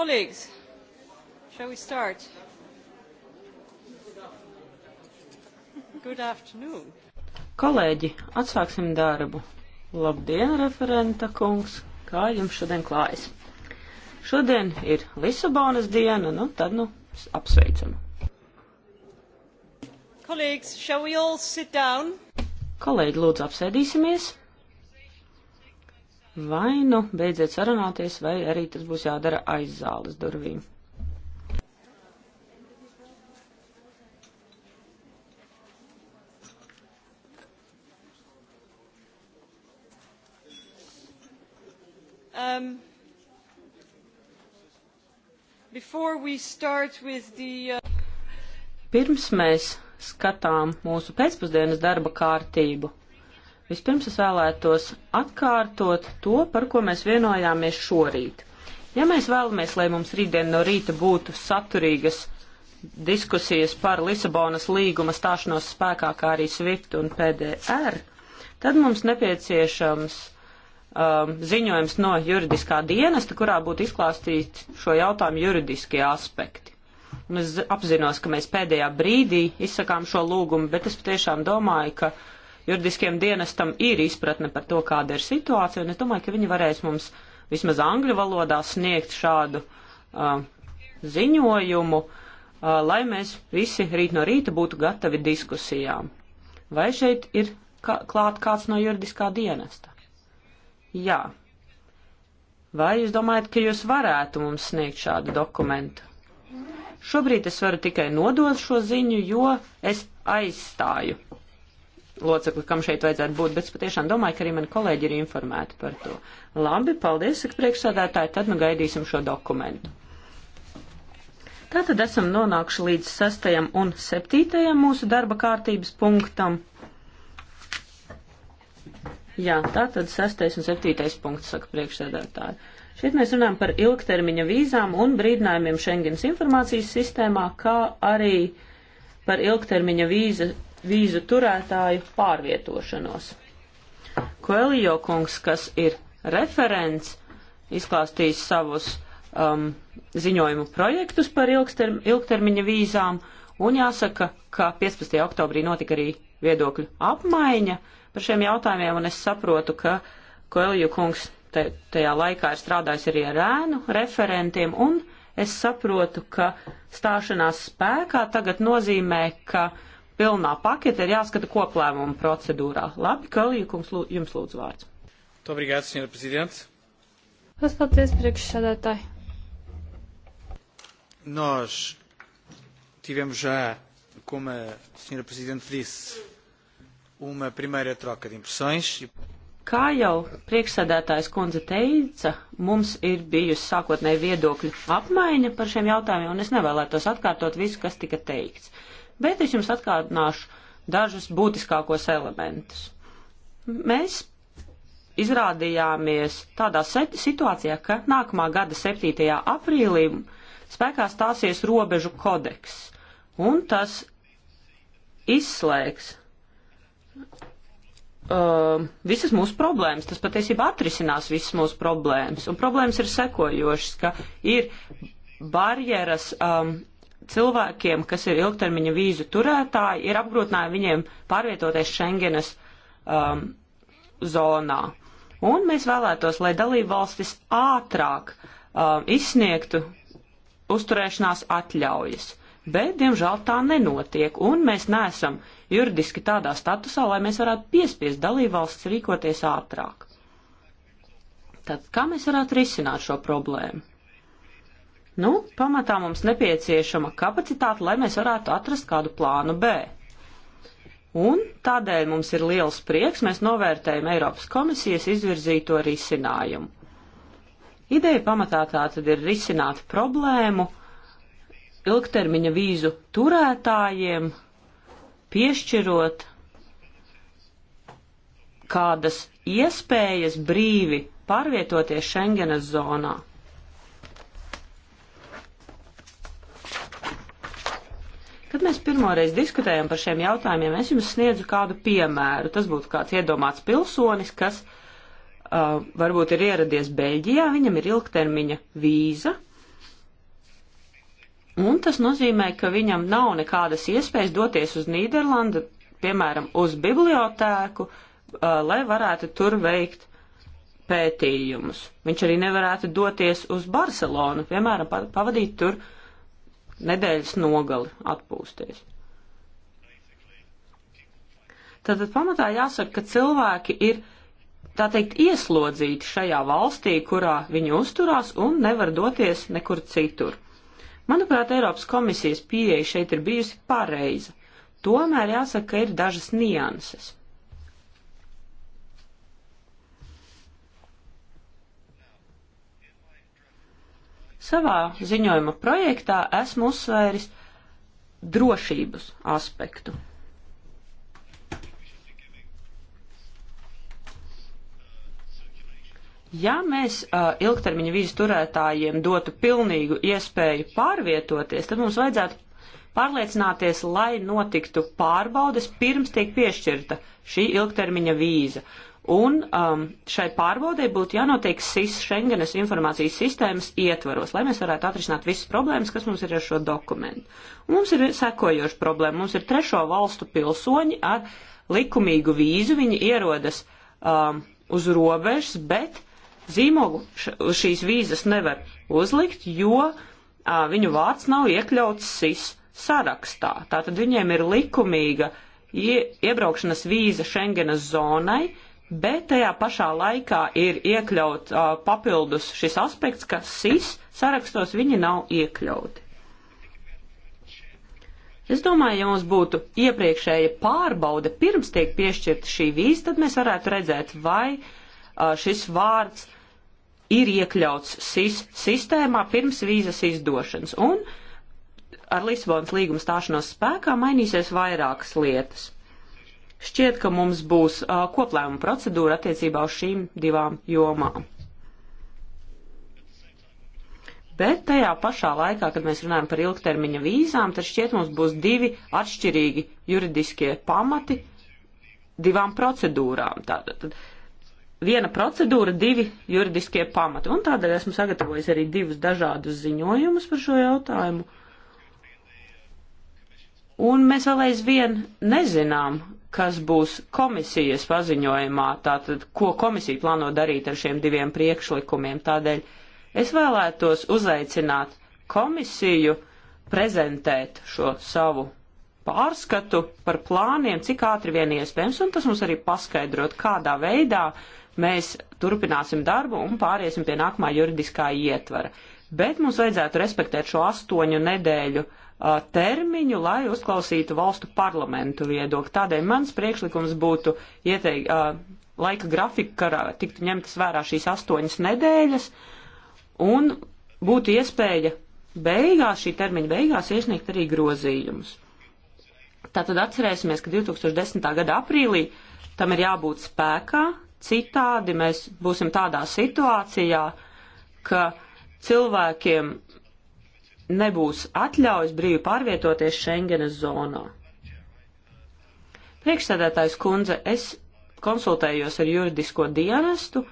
Colleagues, shall we start? Good afternoon. Kolēģi, atsāksim darbu. Labdien, referenta kungs, kā jums šodien klājas? Šodien ir Lisabonas diena, nu tad nu apsveicam. Colleagues, shall we all sit down? Kolēģi, lūdzu apsēdīsimies. Vai nu beidziet sarunāties, vai arī tas būs jādara aiz zāles durvīm. Um, the, uh... Pirms mēs skatām mūsu pēcpusdienas darba kārtību, Vispirms es vēlētos atkārtot to, par ko mēs vienojāmies šorīt. Ja mēs vēlamies, lai mums rītdien no rīta būtu saturīgas diskusijas par Lisabonas līguma stāšanos spēkā, kā arī SWIFT un PDR, tad mums nepieciešams um, ziņojums no juridiskā dienesta, kurā būtu izklāstīti šo jautājumu juridiskie aspekti. Un es apzinos, ka mēs pēdējā brīdī izsakām šo lūgumu, bet es patiešām domāju, ka juridiskiem dienestam ir izpratne par to, kāda ir situācija, un es domāju, ka viņi varēs mums vismaz angļu valodā sniegt šādu uh, ziņojumu, uh, lai mēs visi rīt no rīta būtu gatavi diskusijām. Vai šeit ir kā, klāt kāds no juridiskā dienesta? Jā. Vai jūs domājat, ka jūs varētu mums sniegt šādu dokumentu? Šobrīd es varu tikai nodot šo ziņu, jo es aizstāju locekli, kam šeit vajadzētu būt, bet es patiešām domāju, ka arī mani kolēģi ir informēti par to. Labi, paldies, saka priekšsādātāji, tad nu gaidīsim šo dokumentu. Tātad esam nonākuši līdz sastajam un septītajam mūsu darba kārtības punktam. Jā, tātad sastais un septītais punkts, saka priekšsēdētāji. Šeit mēs runājam par ilgtermiņa vīzām un brīdinājumiem Schengens informācijas sistēmā, kā arī par ilgtermiņa vīza vīzu turētāju pārvietošanos. Koelio kungs, kas ir referents, izklāstīs savus um, ziņojumu projektus par ilgsterm, ilgtermiņa vīzām, un jāsaka, ka 15. oktobrī notika arī viedokļu apmaiņa par šiem jautājumiem, un es saprotu, ka Koelio kungs te, tajā laikā ir strādājis arī ar ēnu referentiem, un es saprotu, ka stāšanās spēkā tagad nozīmē, ka uh, pilnā pakete ir jāskata koplēmuma procedūrā. Labi, Kalīkungs, lū, jums lūdzu vārds. Obrigāts, senjora prezidents. Es paldies priekšsēdētāji. Nós tivemos já, como a senhora presidente disse, uma primeira troca de impressões. Kā jau priekšsēdētājs kundze teica, mums ir bijusi sākotnēji viedokļu apmaiņa par šiem jautājumiem, un es nevēlētos atkārtot visu, kas tika teikts. Uh, bet es jums atkārtināšu dažus būtiskākos elementus. Mēs izrādījāmies tādā situācijā, ka nākamā gada 7. aprīlī spēkā stāsies robežu kodeks, un tas izslēgs uh, visas mūsu problēmas, tas patiesībā atrisinās visas mūsu problēmas. Un problēmas ir sekojošas, ka ir barjeras um, cilvēkiem, kas ir ilgtermiņa vīzu turētāji, ir apgrūtinājumi viņiem pārvietoties Schengenas um, zonā. Un mēs vēlētos, lai dalību valstis ātrāk um, izsniegtu uzturēšanās atļaujas. Bet, diemžēl, tā nenotiek, un mēs neesam juridiski tādā statusā, lai mēs varētu piespiest dalību valsts rīkoties ātrāk. Tad kā mēs varētu risināt šo problēmu? Nu, pamatā mums nepieciešama kapacitāte, lai mēs varētu atrast kādu plānu B. Un tādēļ mums ir liels prieks, mēs novērtējam Eiropas komisijas izvirzīto risinājumu. Ideja pamatā tā tad ir risināt problēmu ilgtermiņa vīzu turētājiem, piešķirot kādas iespējas brīvi pārvietoties Schengenes zonā. Kad mēs pirmoreiz diskutējam par šiem jautājumiem, es jums sniedzu kādu piemēru. Tas būtu kāds iedomāts pilsonis, kas uh, varbūt ir ieradies Beļģijā, viņam ir ilgtermiņa vīza. Un tas nozīmē, ka viņam nav nekādas iespējas doties uz Nīderlandu, piemēram, uz bibliotēku, uh, lai varētu tur veikt pētījumus. Viņš arī nevarētu doties uz Barcelonu, piemēram, pavadīt tur uh, nedēļas nogali atpūsties. Tātad pamatā jāsaka, ka cilvēki ir, tā teikt, ieslodzīti šajā valstī, kurā viņi uzturās un nevar doties nekur citur. Manuprāt, Eiropas komisijas pieeja šeit ir bijusi pareiza. Tomēr jāsaka, ka ir dažas nianses. Savā ziņojuma projektā esmu uzsvēris drošības aspektu. Ja mēs uh, ilgtermiņa vīzu turētājiem dotu pilnīgu iespēju pārvietoties, tad mums vajadzētu pārliecināties, lai notiktu pārbaudes pirms tiek piešķirta šī ilgtermiņa vīza. Un um, šai pārbaudē būtu jānotiek SIS Schengenes informācijas sistēmas ietvaros, lai mēs varētu atrisināt visas problēmas, kas mums ir ar šo dokumentu. Un mums ir sekojoša problēma. Mums ir trešo valstu pilsoņi ar likumīgu vīzu. Viņi ierodas um, uz robežas, bet zīmogu šīs vīzas nevar uzlikt, jo uh, viņu vārds nav iekļauts SIS sarakstā. Tātad viņiem ir likumīga ie, iebraukšanas vīza Schengenas zonai bet tajā pašā laikā ir iekļaut uh, papildus šis aspekts, ka SIS sarakstos viņi nav iekļauti. Es domāju, ja mums būtu iepriekšēja pārbaude pirms tiek piešķirta šī vīza, tad mēs varētu redzēt, vai uh, šis vārds ir iekļauts SIS sistēmā pirms vīzas izdošanas. Un ar Lisabonas līguma stāšanos spēkā mainīsies vairākas lietas Šķiet, ka mums būs uh, koplēmuma procedūra attiecībā uz šīm divām jomām. Bet tajā pašā laikā, kad mēs runājam par ilgtermiņa vīzām, tad šķiet mums būs divi atšķirīgi juridiskie pamati divām procedūrām. Tātad viena procedūra, divi juridiskie pamati. Un tādēļ esmu sagatavojis arī divus dažādus ziņojumus par šo jautājumu. Un mēs vēl aizvien nezinām, kas būs komisijas paziņojumā, tātad, ko komisija plāno darīt ar šiem diviem priekšlikumiem. Tādēļ es vēlētos uzaicināt komisiju prezentēt šo savu pārskatu par plāniem, cik ātri vien iespējams, un tas mums arī paskaidrot, kādā veidā mēs turpināsim darbu un pāriesim pie nākamā juridiskā ietvara. Bet mums vajadzētu respektēt šo astoņu nedēļu uh, Uh, termiņu, lai uzklausītu valstu parlamentu viedokli. Tādēļ mans priekšlikums būtu ieteikt uh, laika grafiku, karā tiktu ņemtas vērā šīs astoņas nedēļas, un būtu iespēja beigās, šī termiņa beigās iesniegt arī grozījumus. Tātad atcerēsimies, ka 2010. gada aprīlī tam ir jābūt spēkā, citādi mēs būsim tādā situācijā, ka cilvēkiem nebūs atļaujas brīvi pārvietoties Schengenes zonā. Priekšsēdētājs kundze, es konsultējos ar juridisko dienestu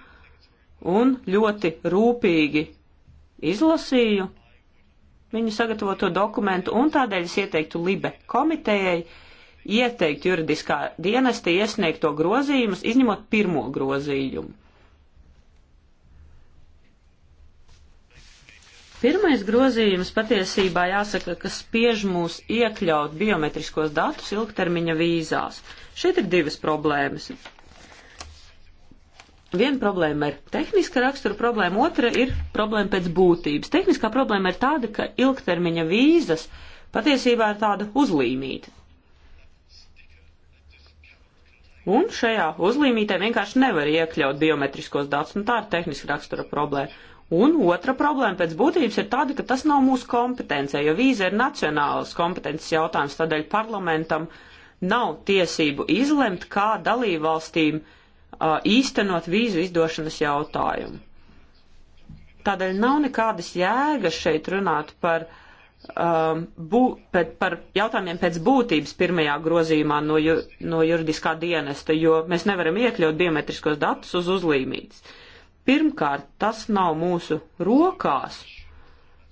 un ļoti rūpīgi izlasīju viņu sagatavoto dokumentu un tādēļ es ieteiktu Libe komitejai ieteikt juridiskā dienesta iesniegto grozījumus, izņemot pirmo grozījumu. Pirmais grozījums patiesībā jāsaka, kas spiež mūs iekļaut biometriskos datus ilgtermiņa vīzās. Šeit ir divas problēmas. Viena problēma ir tehniska rakstura problēma, otra ir problēma pēc būtības. Tehniskā problēma ir tāda, ka ilgtermiņa vīzas patiesībā ir tāda uzlīmīta. Un šajā uzlīmītē vienkārši nevar iekļaut biometriskos datus, un nu, tā ir tehniska rakstura problēma. Un otra problēma pēc būtības ir tāda, ka tas nav mūsu kompetencija, jo vīza ir nacionālas kompetences jautājums, tādēļ parlamentam nav tiesību izlemt, kā dalībvalstīm uh, īstenot vīzu izdošanas jautājumu. Tādēļ nav nekādas jēgas šeit runāt par, um, bū, pēc, par jautājumiem pēc būtības pirmajā grozījumā no, ju, no juridiskā dienesta, jo mēs nevaram iekļaut biometriskos datus uz uzlīmītes. Uh, Pirmkārt, tas nav mūsu rokās,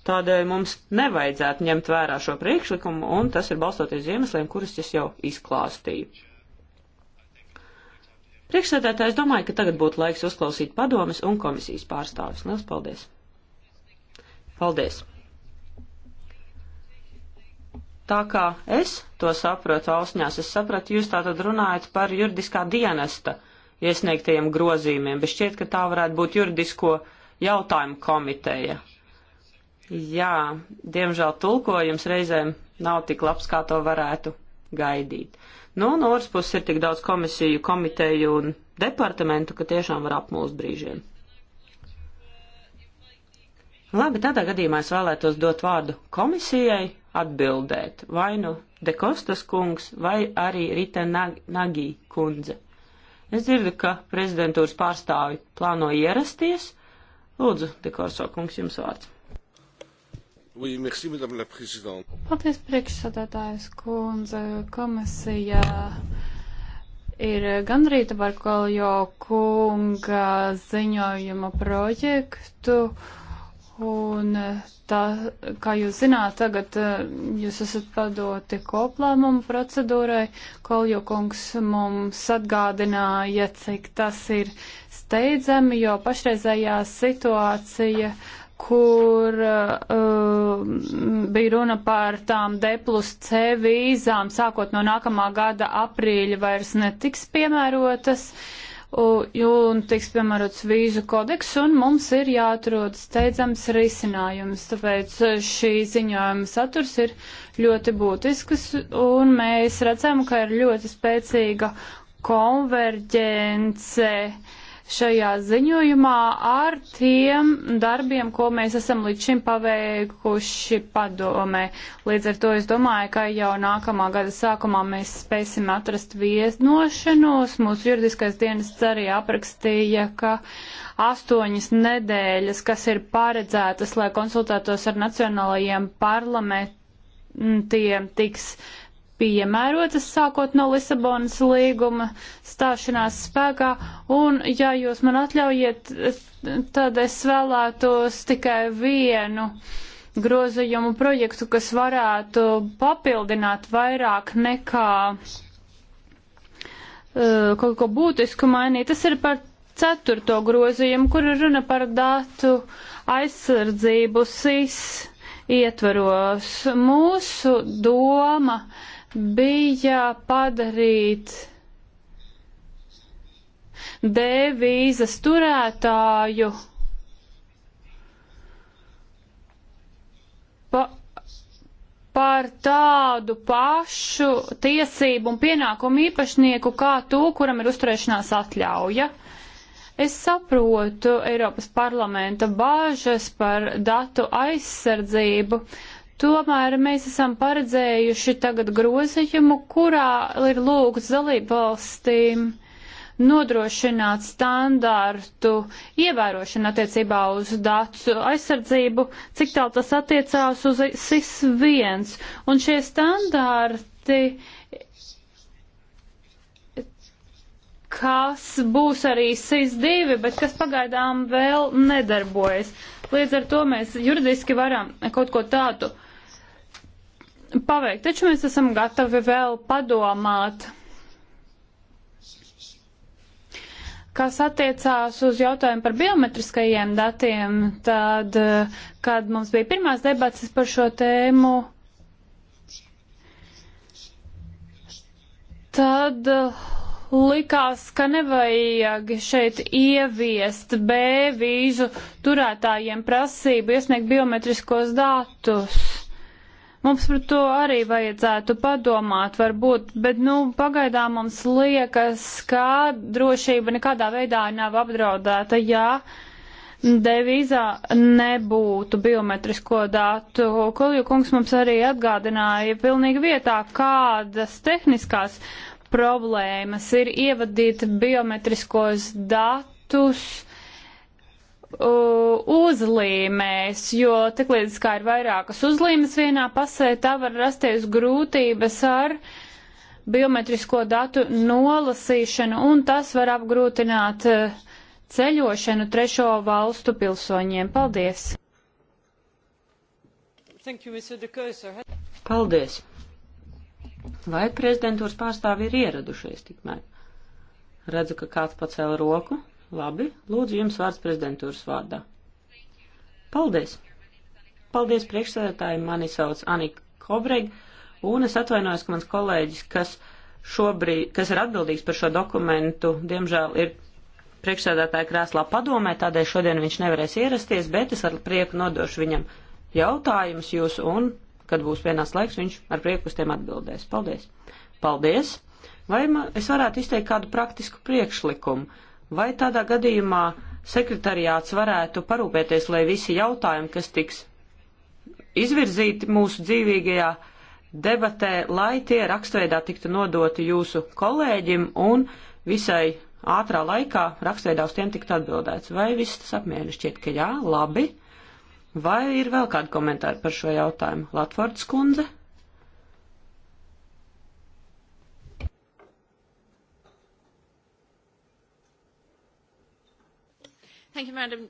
tādēļ mums nevajadzētu ņemt vērā šo priekšlikumu, un tas ir balstoties uz iemesliem, kurus es jau izklāstīju. Priekšsēdētājs domāja, ka tagad būtu laiks uzklausīt padomes un komisijas pārstāvis. Lielas paldies! Paldies! Tā kā es to saprotu, Ausņās, es sapratu, jūs tātad runājat par juridiskā dienesta iesniegtajiem grozījumiem, bet šķiet, ka tā varētu būt juridisko jautājumu komiteja. Jā, diemžēl tulkojums reizēm nav tik labs, kā to varētu gaidīt. Nu, no otras puses ir tik daudz komisiju, komiteju un departamentu, ka tiešām var apmūst brīžiem. Labi, tādā gadījumā es vēlētos dot vārdu komisijai atbildēt vai nu Dekostas kungs vai arī Rita Nagī kundze. Es dzirdu, ka prezidentūras pārstāvi plāno ierasties. Lūdzu, Dekorso kungs, jums vārds. Oui, merci, Paldies, priekšsādātājs kundze, komisija ir gandrīta par Kaljo kunga ziņojuma projektu. Uh, Un eh, tā, kā jūs zināt, tagad eh, jūs esat padoti koplēmumu procedūrai. Koljo kungs mums atgādināja, cik tas ir steidzami, jo pašreizējā situācija, kur uh, bija runa par tām D plus C vīzām, sākot no nākamā gada aprīļa, vairs netiks piemērotas. Uh, un tiks piemērots vīzu kodeks, un mums ir jāatrod steidzams risinājums. Tāpēc e, šī ziņojuma saturs ir ļoti būtisks, un mēs redzam, ka ir ļoti spēcīga konverģence uh, šajā ziņojumā ar tiem darbiem, ko mēs esam līdz šim paveikuši padomē. Līdz ar to es domāju, ka jau nākamā gada sākumā mēs spēsim atrast viesnošanos. Mūsu juridiskais dienests arī aprakstīja, ka astoņas nedēļas, kas ir paredzētas, lai konsultētos ar nacionālajiem parlamentiem, tiks piemērotas sākot no Lisabonas līguma stāšanās spēkā, un, ja jūs man atļaujiet, tad es vēlētos tikai vienu grozījumu projektu, kas varētu papildināt vairāk nekā uh, kaut ko būtisku mainīt. Tas ir par ceturto grozījumu, kur ir runa par datu aizsardzību SIS ietvaros. Mūsu doma uh, bija padarīt D vīzas turētāju pa par tādu pašu tiesību un pienākumu īpašnieku kā to, kuram ir uzturēšanās atļauja. Es saprotu Eiropas parlamenta bāžas par datu aizsardzību, Tomēr mēs esam paredzējuši tagad grozījumu, kurā ir lūgts dalībvalstīm nodrošināt standārtu ievērošanu attiecībā uz datu aizsardzību, cik tālu tas attiecās uz SIS 1. Un šie standārti, kas būs arī SIS 2, bet kas pagaidām vēl nedarbojas. Līdz ar to mēs juridiski varam kaut ko tādu paveikt, taču mēs esam gatavi vēl padomāt. Kas attiecās uz jautājumu par biometriskajiem datiem, tad, kad mums bija pirmās debatas par šo tēmu, tad uh, likās, ka nevajag šeit ieviest B vīzu turētājiem prasību iesniegt biometriskos datus. Mums par to arī vajadzētu padomāt, varbūt, bet, nu, pagaidām mums liekas, ka drošība nekādā veidā nav apdraudēta, jā. Devīzā nebūtu biometrisko datu. Kolju kungs mums arī atgādināja pilnīgi vietā, kādas tehniskās problēmas ir ievadīt biometriskos datus uzlīmēs, jo tiklīdz kā ir vairākas uzlīmes vienā pasē, tā var rasties grūtības ar biometrisko datu nolasīšanu, un tas var apgrūtināt e, ceļošanu trešo valstu pilsoņiem. Paldies! Paldies! Vai prezidentūras pārstāvi ir ieradušies tikmēr? Redzu, ka kāds pacēla roku. Labi, lūdzu jums vārds prezidentūras vārdā. Paldies! Paldies priekšsēdētāji, mani sauc Anika Kobreg, un es atvainojos, ka mans kolēģis, kas šobrīd, kas ir atbildīgs par šo dokumentu, diemžēl ir priekšsēdētāja krēslā padomē, tādēļ šodien viņš nevarēs ierasties, bet es ar prieku nodošu viņam jautājumus jūs, un, kad būs vienās laiks, viņš ar prieku uz tiem atbildēs. Paldies! Paldies! Vai man, es varētu izteikt kādu praktisku priekšlikumu? Vai tādā gadījumā sekretariāts varētu parūpēties, lai visi jautājumi, kas tiks izvirzīti mūsu dzīvīgajā debatē, lai tie rakstveidā tiktu nodoti jūsu kolēģim un visai ātrā laikā rakstveidā uz tiem tiktu atbildēts. Vai viss tas apmierina? Šķiet, ka jā, labi. Vai ir vēl kādi komentāri par šo jautājumu? Latvords kundze? Thank you, madam.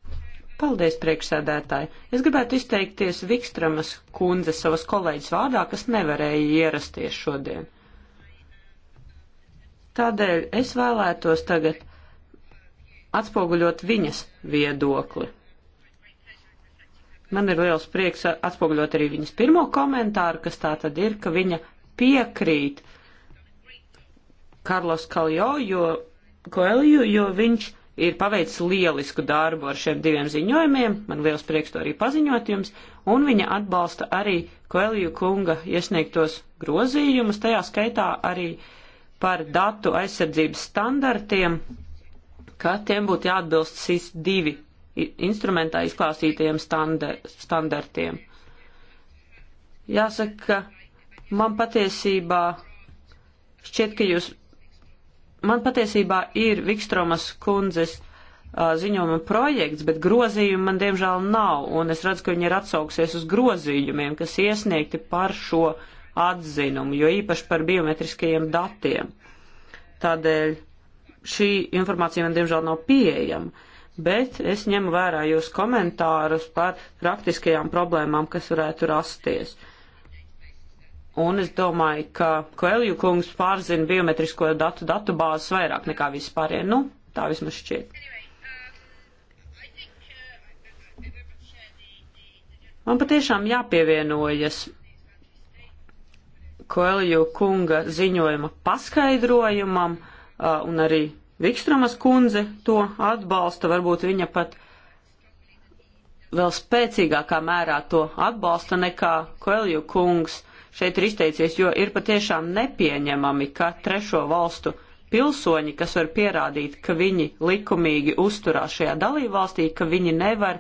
Paldies, priekšsēdētāji. Es gribētu izteikties Vikstramas kundze savas kolēģis vārdā, kas nevarēja ierasties šodien. Tādēļ es vēlētos tagad atspoguļot viņas viedokli. Man ir liels prieks atspoguļot arī viņas pirmo komentāru, kas tā tad ir, ka viņa piekrīt Karlos Kaljo, jo, Koelju, jo viņš ir paveicis lielisku darbu ar šiem diviem ziņojumiem, man liels prieks to arī paziņot jums, un viņa atbalsta arī Koeliju kunga iesniegtos grozījumus, tajā skaitā arī par datu aizsardzības standartiem, ka tiem būtu jāatbilst SIS divi instrumentā izklāstītajiem standar standartiem. Jāsaka, ka man patiesībā šķiet, ka jūs Man patiesībā ir Vikstromas kundzes uh, ziņojuma projekts, bet grozījumu man diemžēl nav, un es redzu, ka viņi ir atsauksies uz grozījumiem, kas iesniegti par šo atzinumu, jo īpaši par biometriskajiem datiem. Tādēļ šī informācija man diemžēl nav pieejama, bet es ņemu vērā jūs komentārus par praktiskajām problēmām, kas varētu rasties. Uh, Un es domāju, ka Koelju kungs pārzina biometrisko datu datu bāzes vairāk nekā vispārējie. Nu, tā vismaz šķiet. Man patiešām jāpievienojas Koelju kunga ziņojuma paskaidrojumam, uh, un arī Vikstromas kundze to atbalsta, varbūt viņa pat vēl spēcīgākā mērā to atbalsta nekā Koelju kungs šeit ir izteicies, jo ir patiešām nepieņemami, ka trešo valstu pilsoņi, kas var pierādīt, ka viņi likumīgi uzturās šajā dalībvalstī, ka viņi nevar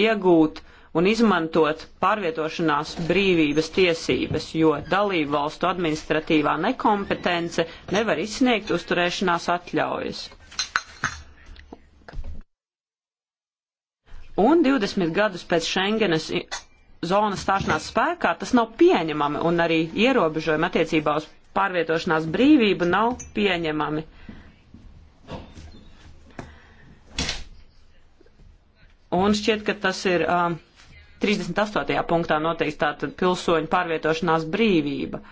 iegūt un izmantot pārvietošanās brīvības tiesības, jo dalībvalstu administratīvā nekompetence nevar izsniegt uzturēšanās atļaujas. Un 20 gadus pēc Schengenes zonas stāšanās spēkā, tas nav pieņemami un arī ierobežojumi attiecībā uz pārvietošanās brīvību nav pieņemami. Un šķiet, ka tas ir um, 38. punktā noteikti tātad pilsoņu pārvietošanās brīvība.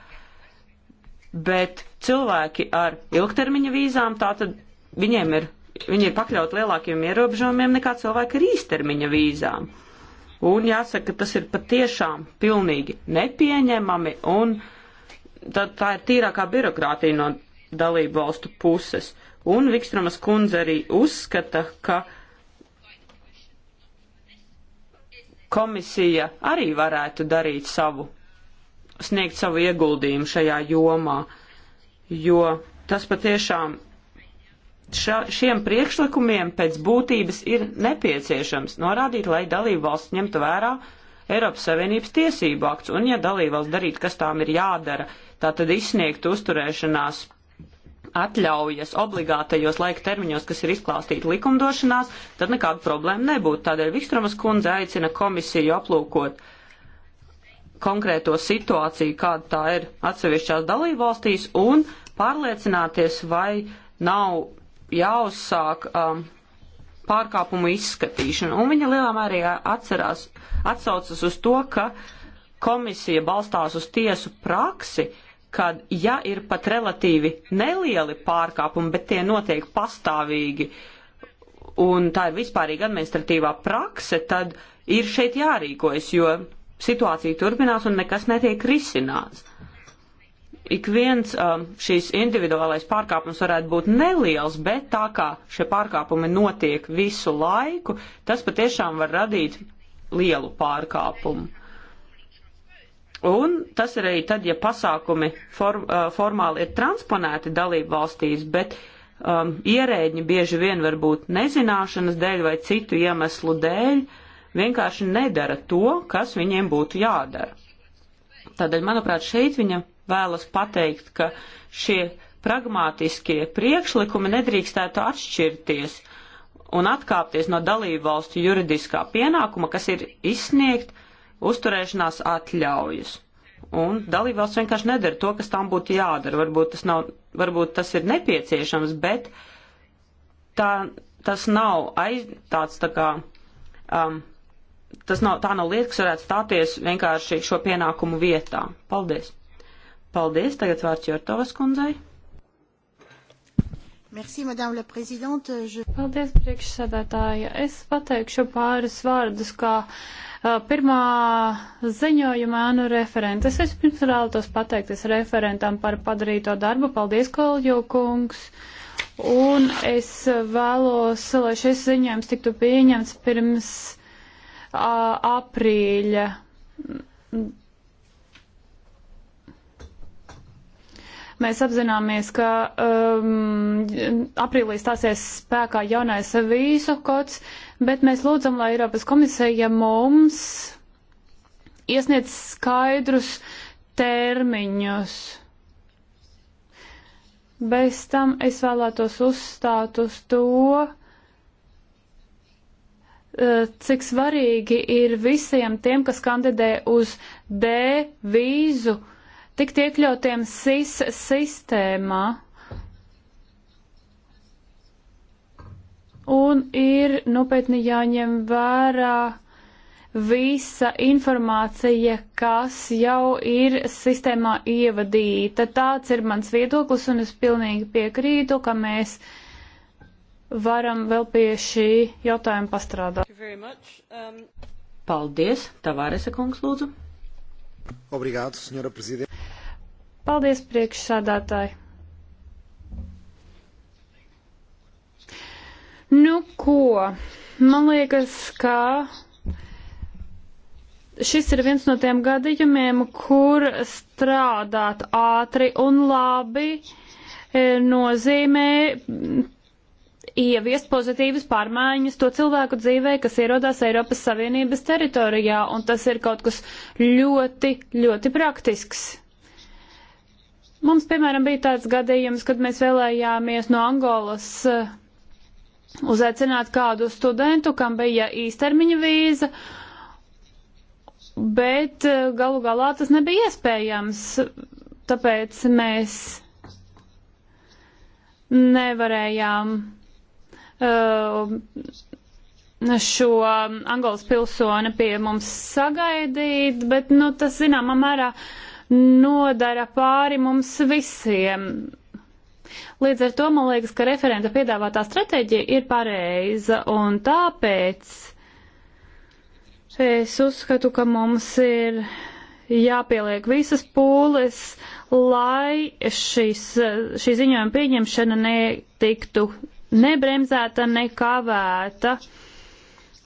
Bet cilvēki ar ilgtermiņa vīzām, tātad viņiem ir, viņi ir pakļaut lielākiem ierobežojumiem nekā cilvēki ar īstermiņa vīzām. Uh, Un jāsaka, tas ir patiešām pilnīgi nepieņemami, un tā, tā ir tīrākā birokrātija no dalību valstu puses. Un Vikstramas kundze arī uzskata, ka komisija arī varētu darīt savu, sniegt savu ieguldījumu šajā jomā, jo tas patiešām ša, šiem priekšlikumiem pēc būtības ir nepieciešams norādīt, lai dalību valsts ņemtu vērā Eiropas Savienības tiesību akts, un ja dalību valsts darīt, kas tām ir jādara, tā tad izsniegt uzturēšanās atļaujas obligātajos laika termiņos, kas ir izklāstīti likumdošanās, tad nekāda problēma nebūtu. Tādēļ Vikstromas kundze aicina komisiju aplūkot konkrēto situāciju, kāda tā ir atsevišķās dalībvalstīs, un pārliecināties, vai nav jāuzsāk um, pārkāpumu izskatīšana. Un viņa lielā mērā uh, atcerās, atsaucas uz to, ka komisija balstās uz tiesu praksi, kad, ja ir pat relatīvi nelieli pārkāpumi, bet tie notiek pastāvīgi, un tā ir vispārīga administratīvā prakse, tad ir šeit jārīkojas, jo situācija turpinās un nekas netiek risināts ik viens um, šīs individuālais pārkāpums varētu būt neliels, bet tā kā šie pārkāpumi notiek visu laiku, tas patiešām var radīt lielu pārkāpumu. Un tas ir arī tad, ja pasākumi form, uh, formāli ir transponēti dalību valstīs, bet um, ierēģi bieži vien varbūt nezināšanas dēļ vai citu iemeslu dēļ vienkārši nedara to, kas viņiem būtu jādara. Tādēļ, manuprāt, šeit viņam vēlas pateikt, ka šie pragmātiskie priekšlikumi nedrīkstētu atšķirties un atkāpties no dalību valstu juridiskā pienākuma, kas ir izsniegt uzturēšanās atļaujas. Un dalībvalsts vienkārši nedara to, kas tam būtu jādara. Varbūt tas, nav, varbūt tas ir nepieciešams, bet tā, tas nav aiz, tāds tā kā. Um, tas nav, tā nav lieta, kas varētu stāties vienkārši šo pienākumu vietā. Paldies! Paldies, tagad vārds Jortovas kundzei. Merci, madame la présidente. Je... Paldies, priekšsēdētāja. Es pateikšu pāris vārdus, kā pirmā ziņojuma ānu referentes. Es pirms vēlētos pateikties referentam par padarīto darbu. Paldies, Koljo kungs. Un es vēlos, lai šis ziņojums tiktu pieņemts pirms a, aprīļa Mēs apzināmies, ka um, aprīlī stāsies spēkā jaunais vīzu kods, bet mēs lūdzam, lai Eiropas komisija mums iesniedz skaidrus termiņus. Bez tam es vēlētos uzstāt uz to, uh, cik svarīgi ir visiem tiem, kas kandidē uz D vīzu, uh, tikt iekļautiem SIS sistēmā. Un ir nopietni jāņem vērā visa informācija, kas jau ir sistēmā ievadīta. Tāds ir mans viedoklis, un es pilnīgi piekrītu, ka mēs varam vēl pie šī jautājuma pastrādāt. Um... Paldies, Tavārese kungs, lūdzu. Obrigado, senhora prezidente. Paldies, priekšsādātāji! Nu, ko? Man liekas, ka šis ir viens no tiem gadījumiem, kur strādāt ātri un labi e, nozīmē ieviest pozitīvas pārmaiņas to cilvēku dzīvē, kas ierodās Eiropas Savienības teritorijā, un tas ir kaut kas ļoti, ļoti praktisks. Mums, piemēram, bija tāds gadījums, kad mēs vēlējāmies no Angolas eh, uzaicināt kādu studentu, kam bija īstermiņa vīza, bet eh, galu galā tas nebija iespējams, tāpēc mēs nevarējām uh, šo Angolas pilsoni pie mums sagaidīt, bet, nu, tas zināmā mērā uh, nodara pāri mums visiem. Līdz ar to man liekas, ka referenta piedāvātā stratēģija ir pareiza, un tāpēc es uzskatu, ka mums ir jāpieliek visas pūles, lai šis, šī ziņojuma pieņemšana netiktu nebremzēta, nekavēta. kavēta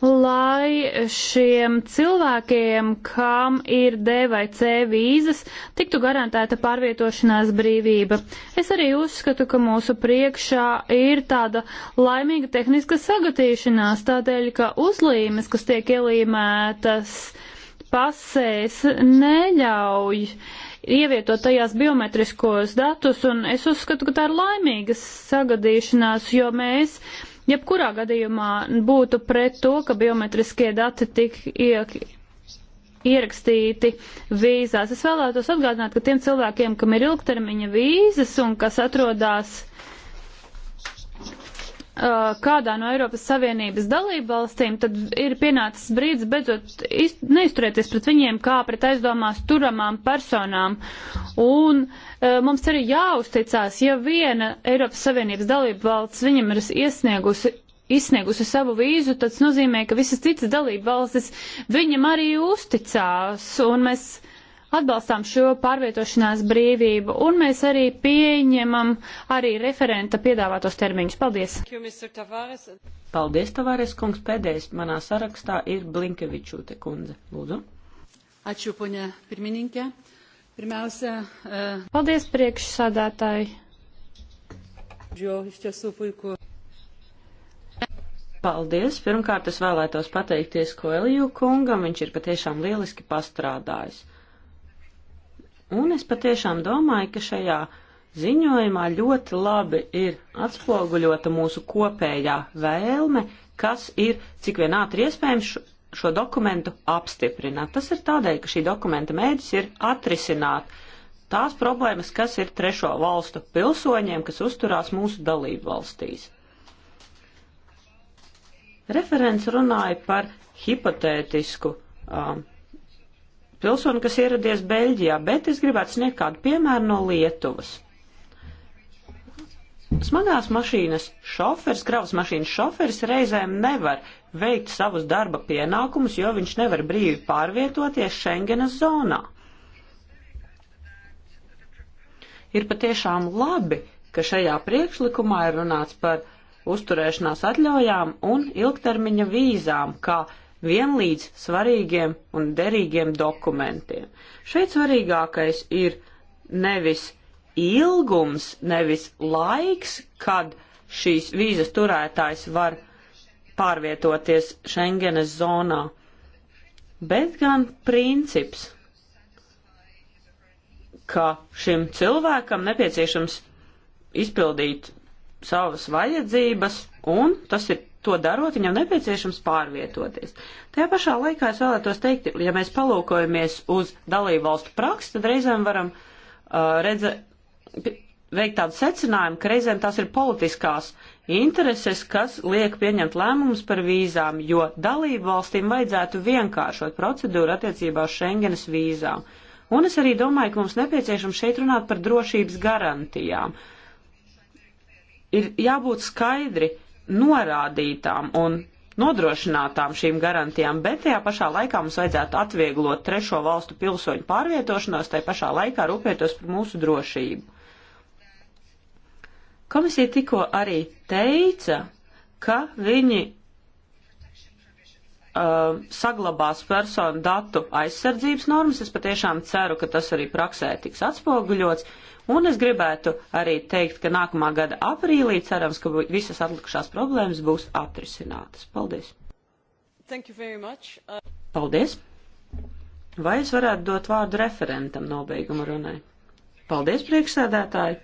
lai šiem cilvēkiem, kam ir D vai C vīzas, tiktu garantēta pārvietošanās brīvība. Es arī uzskatu, ka mūsu priekšā ir tāda laimīga tehniska sagatīšanās, tādēļ, ka uzlīmes, kas tiek ielīmētas pasēs, neļauj ievietot tajās biometriskos datus, un es uzskatu, ka tā ir laimīga sagadīšanās, jo mēs Jebkurā gadījumā būtu pret to, ka biometriskie dati tik iek ierakstīti vīzās. Es vēlētos atgādināt, ka tiem cilvēkiem, kam ir ilgtermiņa vīzas un kas atrodas Uh, kādā no Eiropas Savienības dalību valstīm, tad ir pienācis brīdis beidzot neizturēties pret viņiem kā pret aizdomās turamām personām. Un uh, mums arī jāuzticās, ja viena Eiropas Savienības dalību valsts viņam ir iesniegusi izsniegusi savu vīzu, tas nozīmē, ka visas citas dalība valstis viņam arī uzticās, un mēs atbalstām šo pārvietošanās brīvību, un mēs arī pieņemam arī referenta piedāvātos termiņus. Paldies! Paldies, Tavares kungs! Pēdējais manā sarakstā ir Blinkevičūte kundze. Lūdzu! Ačiū, poņa pirmininkė. Pirmiausia. Uh... Paldies, priekšsādātāji! Jo, iš tiesų puiku. Paldies! Pirmkārt, es vēlētos pateikties Koeliju kungam, viņš ir patiešām lieliski pastrādājis. Un es patiešām domāju, ka šajā ziņojumā ļoti labi ir atspoguļota mūsu kopējā vēlme, kas ir cik vien ātri iespējams šo, šo dokumentu apstiprināt. Tas ir tādēļ, ka šī dokumenta mēģis ir atrisināt tās problēmas, kas ir trešo valstu pilsoņiem, kas uzturās mūsu dalību valstīs. Referents runāja par hipotētisku um, pilsoni, kas ieradies Beļģijā, bet es gribētu sniegt kādu piemēru no Lietuvas. Smagās mašīnas šofers, kravas mašīnas šofers reizēm nevar veikt savus darba pienākumus, jo viņš nevar brīvi pārvietoties Schengenas zonā. Ir patiešām labi, ka šajā priekšlikumā ir runāts par uzturēšanās atļaujām un ilgtermiņa vīzām, kā vienlīdz svarīgiem un derīgiem dokumentiem. Šeit svarīgākais ir nevis ilgums, nevis laiks, kad šīs vīzas turētājs var pārvietoties Schengenes zonā, bet gan princips, ka šim cilvēkam nepieciešams izpildīt savas vajadzības, un tas ir to darot, viņam nepieciešams pārvietoties. Tajā pašā laikā es vēlētos teikt, ja mēs palūkojamies uz dalību valstu praksi, tad reizēm varam uh, redze, veikt tādu secinājumu, ka reizēm tās ir politiskās intereses, kas liek pieņemt lēmumus par vīzām, jo dalību valstīm vajadzētu vienkāršot procedūru attiecībā uz Schengenas vīzām. Un es arī domāju, ka mums nepieciešams šeit runāt par drošības garantijām. Ir jābūt skaidri, uh, norādītām un nodrošinātām šīm garantijām, bet tajā pašā laikā mums vajadzētu atvieglot trešo valstu pilsoņu pārvietošanos, tajā pašā laikā rūpētos par mūsu drošību. Komisija tikko arī teica, ka viņi uh, saglabās personu datu aizsardzības normas. Es patiešām ceru, ka tas arī praksē tiks atspoguļots. Uh, Un es gribētu arī teikt, ka nākamā gada aprīlī cerams, ka visas atlikušās problēmas būs atrisinātas. Paldies! Uh... Paldies! Vai es varētu dot vārdu referentam nobeiguma runai? Paldies, priekšsēdētāji!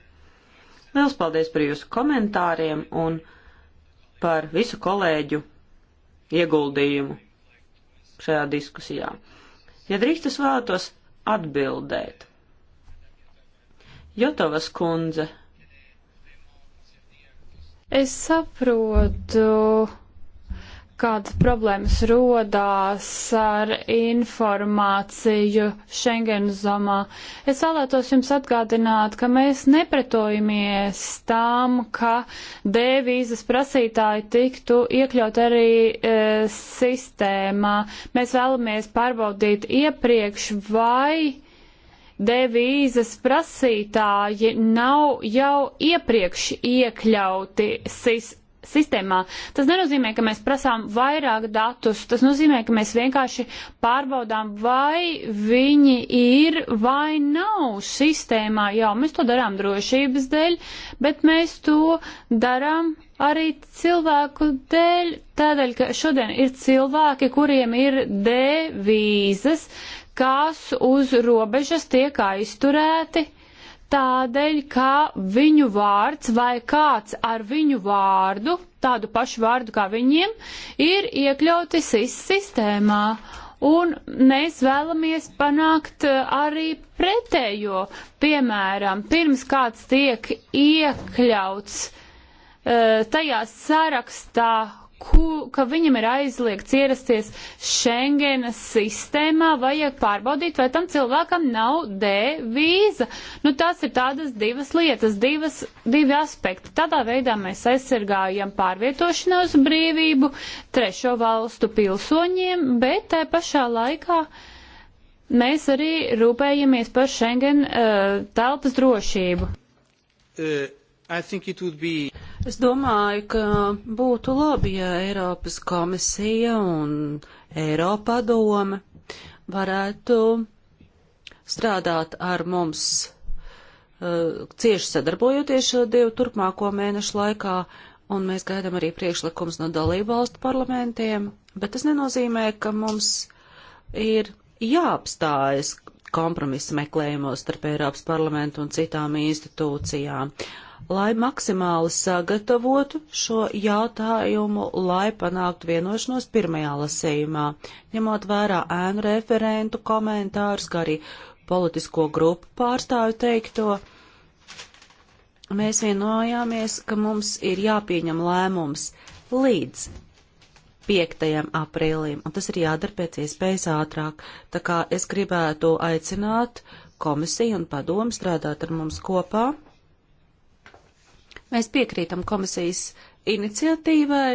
Liels paldies par jūsu komentāriem un par visu kolēģu ieguldījumu šajā diskusijā. Ja drīkst, es vēlētos atbildēt Jotovas kundze. Es saprotu, kādas problēmas rodās ar informāciju Schengen zomā. Es vēlētos jums atgādināt, ka mēs nepretojamies tam, ka D vīzas prasītāji tiktu iekļaut arī e, sistēmā. Mēs vēlamies pārbaudīt iepriekš, vai devīzes prasītāji nav jau iepriekš iekļauti SIS sistēmā. Tas nenozīmē, ka mēs prasām vairāk datus, tas nozīmē, ka mēs vienkārši pārbaudām, vai viņi ir vai nav sistēmā. Jā, mēs to darām drošības dēļ, bet mēs to darām arī cilvēku dēļ, tādēļ, ka šodien ir cilvēki, kuriem ir D vīzas, kas uz robežas tiek aizturēti tādēļ, ka viņu vārds vai kāds ar viņu vārdu, tādu pašu vārdu kā viņiem, ir iekļauti SIS sistēmā. Un mēs vēlamies panākt eh, arī pretējo, piemēram, pirms kāds tiek iekļauts uh, tajā sarakstā, ku, ka viņam ir aizliegts ierasties Schengenas sistēmā, vajag pārbaudīt, vai tam cilvēkam nav D vīza. Nu, tās ir tādas divas lietas, divas, divi aspekti. Tādā veidā mēs aizsargājam pārvietošanos brīvību trešo valstu pilsoņiem, bet tai pašā laikā. Mēs arī rūpējamies par Schengen uh, telpas drošību. Uh, Be... Es domāju, ka būtu labi, ja Eiropas komisija un Eiropadome varētu strādāt ar mums uh, cieši sadarbojoties šo divu turpmāko mēnešu laikā, un mēs gaidām arī priekšlikums no dalību valstu parlamentiem, bet tas nenozīmē, ka mums ir jāapstājas kompromisa meklējumos starp Eiropas parlamentu un citām institūcijām. Uh, lai maksimāli sagatavotu šo jautājumu, lai panāktu vienošanos pirmajā lasējumā, ņemot vērā ēnu referentu komentārus, kā arī politisko grupu pārstāvu teikto. Mēs vienojāmies, ka mums ir jāpieņem lēmums līdz 5. aprīlim, un tas ir jādara pēc iespējas ātrāk. Tā kā es gribētu aicināt komisiju un padomu strādāt ar mums kopā Mēs piekrītam komisijas iniciatīvai,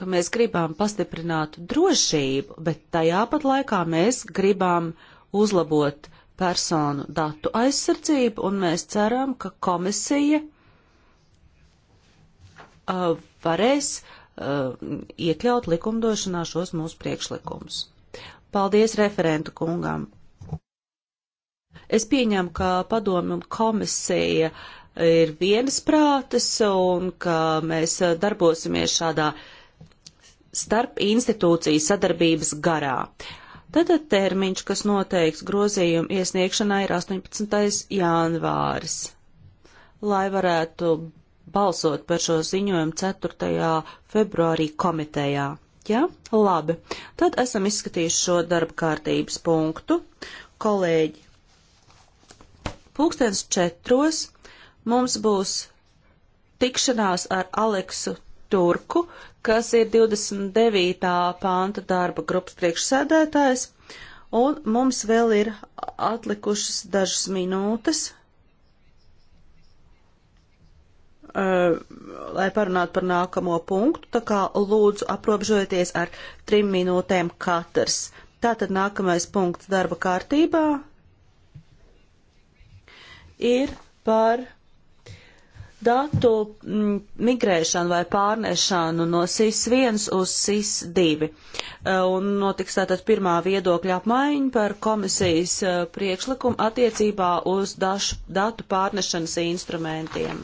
ka mēs gribam pastiprināt drošību, bet tajā pat laikā mēs gribam uzlabot personu datu aizsardzību, un mēs ceram, ka komisija uh, varēs uh, iekļaut likumdošanā šos mūsu priekšlikumus. Paldies referentu kungam! Es pieņemu, ka padomu un komisija uh, ir vienas prātas un ka mēs eh, darbosimies šādā starp institūciju sadarbības garā. Tātad termiņš, kas noteikts grozījumu iesniegšanai, ir 18. janvāris, lai varētu balsot par šo ziņojumu 4. februārī komitejā. Ja? Labi, tad esam izskatījuši šo darba kārtības punktu. Kolēģi, pulkstens četros mums būs tikšanās ar Aleksu Turku, kas ir 29. pānta darba grupas priekšsēdētājs, un mums vēl ir atlikušas dažas minūtes, uh, lai parunātu par nākamo punktu, tā kā lūdzu aprobežojieties ar trim minūtēm katrs. Tātad nākamais punkts darba kārtībā ir par datu mm, migrēšanu vai pārnešanu no SIS-1 uz SIS-2. Eh, un notiks tātad pirmā viedokļa apmaiņa par komisijas eh, priekšlikumu attiecībā uz dašu, datu pārnešanas instrumentiem.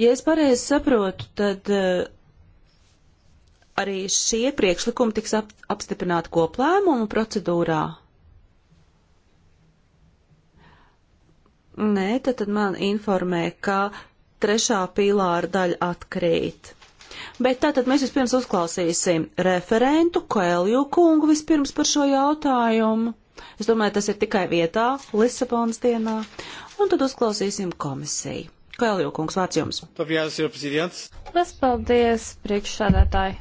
Ja es pareizi saprotu, tad eh, arī šie priekšlikumi tiks ap, apstiprināti koplēmumu procedūrā? Nē, tad, tad man informē, ka trešā pīlāra daļa atkrīt. Bet tātad mēs vispirms uzklausīsim referentu Koelju kungu vispirms par šo jautājumu. Es domāju, tas ir tikai vietā, Lisabonas dienā. Un tad uzklausīsim komisiju. Koelju kungs, vārds jums. Paldies, priekšsādātāji.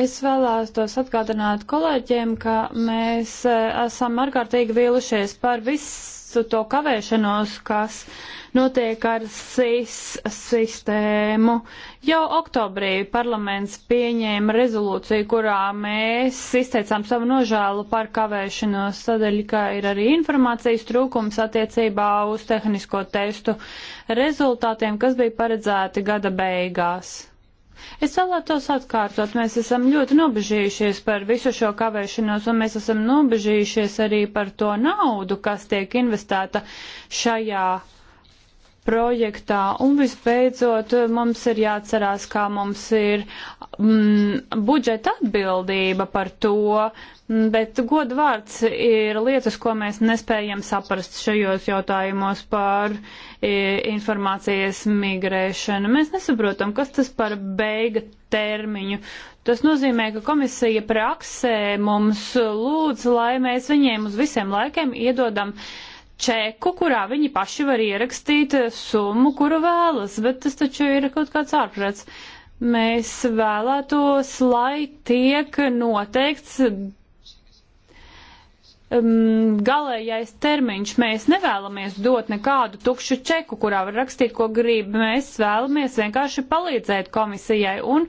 Es vēlētos atgādināt kolēģiem, ka mēs e, esam ārkārtīgi vīlušies par visu to kavēšanos, kas notiek ar SIS sistēmu. Jau oktobrī parlaments pieņēma rezolūciju, kurā mēs izteicām savu nožēlu par kavēšanos, tādēļ, ka ir arī informācijas trūkums attiecībā uz tehnisko testu rezultātiem, kas bija paredzēti gada beigās. Es vēlētos atkārtot, mēs esam ļoti nobežījušies par visu šo kavēšanos, un mēs esam nobežījušies arī par to naudu, kas tiek investēta šajā projektā. Un visbeidzot, mums ir jāatcerās, kā mums ir mm, budžeta atbildība par to, Bet godu vārds ir lietas, ko mēs nespējam saprast šajos jautājumos par e, informācijas migrēšanu. Mēs nesaprotam, kas tas par beiga termiņu. Tas nozīmē, ka komisija praksē mums lūdz, lai mēs viņiem uz visiem laikiem iedodam čeku, kurā viņi paši var ierakstīt summu, kuru vēlas, bet tas taču ir kaut kāds ārprāts. Mēs vēlētos, lai tiek noteikts um, galējais termiņš. Mēs nevēlamies dot nekādu tukšu čeku, kurā var rakstīt, ko grib. Mēs vēlamies vienkārši palīdzēt komisijai, un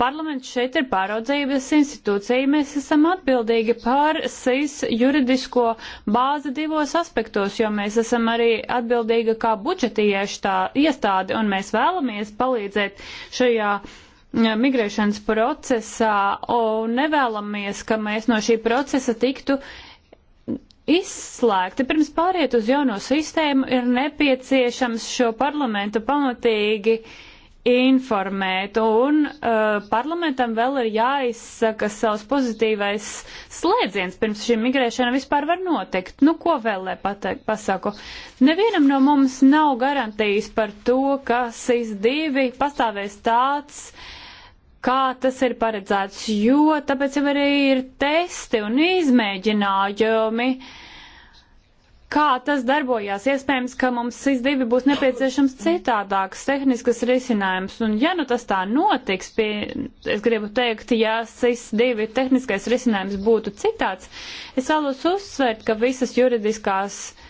parlaments šeit ir pāraudzības institūcija. Mēs esam atbildīgi par SIS juridisko bāzi divos aspektos, jo mēs esam arī atbildīga kā budžetieštā iestāde, un mēs vēlamies palīdzēt šajā migrēšanas procesā un nevēlamies, ka mēs no šī procesa tiktu uh, izslēgti. Pirms pāriet uz jauno sistēmu ir nepieciešams šo parlamentu pamatīgi informēt, un uh, parlamentam vēl ir jāizsaka savs pozitīvais slēdziens, pirms šī migrēšana vispār var notikt. Nu, ko vēl lai pateik, pasaku? Nevienam no mums nav garantijas par to, ka SIS-2 pastāvēs tāds uh, kā tas ir paredzēts, jo tāpēc jau arī ir testi un izmēģinājumi, kā tas darbojās. Iespējams, ka mums SIS-2 būs nepieciešams citādāks tehniskas risinājums, un ja nu tas tā notiks, pie, es gribu teikt, ja SIS-2 tehniskais risinājums būtu citāds, es vēlos uzsvērt, ka visas juridiskās uh,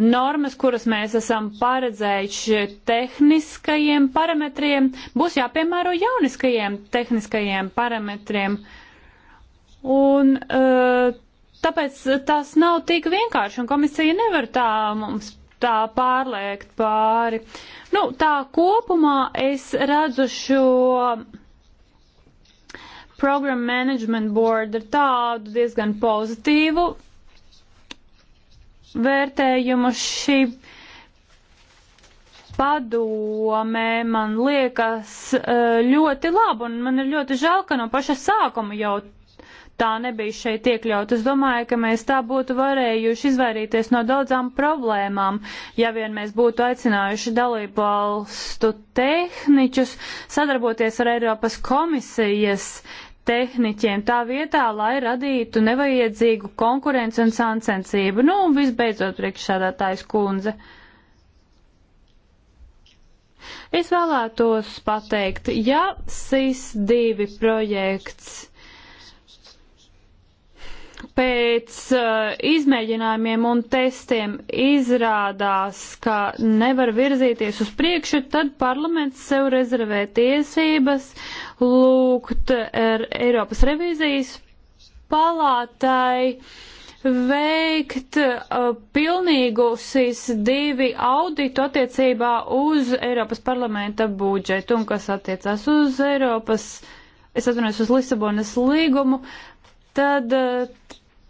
normas, kuras mēs esam paredzējuši tehniskajiem parametriem, būs jāpiemēro jauniskajiem tehniskajiem parametriem. Un eh, tāpēc tas nav tik vienkārši, un komisija nevar tā mums tā pārliekt pāri. Nu, tā kopumā es redzu šo Program Management Board ar tādu diezgan pozitīvu vērtējumu šī padome, man liekas, e, ļoti labi, un man ir ļoti žēl, ka no paša sākuma jau tā nebija šeit iekļaut. Es domāju, ka mēs tā būtu varējuši izvairīties no daudzām problēmām, ja vien mēs būtu aicinājuši dalībvalstu tehniķus sadarboties ar Eiropas komisijas tehniķiem tā vietā, lai radītu nevajadzīgu konkurenci un sancensību. Nu, un visbeidzot, priekšsādātājs kundze. Es vēlētos pateikt, ja SIS-2 projekts pēc uh, izmēģinājumiem un testiem izrādās, ka nevar virzīties uz priekšu, tad parlaments sev rezervē tiesības lūgt er, Eiropas revīzijas palātai veikt uh, pilnīgu SIS divi auditu attiecībā uz Eiropas parlamenta budžetu un kas attiecās uz Eiropas, es atvainojos uz Lisabonas līgumu, tad uh,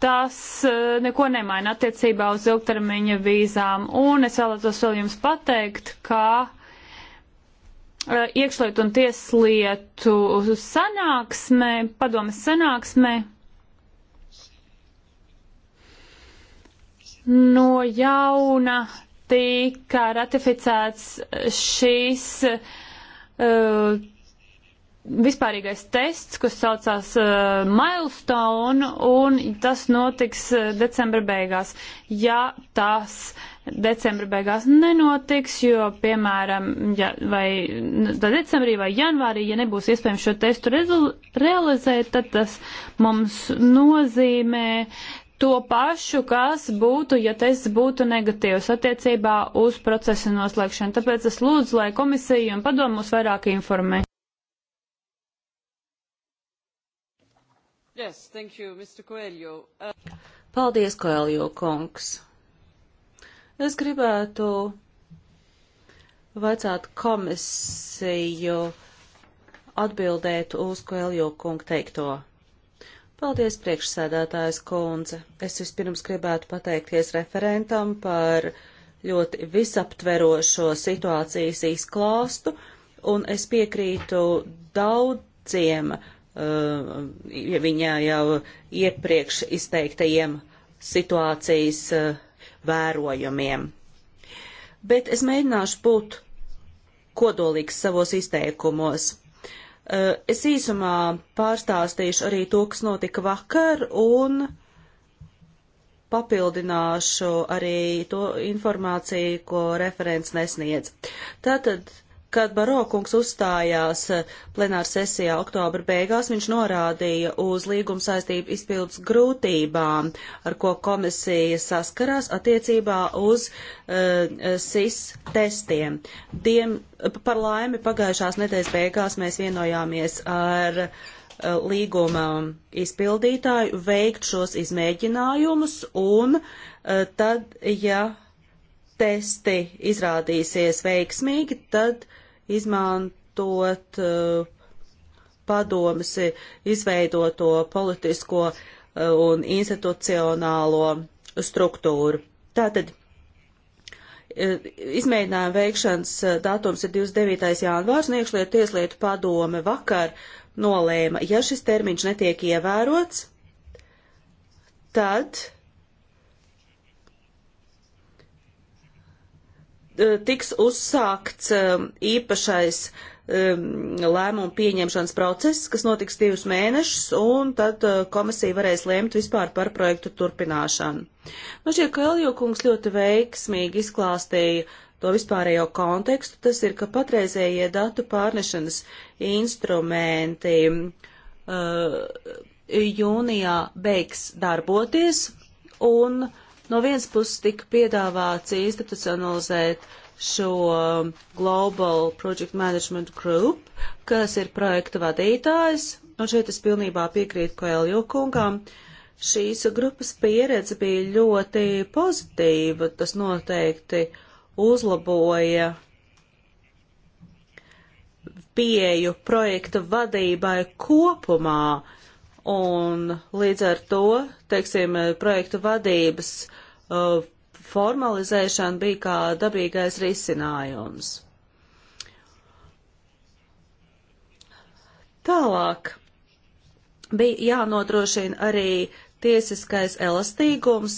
tas eh, neko nemaina attiecībā uz ilgtermiņa vīzām. Un es vēlētos vēl jums pateikt, ka eh, iekšlietu un tieslietu sanāksmē, padomas sanāksmē, no jauna tika ratificēts šīs uh, eh, vispārīgais tests, kas saucās uh, Milestone, un tas notiks uh, decembra beigās. Ja tas decembra beigās nenotiks, jo, piemēram, ja, vai nu, decembrī vai janvārī, ja nebūs iespējams šo testu realizēt, tad tas mums nozīmē to pašu, kas būtu, ja tests būtu negatīvs attiecībā uz procesa noslēgšanu. Tāpēc es lūdzu, lai komisija un padomus vairāk informē. Yes, thank you, Mr. Coelho. Uh... Paldies, Koeljo kungs. Es gribētu vajadzētu komisiju atbildēt uz Koeljo kungu teikto. Paldies, priekšsēdētājs kundze. Es vispirms gribētu pateikties referentam par ļoti visaptverošo situācijas izklāstu, un es piekrītu daudziem Uh, ja viņa jau iepriekš izteiktajiem situācijas uh, vērojumiem. Bet es mēģināšu būt kodolīgs savos izteikumos. Uh, es īsumā pārstāstīšu arī to, kas notika vakar, un papildināšu arī to informāciju, ko referents nesniedz. Tātad Kad Barokungs uzstājās eh, plenāra sesijā oktobra beigās, viņš norādīja uz līguma saistību izpildus grūtībām, ar ko komisija saskarās attiecībā uz uh, SIS testiem. Diem, par laimi pagājušās nedēļas beigās mēs vienojāmies ar uh, līguma izpildītāju veikt šos izmēģinājumus un uh, tad, ja testi izrādīsies veiksmīgi, tad uh, izmantot eh, padomas eh, izveidoto politisko eh, un institucionālo struktūru. Tātad izmēģinājuma veikšanas datums ir 29. janvārs, un iekšlietu tieslietu padome vakar nolēma, ja šis termiņš netiek ievērots, tad E, tiks uzsākts e, īpašais e, lēmumu pieņemšanas process, kas notiks divus mēnešus, un tad komisija varēs lēmt vispār par projektu turpināšanu. Man nu, šķiet, ka Eljokungs ļoti veiksmīgi izklāstīja to vispārējo kontekstu. Tas ir, ka patreizējie datu pārnešanas instrumenti uh, jūnijā beigs darboties, un uh, No vienas puses tika piedāvāts institucionalizēt šo Global Project Management Group, kas ir projekta vadītājs, un šeit es pilnībā piekrītu Koeljo kungam. Šīs grupas pieredze bija ļoti pozitīva, tas noteikti uzlaboja pieju projekta vadībai kopumā, un līdz ar to, teiksim, projekta vadības uh, Uh, formalizēšana bija kā dabīgais risinājums. Tālāk bija jānodrošina arī tiesiskais elastīgums,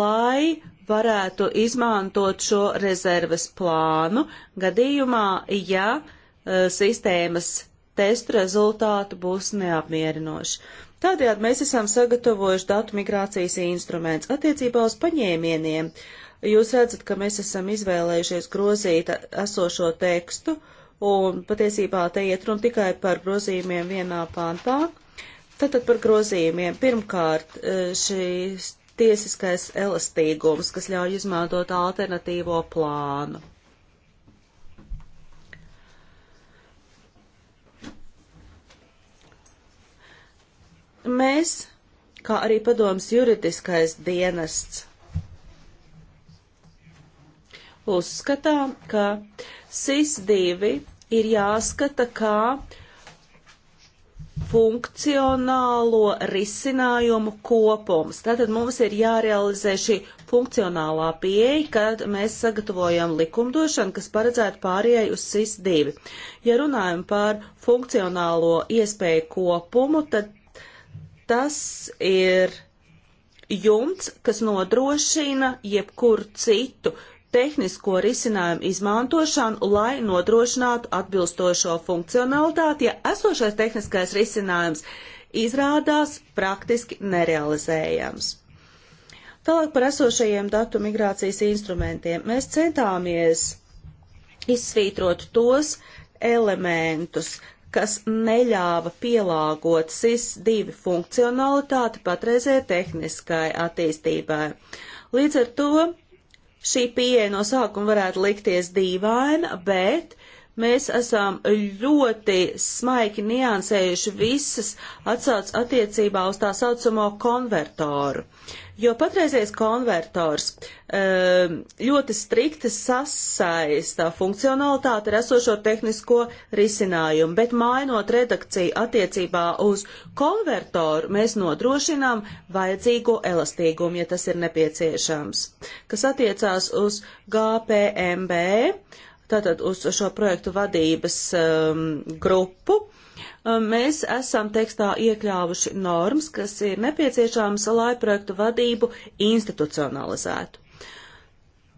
lai varētu izmantot šo rezerves plānu gadījumā, ja uh, sistēmas testu rezultātu būs neapmierinoši. Tādējādi mēs esam sagatavojuši datu migrācijas instruments attiecībā uz paņēmieniem. Jūs redzat, ka mēs esam izvēlējušies grozīt esošo tekstu, un patiesībā te iet runa tikai par grozījumiem vienā pāntā. Tātad par grozījumiem. Pirmkārt, eh, šīs tiesiskais elastīgums, kas ļauj izmantot alternatīvo plānu. Mēs, kā arī padomas juridiskais dienests, uzskatām, ka SIS-2 ir jāskata kā funkcionālo risinājumu kopums. Tātad mums ir jārealizē šī funkcionālā pieeja, kad mēs sagatavojam likumdošanu, kas paredzētu pārējai uz SIS-2. Ja runājam par funkcionālo iespēju kopumu, tad Tas ir jumts, kas nodrošina jebkuru citu tehnisko risinājumu izmantošanu, lai nodrošinātu atbilstošo funkcionalitāti, ja esošais tehniskais risinājums izrādās praktiski nerealizējams. Tālāk par esošajiem datu migrācijas instrumentiem. Mēs centāmies izsvītrot tos elementus, kas neļāva pielāgot SIS-2 funkcionalitāti patreizē tehniskai attīstībai. Līdz ar to šī pieeja no sākuma varētu likties dīvaina, bet mēs esam ļoti smaiki niansējuši visas atsauc attiecībā uz tā saucamo konvertoru. Jo patreizies konvertors ehm, ļoti strikti sasaista funkcionalitāti ar esošo tehnisko risinājumu, bet mainot redakciju attiecībā uz konvertoru, mēs nodrošinām vajadzīgo elastīgumu, ja tas ir nepieciešams. Kas attiecās uz GPMB, tātad uz šo projektu vadības um, grupu. Um, mēs esam tekstā iekļāvuši normas, kas ir nepieciešams, lai projektu vadību institucionalizētu.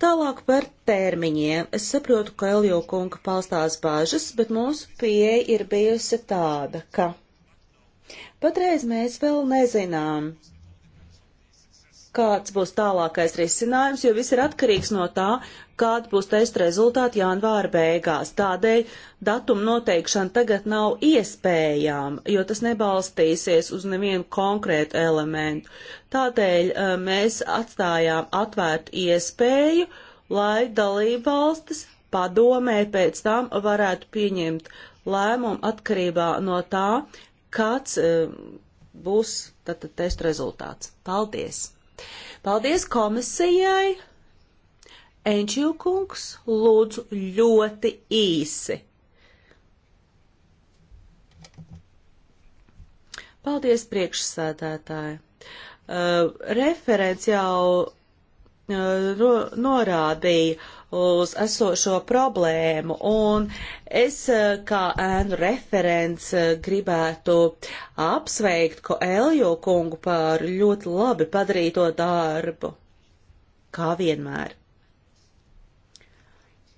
Tālāk par termiņiem. Es saprotu, ka Elio kunga palstās bāžas, bet mūsu pieeja ir bijusi tāda, ka patreiz mēs vēl nezinām, kāds būs tālākais risinājums, jo viss ir atkarīgs no tā, kāda būs testa rezultāti janvāra beigās. Tādēļ datuma noteikšana tagad nav iespējama, jo tas nebalstīsies uz nevienu konkrētu elementu. Tādēļ eh, mēs atstājām atvērtu iespēju, lai dalībvalstis padomē pēc tam varētu pieņemt lēmumu atkarībā no tā, kāds eh, būs tātad testa rezultāts. Paldies! Paldies komisijai! Enčiju kungs, lūdzu ļoti īsi. Paldies priekšsēdētāji. Uh, referents jau uh, norādīja uz esošo problēmu. Un es eh, kā ēnu referents eh, gribētu apsveikt ko Eljo kungu par ļoti labi padarīto darbu. Kā vienmēr.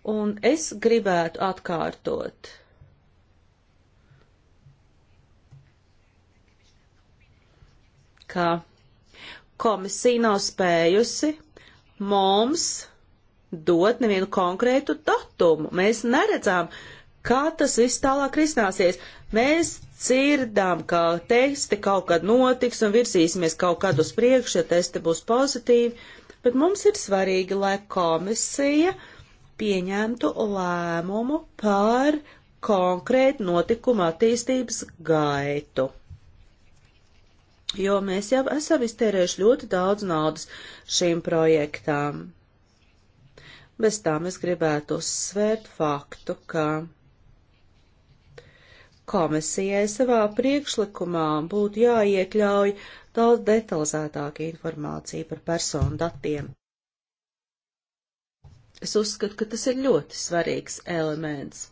Un es gribētu atkārtot. ka komisija nav spējusi mums dot nevienu konkrētu datumu. Mēs neredzām, kā tas viss tālāk risināsies. Mēs dzirdām, ka testi kaut kad notiks un virsīsimies kaut kad uz priekšu, ja testi būs pozitīvi, bet mums ir svarīgi, lai komisija pieņemtu lēmumu par konkrētu notikumu attīstības gaitu. Jo mēs jau esam iztērējuši ļoti daudz naudas šīm projektām. Bez tām es gribētu uzsvērt faktu, ka komisijai savā priekšlikumā būtu jāiekļauj daudz detalizētāka informācija par personu datiem. Es uzskatu, ka tas ir ļoti svarīgs elements.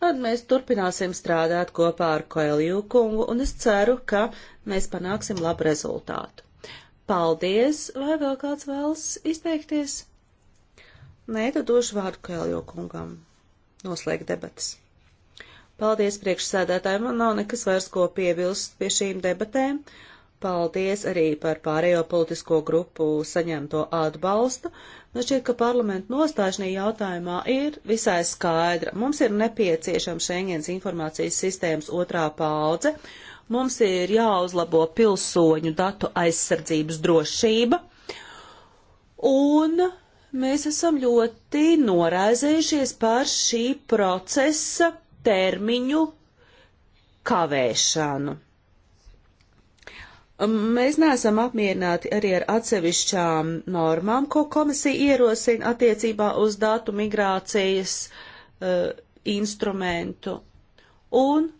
Tad mēs turpināsim strādāt kopā ar Koeliju kungu, un es ceru, ka mēs panāksim labu rezultātu. Paldies, vai vēl kāds vēlas izteikties? Nē, tad došu vārdu Kēljo kungam. Noslēgt debatas. Paldies priekšsēdētājiem, man nav nekas vairs ko piebilst pie šīm debatēm. Paldies arī par pārējo politisko grupu saņemto atbalstu. Man šķiet, ka parlamenta nostāšanī jautājumā ir visai skaidra. Mums ir nepieciešama Schengens informācijas sistēmas otrā paudze. Mums ir jāuzlabo pilsoņu datu aizsardzības drošība. Un mēs esam ļoti noraizējušies par šī procesa termiņu kavēšanu. Um, mēs neesam apmierināti arī ar atsevišķām normām, ko komisija ierosina attiecībā uz datu migrācijas uh, instrumentu. Un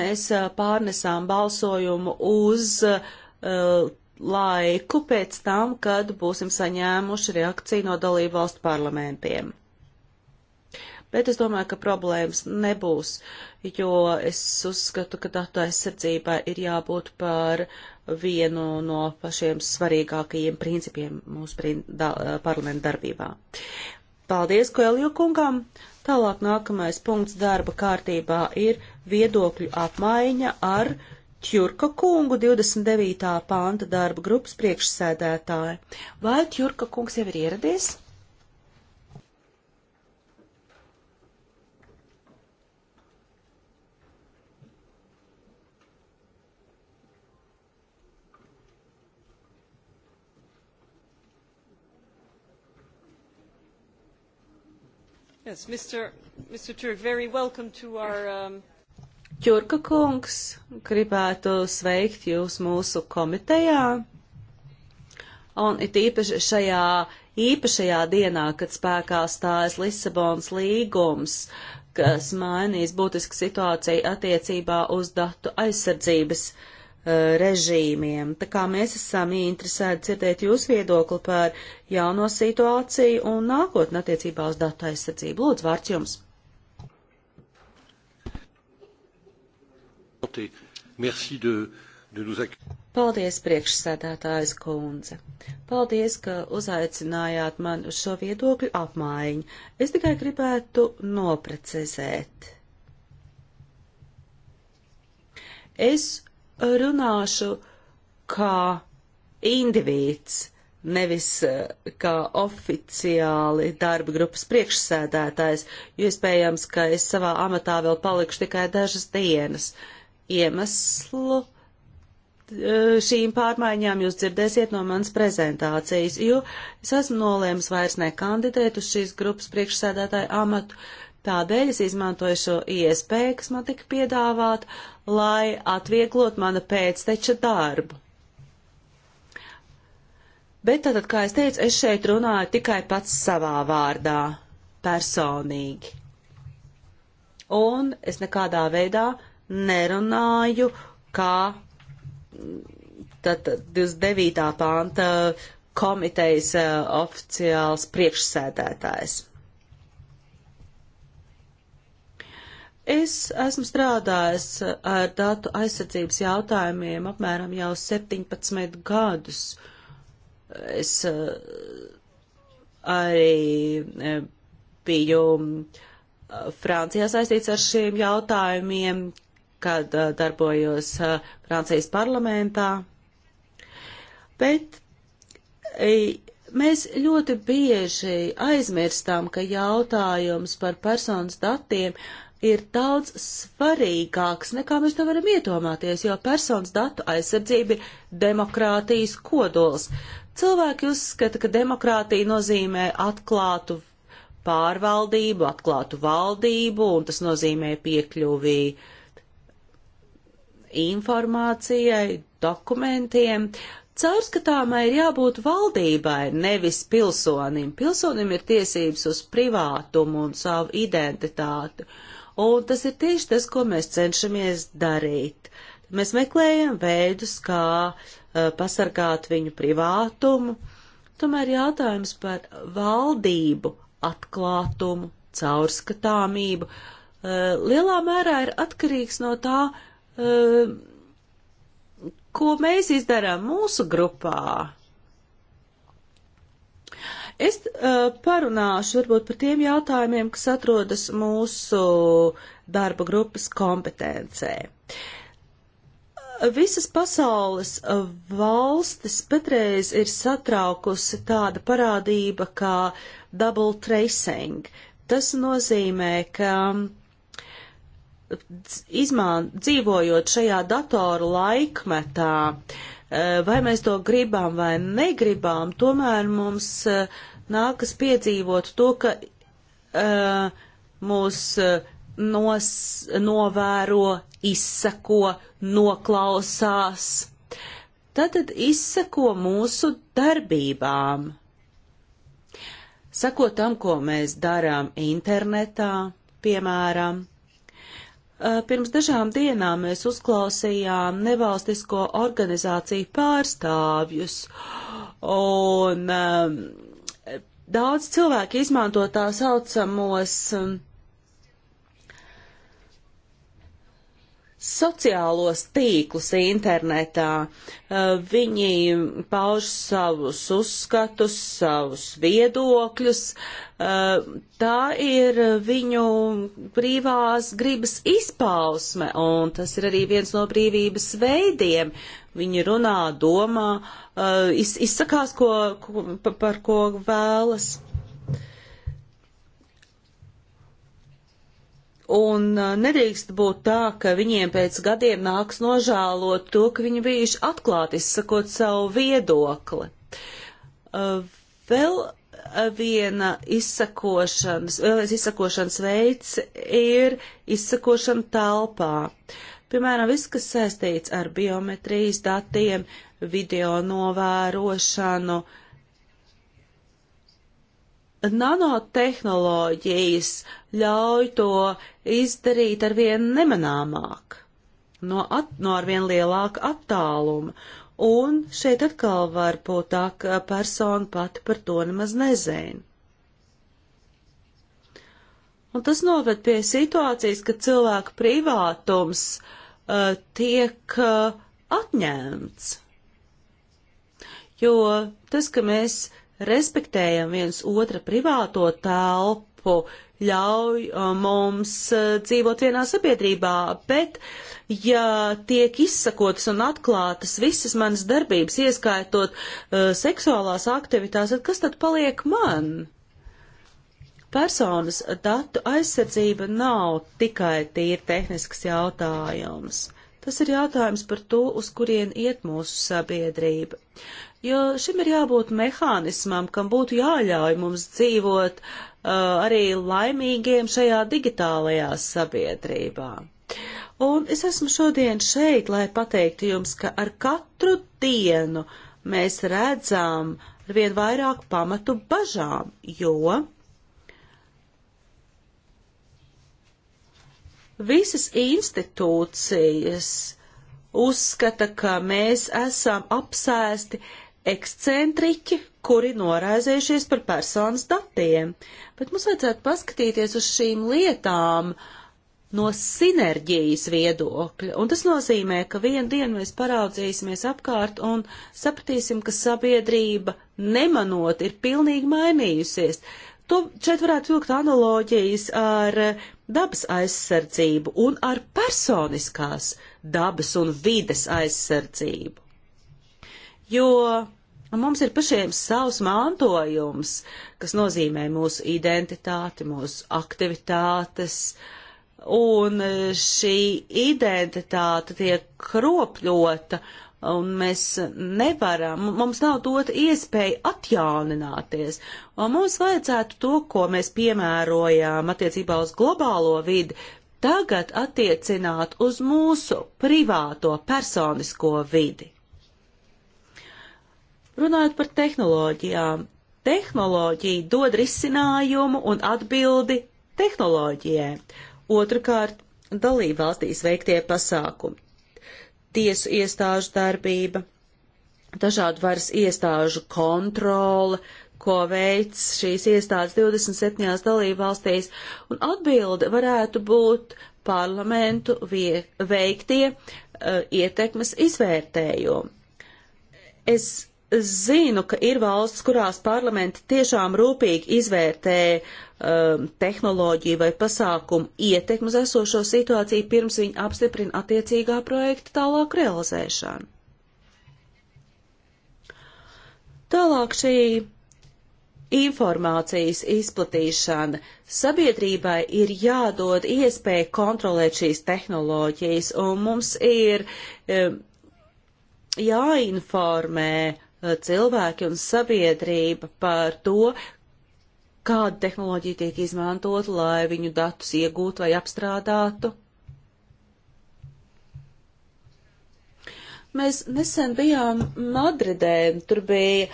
mēs uh, pārnesām balsojumu uz uh, laiku pēc tam, kad būsim saņēmuši reakciju no dalību valstu parlamentiem. Bet es domāju, ka problēmas nebūs, jo es uzskatu, ka datu aizsardzībai ir jābūt par vienu no pašiem svarīgākajiem principiem mūsu prin da parlamenta darbībā. Paldies, Koelju kungam! Tālāk nākamais punkts darba kārtībā ir viedokļu apmaiņa ar Čurka kungu 29. panta darba grupas priekšsēdētāju. Vai Čurka kungs jau ir ieradies? Yes, Mr. Mr. Turk, very welcome to our um, Ķurka kungs, gribētu sveikt jūs mūsu komitejā. Un it īpaši šajā īpašajā dienā, kad spēkā stājas Lisabons līgums, kas mainīs būtisku situāciju attiecībā uz datu aizsardzības uh, režīmiem. Tā kā mēs esam interesēti dzirdēt jūsu viedokli par jauno situāciju un nākotnē attiecībā uz datu aizsardzību. Lūdzu, vārds jums! Merci de, de nous accueillir. Paldies, priekšsēdētājas kundze. Paldies, ka uzaicinājāt mani uz šo viedokļu apmaiņu. Es tikai gribētu noprecizēt. Es runāšu kā indivīds, nevis eh, kā oficiāli darba grupas priekšsēdētājs, jo iespējams, ka es savā amatā vēl palikšu tikai dažas dienas. Uh, Iemeslu eh, šīm pārmaiņām jūs dzirdēsiet no manas prezentācijas, jo es esmu nolēmis vairs nekandidēt uz šīs grupas priekšsēdētāju amatu. Tādēļ es izmantoju šo iespēju, kas man tika piedāvāt, lai atvieglot mana pēcteča darbu. Bet tātad, kā es teicu, es šeit runāju tikai pats savā vārdā, personīgi. Un es nekādā veidā nerunāju kā tad 29. panta komitejas eh, oficiāls priekšsēdētājs. Es esmu strādājis ar datu aizsardzības jautājumiem apmēram jau 17 gadus. Es eh, arī eh, biju Francijā saistīts ar šiem jautājumiem, kad eh, darbojos eh, Francijas parlamentā, bet mēs ļoti bieži aizmirstam, ka jautājums par personas datiem ir daudz svarīgāks, nekā mēs to varam iedomāties, jo personas datu aizsardzība ir demokrātijas kodols. Cilvēki uzskata, ka demokrātija nozīmē atklātu pārvaldību, atklātu valdību, un tas nozīmē piekļuvī uh, informācijai, dokumentiem. Caurskatāmai ir jābūt valdībai, nevis pilsonim. Pilsonim ir tiesības uz privātumu un savu identitāti. Un tas ir tieši tas, ko mēs cenšamies darīt. Mēs meklējam veidus, kā uh, pasargāt viņu privātumu, tomēr jautājums par valdību atklātumu, caurskatāmību uh, lielā mērā ir atkarīgs no tā, uh, Ehm, ko mēs izdarām mūsu grupā. Es uh, parunāšu varbūt par tiem jautājumiem, kas atrodas mūsu darba grupas kompetencē. Visas pasaules valstis patreiz ir satraukusi tāda parādība kā double tracing. Tas nozīmē, ka uh, izmant, dzīvojot šajā datoru laikmetā, e, vai mēs to gribam vai negribam, tomēr mums e, nākas piedzīvot to, ka uh, mūs nos, novēro, izsako, noklausās. Tātad izsako mūsu darbībām. Sako tam, ko mēs darām internetā, piemēram, Eh, pirms dažām dienām mēs uzklausījām nevalstisko organizāciju pārstāvjus, un um, daudz cilvēku izmanto tā saucamos um, sociālos tīklus internetā. Eh, viņi pauž savus uzskatus, savus viedokļus. Eh, tā ir viņu brīvās gribas izpausme, un tas ir arī viens no brīvības veidiem. Viņi runā, domā, eh, izsakās, ko, ko, par ko vēlas. Un nedrīkst būt tā, ka viņiem pēc gadiem nāks nožēlot to, ka viņi bijuši atklāti izsakot savu viedokli. Vēl viena izsakošanas, vēl viens izsakošanas veids ir izsakošana telpā. Piemēram, viss, kas saistīts ar biometrijas datiem, video novērošanu, uh, Nanotehnoloģijas ļauj to izdarīt arvien nemanāmāk, no, at, no arvien lielāka attāluma, un šeit atkal var būt tā, ka persona pati par to nemaz nezina. Un tas noved pie situācijas, ka cilvēka privātums uh, tiek uh, atņemts. Jo tas, ka mēs respektējam viens otra privāto telpu, ļauj uh, mums uh, dzīvot vienā sabiedrībā, bet ja tiek izsakotas un atklātas visas manas darbības, ieskaitot uh, seksuālās aktivitātes, kas tad paliek man? Personas datu aizsardzība nav tikai tīri tehnisks jautājums. Tas ir jautājums par to, uz kurien iet mūsu sabiedrība jo šim ir jābūt mehānismam, kam būtu jāļauj mums dzīvot uh, arī laimīgiem šajā digitālajā sabiedrībā. Un es esmu šodien šeit, lai pateiktu jums, ka ar katru dienu mēs redzam arvien vairāk pamatu bažām, jo visas institūcijas uzskata, ka mēs esam apsēsti ekscentriķi, kuri noraizējušies par personas datiem, bet mums vajadzētu paskatīties uz šīm lietām no sinerģijas viedokļa, un tas nozīmē, ka vienu dienu mēs paraudzīsimies apkārt un sapratīsim, ka sabiedrība nemanot ir pilnīgi mainījusies. To šeit varētu vilkt analoģijas ar dabas aizsardzību un ar personiskās dabas un vides aizsardzību jo nu, mums ir pašiem savs mantojums, kas nozīmē mūsu identitāti, mūsu aktivitātes, un e, šī identitāte tiek kropļota, un mēs nevaram, mums nav dota iespēja atjaunināties, un mums vajadzētu to, ko mēs piemērojām attiecībā uz globālo vidi, tagad attiecināt uz mūsu privāto personisko vidi. Runājot par tehnoloģijām, tehnoloģija dod risinājumu un atbildi tehnoloģijai. Otrakārt, dalībvalstīs veiktie pasākumi, tiesu iestāžu darbība, dažādu varas iestāžu kontrole, ko veic šīs iestādes 27 dalībvalstīs, un atbilde varētu būt parlamentu vie, veiktie uh, ietekmes izvērtējumi. Es zinu, ka ir valsts, kurās parlamenti tiešām rūpīgi izvērtē um, tehnoloģiju vai pasākumu ietekmu uz esošo situāciju, pirms viņi apstiprina attiecīgā projekta tālāku realizēšanu. Tālāk šī informācijas izplatīšana. Sabiedrībai ir jādod iespēja kontrolēt šīs tehnoloģijas, un mums ir um, jāinformē Eh, cilvēki un sabiedrība par to, kāda tehnoloģija tiek izmantot, lai viņu datus iegūtu vai apstrādātu. Mēs nesen bijām Madridē, tur bija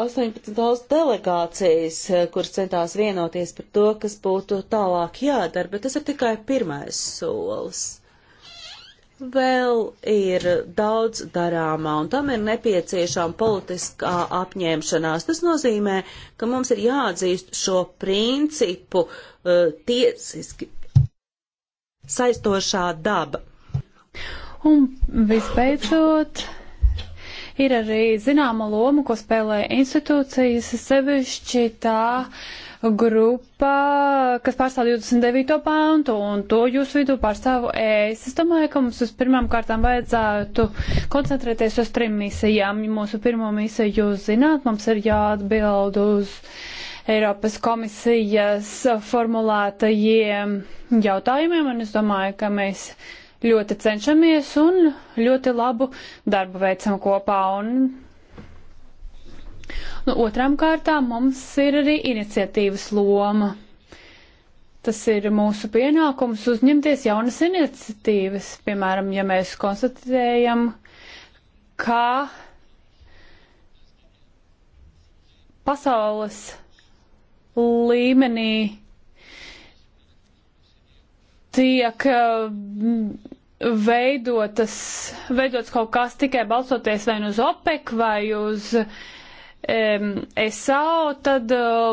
astoņpadsmit valstu delegācijas, eh, kuras centās vienoties par to, kas būtu tālāk jādara, bet tas ir tikai pirmais solis. Vēl ir daudz darāmā, un tam ir nepieciešama politiskā apņēmšanās. Tas nozīmē, ka mums ir jāatzīst šo principu uh, tiesiski saistošā daba. Un visbeidzot, ir arī zināma loma, ko spēlē institūcijas, sevišķi tā. Uh, grupā, kas pārstāv 29. pāntu, un to jūsu vidū pārstāvu es. Es domāju, ka mums uz pirmām kārtām vajadzētu koncentrēties uz trim misijām. Mūsu pirmo misiju jūs zināt, mums ir jāatbild uz Eiropas komisijas formulētajiem jautājumiem, un es domāju, ka mēs ļoti cenšamies un ļoti labu darbu veicam kopā. Un Nu, otram kārtām mums ir arī iniciatīvas loma. Tas ir mūsu pienākums uzņemties jaunas iniciatīvas. Piemēram, ja mēs konstatējam, ka pasaules līmenī tiek eh, veidotas, veidots kaut kas tikai balsoties vai nu uz OPEC vai uz uh, SAO, tad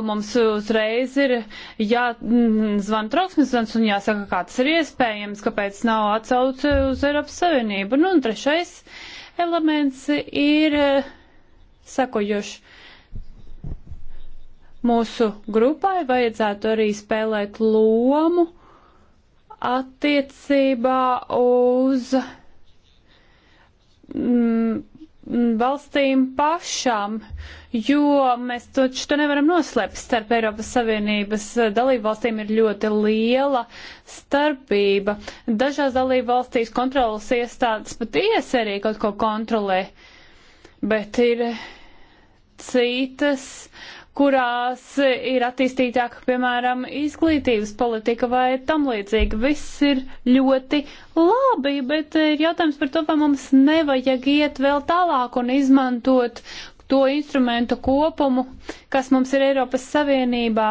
mums uzreiz ir jāzvan trauksmes zvans un jāsaka, kā tas ir iespējams, kāpēc nav atsauce uz Eiropas Savienību. Nu, un trešais elements ir e, sakojuši. Mūsu grupai vajadzētu arī spēlēt lomu attiecībā uz Mm, valstīm pašām, jo mēs to, to nevaram noslēpt. Starp Eiropas Savienības eh, dalību valstīm ir ļoti liela starpība. Dažās dalību valstīs kontrolas iestādes patiesi arī kaut ko kontrolē, bet ir citas kurās ir attīstītāka, piemēram, izglītības politika vai tam līdzīgi. Viss ir ļoti labi, bet ir jautājums par to, vai mums nevajag iet vēl tālāk un izmantot to instrumentu kopumu, kas mums ir Eiropas Savienībā.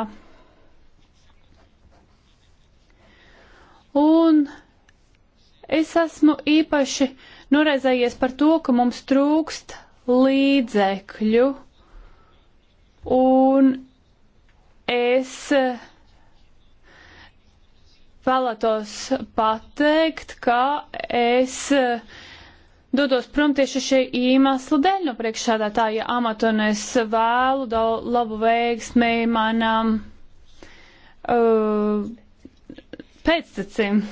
Un es esmu īpaši noraizējies par to, ka mums trūkst līdzekļu Un es vēlētos pateikt, ka es dodos prom tieši šī iemesla dēļ no priekšsādātāja amata, un es vēlu labu veiksmi manam uh, pēctecim.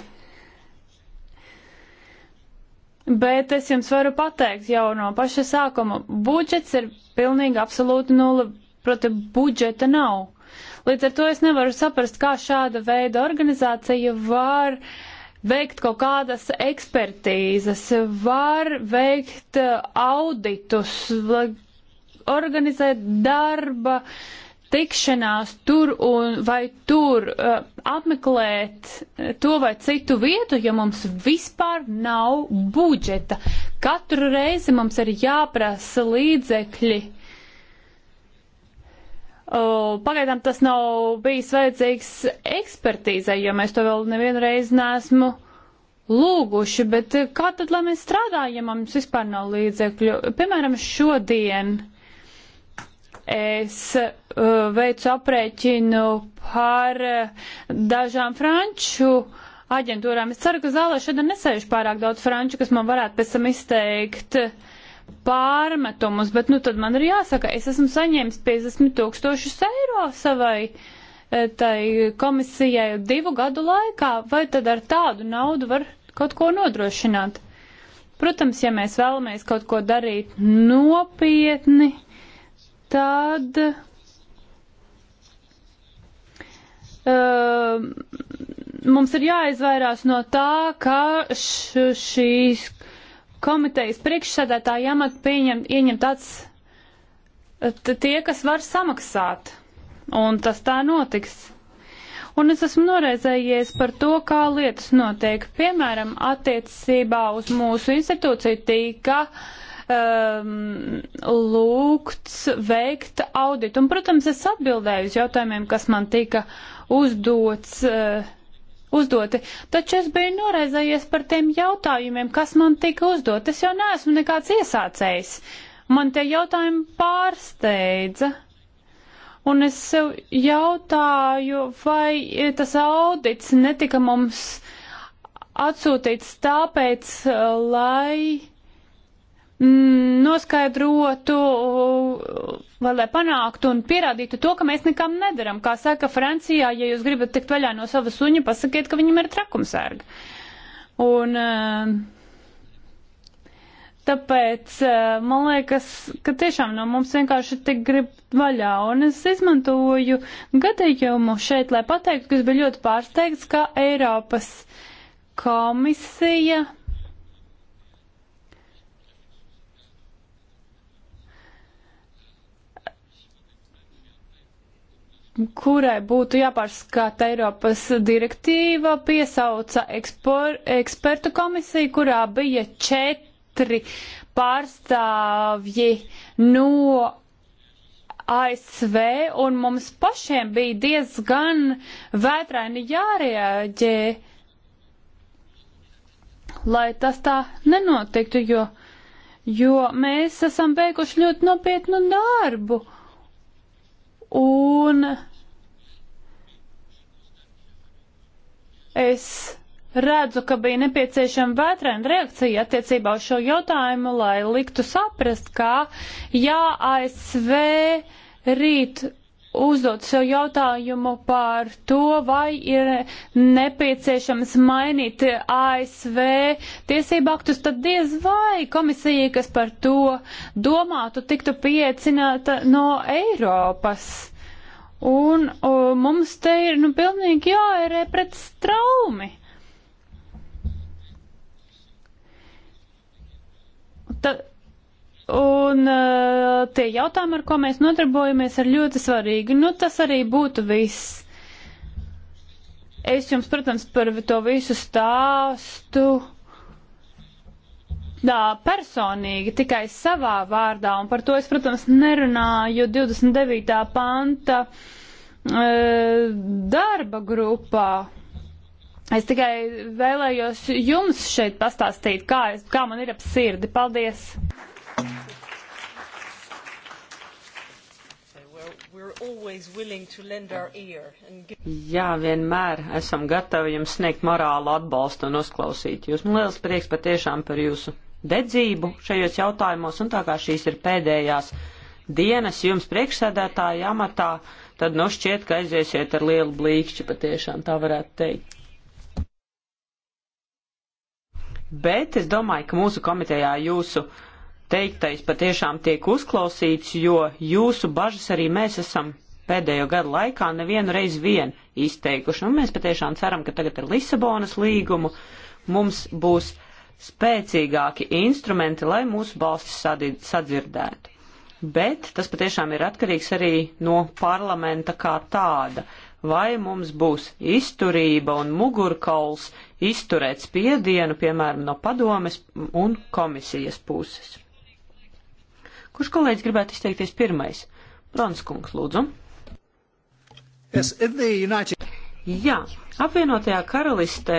Bet es jums varu pateikt jau no paša sākuma, budžets ir pilnīgi absolūti nulle proti budžeta nav. Līdz ar to es nevaru saprast, kā šāda veida organizācija var veikt kaut kādas ekspertīzes, var veikt uh, auditus, organizēt darba tikšanās tur un vai tur uh, apmeklēt uh, to vai citu vietu, ja mums vispār nav budžeta. Katru reizi mums ir jāprasa līdzekļi uh, Pagaidām tas nav bijis vajadzīgs ekspertīzai, jo mēs to vēl nevienu reizi neesmu lūguši, bet kā tad, lai mēs strādājam, ja mums vispār nav līdzekļu? Piemēram, šodien es uh, veicu aprēķinu par uh, dažām franču uh, aģentūrām. Es ceru, ka zālē šodien nesēž pārāk daudz franču, kas man varētu pēc tam izteikt uh, pārmetumus, bet nu tad man ir jāsaka, es esmu saņēmis 50 tūkstošus eiro savai e, tai komisijai divu gadu laikā, vai tad ar tādu naudu var kaut ko nodrošināt? Protams, ja mēs vēlamies kaut ko darīt nopietni, tad uh, mums ir jāizvairās no tā, ka š, šīs uh, komitejas priekšsēdētāja amatu pieņem, ieņem tāds tie, kas var samaksāt. Un tas tā notiks. Un es esmu noreizējies par to, kā lietas notiek. Piemēram, attiecībā uz mūsu institūciju tika um, lūgts veikt auditu. Un, protams, es atbildēju uz jautājumiem, kas man tika uzdots. Uh, uzdoti, taču es biju noraizējies par tiem jautājumiem, kas man tika uzdot. Es jau neesmu nekāds iesācējs. Man tie jautājumi pārsteidza. Un es sev jautāju, vai tas audits netika mums atsūtīts tāpēc, lai Mm, noskaidrotu, vai lai panāktu un pierādītu to, ka mēs nekam nedaram. Kā saka Francijā, ja jūs gribat tikt vaļā no sava suņa, pasakiet, ka viņam ir trakumsērga. Un eh, tāpēc eh, man liekas, ka tiešām no mums vienkārši tik grib vaļā. Un es izmantoju gadījumu šeit, lai pateiktu, ka es biju ļoti pārsteigts, ka Eiropas komisija kurai būtu jāpārskata Eiropas direktīva, piesauca ekspor, ekspertu komisiju, kurā bija četri pārstāvji no ASV, un mums pašiem bija diezgan vētraini jārēģē, lai tas tā nenotiktu, jo, jo mēs esam veikuši ļoti nopietnu darbu Un es redzu, ka bija nepieciešama vētrēna reakcija attiecībā uz šo jautājumu, lai liktu saprast, kā, ja ASV rīt uzdot sev jautājumu par to, vai ir nepieciešams mainīt ASV tiesību aktus, tad diez vai komisija, kas par to domātu, tiktu pieecināta no Eiropas. Un o, mums te ir, nu, pilnīgi jāērē pret straumi. Tad, Un uh, tie jautājumi, ar ko mēs nodarbojamies, ir ļoti svarīgi. Nu, tas arī būtu viss. Es jums, protams, par to visu stāstu. Tā, personīgi, tikai savā vārdā, un par to es, protams, nerunāju 29. panta e, darba grupā. Es tikai vēlējos jums šeit pastāstīt, kā, es, kā man ir ap sirdi. Paldies! Jā, vienmēr esam gatavi jums sniegt morālu atbalstu un uzklausīt jūs. Man liels prieks patiešām par jūsu dedzību šajos jautājumos, un tā kā šīs ir pēdējās dienas jums priekšsēdētāja amatā, tad nu šķiet, ka aiziesiet ar lielu blīkšķi patiešām, tā varētu teikt. Bet es domāju, ka mūsu komitejā jūsu uh, teiktais patiešām tiek uzklausīts, jo jūsu bažas arī mēs esam pēdējo gadu laikā nevienu reizi vien izteikuši. Un nu, mēs patiešām ceram, ka tagad ar Lisabonas līgumu mums būs spēcīgāki instrumenti, lai mūsu balsti sadzirdētu. Bet tas patiešām ir atkarīgs arī no parlamenta kā tāda. Vai mums būs izturība un mugurkauls izturēt spiedienu, piemēram, no padomes un komisijas puses? Kurš kolēģis gribētu izteikties pirmais? Bronskungs, lūdzu. Yes, United... Jā, apvienotajā karalistē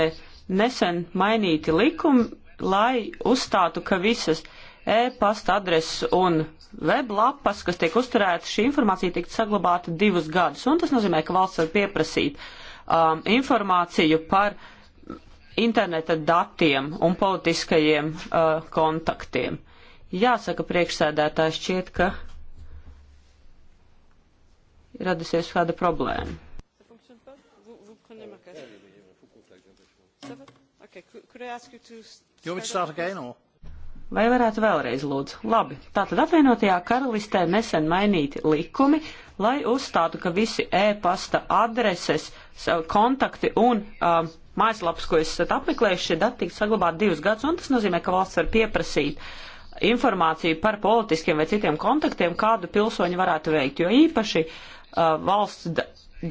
nesen mainīti likumi, lai uzstātu, ka visas e-pasta adreses un weblapas, kas tiek uzturētas, šī informācija tiek saglabāta divus gadus. Un tas nozīmē, ka valsts var pieprasīt um, informāciju par interneta datiem un politiskajiem uh, kontaktiem. Jāsaka, priekšsēdētājs šķiet, ka ir radusies kāda problēma. Vai varētu vēlreiz lūdzu? Labi, tātad apvienotajā karalistē nesen mainīti likumi, lai uzstātu, ka visi e-pasta adreses, kontakti un um, uh, mājaslaps, ko esat apmeklējuši, šie dati tiks saglabāti divus gadus, un tas nozīmē, ka valsts var pieprasīt uh, informāciju par politiskiem vai citiem kontaktiem, kādu pilsoņi varētu veikt. Jo īpaši uh, valsts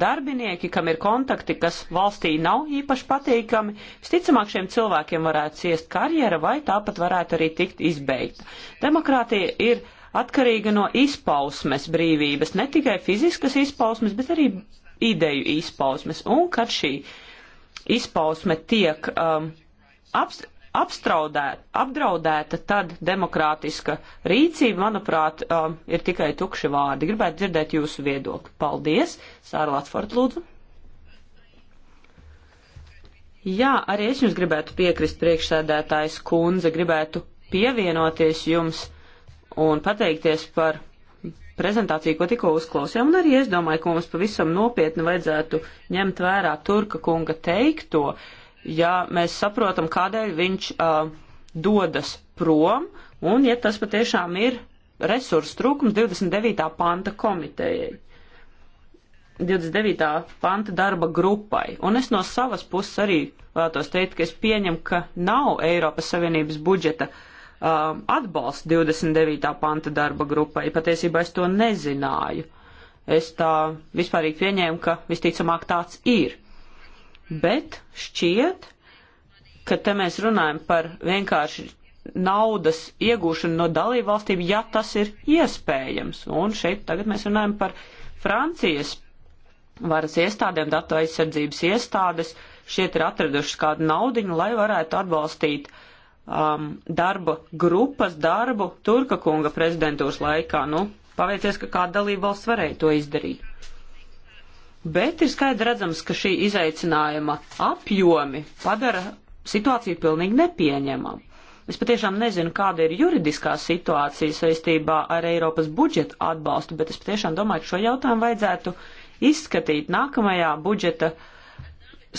darbinieki, kam ir kontakti, kas valstī nav īpaši patīkami, visticamāk šiem cilvēkiem varētu ciest karjera vai tāpat varētu arī tikt izbeigta. Demokrātija ir atkarīga no izpausmes brīvības, ne tikai fiziskas izpausmes, bet arī ideju izpausmes. Un kad šī izpausme tiek um, apst apstraudēta, apdraudēta, tad demokrātiska rīcība, manuprāt, um, ir tikai tukši vārdi. Gribētu dzirdēt jūsu viedokli. Paldies. Sāra Latford, lūdzu. Jā, arī es jums gribētu piekrist priekšsēdētājs kundze, gribētu pievienoties jums un pateikties par prezentāciju, ko tikko uzklausījām, un arī es domāju, ka mums pavisam nopietni vajadzētu ņemt vērā Turka kunga teikto. Uh, ja mēs saprotam, kādēļ viņš uh, dodas prom, un ja tas patiešām ir resursu trūkums 29. panta komitejai. 29. panta darba grupai. Un es no savas puses arī vēlētos teikt, ka es pieņemu, ka nav Eiropas Savienības budžeta um, atbalsts 29. panta darba grupai. Patiesībā es to nezināju. Es tā vispārīgi pieņēmu, ka visticamāk tāds ir bet šķiet, ka te mēs runājam par vienkārši naudas iegūšanu no dalību valstīm, ja tas ir iespējams. Un šeit tagad mēs runājam par Francijas varas iestādēm, datu aizsardzības iestādes, šeit ir atradušas kādu naudiņu, lai varētu atbalstīt um, darba grupas darbu Turka kunga prezidentūras laikā. Nu, paveicies, ka kāda dalība valsts varēja to izdarīt bet ir skaidri redzams, ka šī izaicinājuma apjomi padara situāciju pilnīgi nepieņemamu. Es patiešām nezinu, kāda ir juridiskā situācija saistībā ar Eiropas budžeta atbalstu, bet es patiešām domāju, ka šo jautājumu vajadzētu izskatīt nākamajā budžeta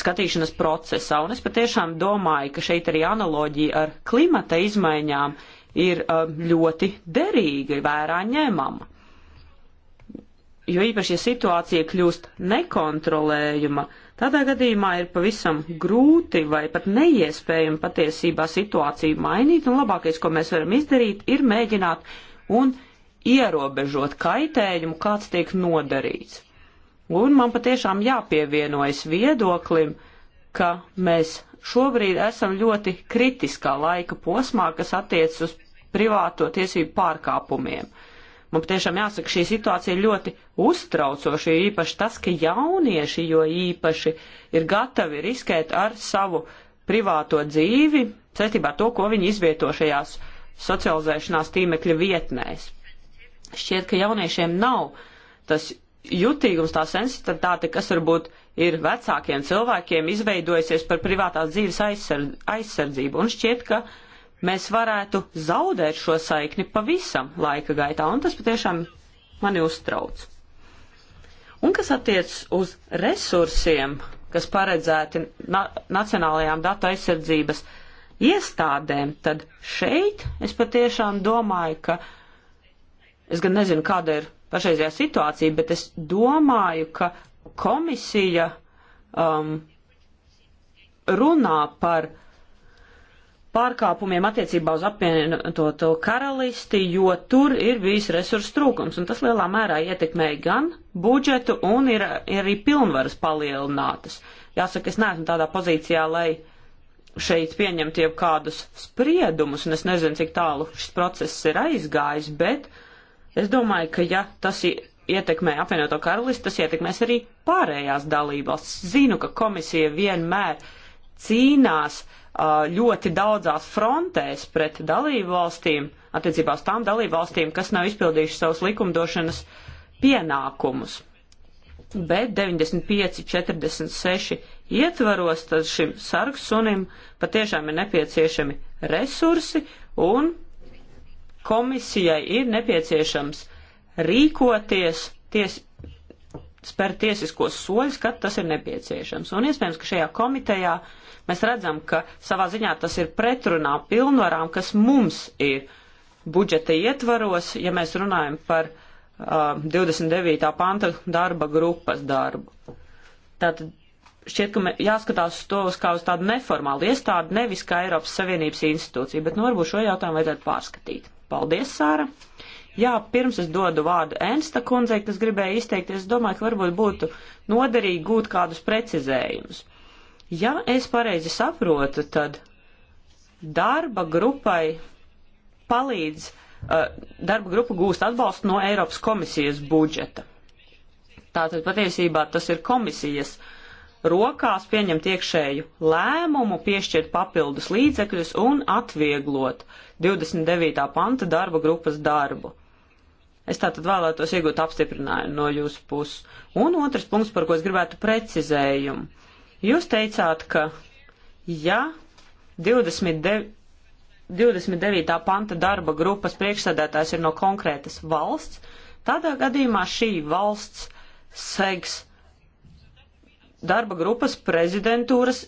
skatīšanas procesā. Un es patiešām domāju, ka šeit arī analoģija ar klimata izmaiņām ir uh, ļoti derīga, vērā ņemama jo īpaši, ja situācija kļūst nekontrolējuma, tādā gadījumā ir pavisam grūti vai pat neiespējami patiesībā situāciju mainīt, un labākais, ko mēs varam izdarīt, ir mēģināt un ierobežot kaitējumu, kāds tiek nodarīts. Un man patiešām jāpievienojas viedoklim, ka mēs šobrīd esam ļoti kritiskā laika posmā, kas attiecas uz privāto tiesību pārkāpumiem. Uh, Man patiešām jāsaka, šī situācija ir ļoti uztraucoša, jo īpaši tas, ka jaunieši jo īpaši ir gatavi riskēt ar savu privāto dzīvi saistībā ar to, ko viņi izvieto šajās socializēšanās tīmekļa vietnēs. Šķiet, ka jauniešiem nav tas jutīgums, tā sensitivitāte, kas varbūt ir vecākiem cilvēkiem izveidojusies par privātās dzīves aizsardzību. Un šķiet, ka uh, mēs varētu zaudēt šo saikni pavisam laika gaitā, un tas patiešām mani uztrauc. Un kas attiec uz resursiem, kas paredzēti na Nacionālajām datu aizsardzības iestādēm, tad šeit es patiešām domāju, ka es gan nezinu, kāda ir pašreizajā situācija, bet es domāju, ka komisija um, runā par uh, pārkāpumiem attiecībā uz apvienoto karalisti, jo tur ir bijis resursu trūkums, un tas lielā mērā ietekmēja gan budžetu, un ir, ir arī pilnvaras palielinātas. Jāsaka, es neesmu tādā pozīcijā, lai šeit pieņemtu jau kādus spriedumus, un es nezinu, cik tālu šis process ir aizgājis, bet es domāju, ka ja tas ietekmē apvienoto karalisti, tas ietekmēs arī pārējās dalībās. Zinu, ka komisija vienmēr cīnās uh, ļoti daudzās frontēs pret dalību valstīm, attiecībā uz tām dalību valstīm, kas nav izpildījušas savus likumdošanas pienākumus. Bet 95-46 ietvaros, tad šim sargsunim patiešām ir nepieciešami resursi un komisijai ir nepieciešams rīkoties ties, spērt tiesiskos soļus, kad tas ir nepieciešams. Un iespējams, ka šajā komitejā mēs redzam, ka savā ziņā tas ir pretrunā pilnvarām, kas mums ir budžeta ietvaros, ja mēs runājam par uh, 29. panta darba grupas darbu. Tātad šķiet, ka jāskatās to uz kā uz tādu neformālu iestādi, nevis kā Eiropas Savienības institūcija, bet nu varbūt šo jautājumu vajadzētu pārskatīt. Paldies, Sāra! Jā, pirms es dodu vārdu Ensta kundzei, kas gribēja izteikties, es domāju, ka varbūt būtu noderīgi gūt kādus precizējumus. Ja es pareizi saprotu, tad darba grupai palīdz, uh, darba grupa gūst atbalstu no Eiropas komisijas budžeta. Tātad patiesībā tas ir komisijas rokās pieņemt iekšēju lēmumu, piešķirt papildus līdzekļus un atvieglot 29. panta darba grupas darbu. Es tātad vēlētos iegūt apstiprinājumu no jūsu puses. Un otrs punkts, par ko es gribētu precizējumu. Jūs teicāt, ka ja 29. 29. panta darba grupas priekšsēdētājs ir no konkrētas valsts, tādā gadījumā šī valsts segs darba grupas prezidentūras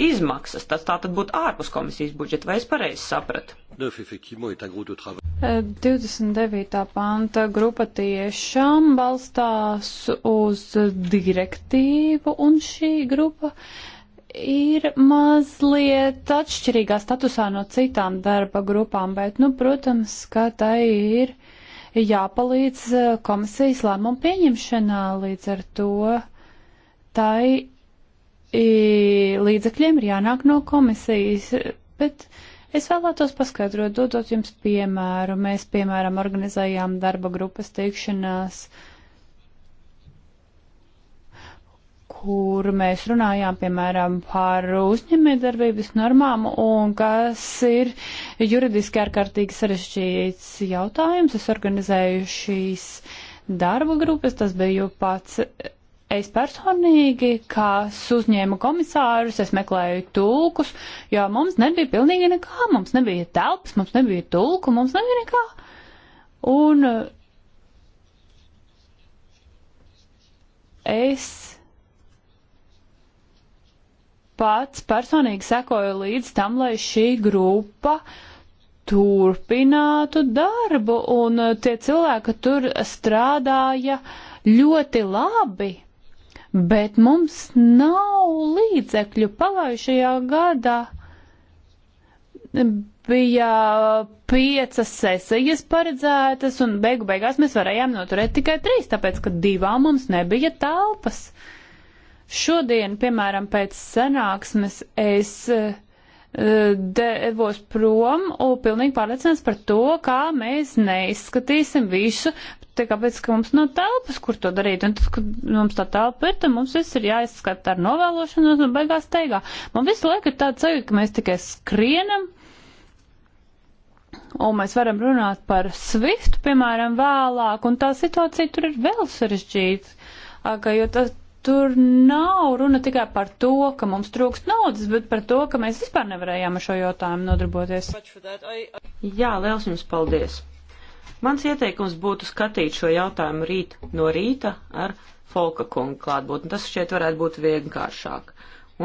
izmaksas. Tas tā tad būtu ārpus komisijas budžeta, vai es pareizi sapratu? 29. panta grupa tiešām balstās uz direktīvu, un šī grupa ir mazliet atšķirīgā statusā no citām darba grupām, bet, nu, protams, ka tai ir jāpalīdz komisijas lēmumu pieņemšanā līdz ar to tai līdzekļiem ir jānāk no komisijas, bet es vēlētos paskaidrot, dodot jums piemēru. Mēs, piemēram, organizējām darba grupas tikšanās, kur mēs runājām, piemēram, par uzņēmējdarbības normām un kas ir juridiski ārkārtīgi sarežģīts jautājums. Es organizēju šīs darba grupas, tas bija pats Es personīgi, kas uzņēmu komisārus, es meklēju tulkus, jo mums nebija pilnīgi nekā. Mums nebija telpas, mums nebija tulku, mums nebija nekā. Un eh, es pats personīgi sekoju līdz tam, lai šī grupa turpinātu darbu, un eh, tie cilvēki tur strādāja ļoti labi bet mums nav līdzekļu. Pagājušajā gadā bija piecas sesijas paredzētas, un beigu beigās mēs varējām noturēt tikai trīs, tāpēc, ka divām mums nebija telpas. Šodien, piemēram, pēc sanāksmes es eh, devos prom un pilnīgi pārliecināts par to, kā mēs neizskatīsim visu tāpēc, ka mums nav telpas, kur to darīt, un tas, ka mums tā telpa ir, tad mums viss ir jāizskata ar novēlošanos un beigās teigā. Man visu laiku ir tāds sajūta, ka mēs tikai skrienam, un mēs varam runāt par Swift, piemēram, vēlāk, un tā situācija tur ir vēl sarežģīta, jo tas tur nav runa tikai par to, ka mums trūkst naudas, bet par to, ka mēs vispār nevarējām ar šo jautājumu nodarboties. Jā, liels jums paldies! Mans ieteikums būtu skatīt šo jautājumu rīt no rīta ar Folka kungu klātbūtni. Tas šķiet varētu būt vienkāršāk.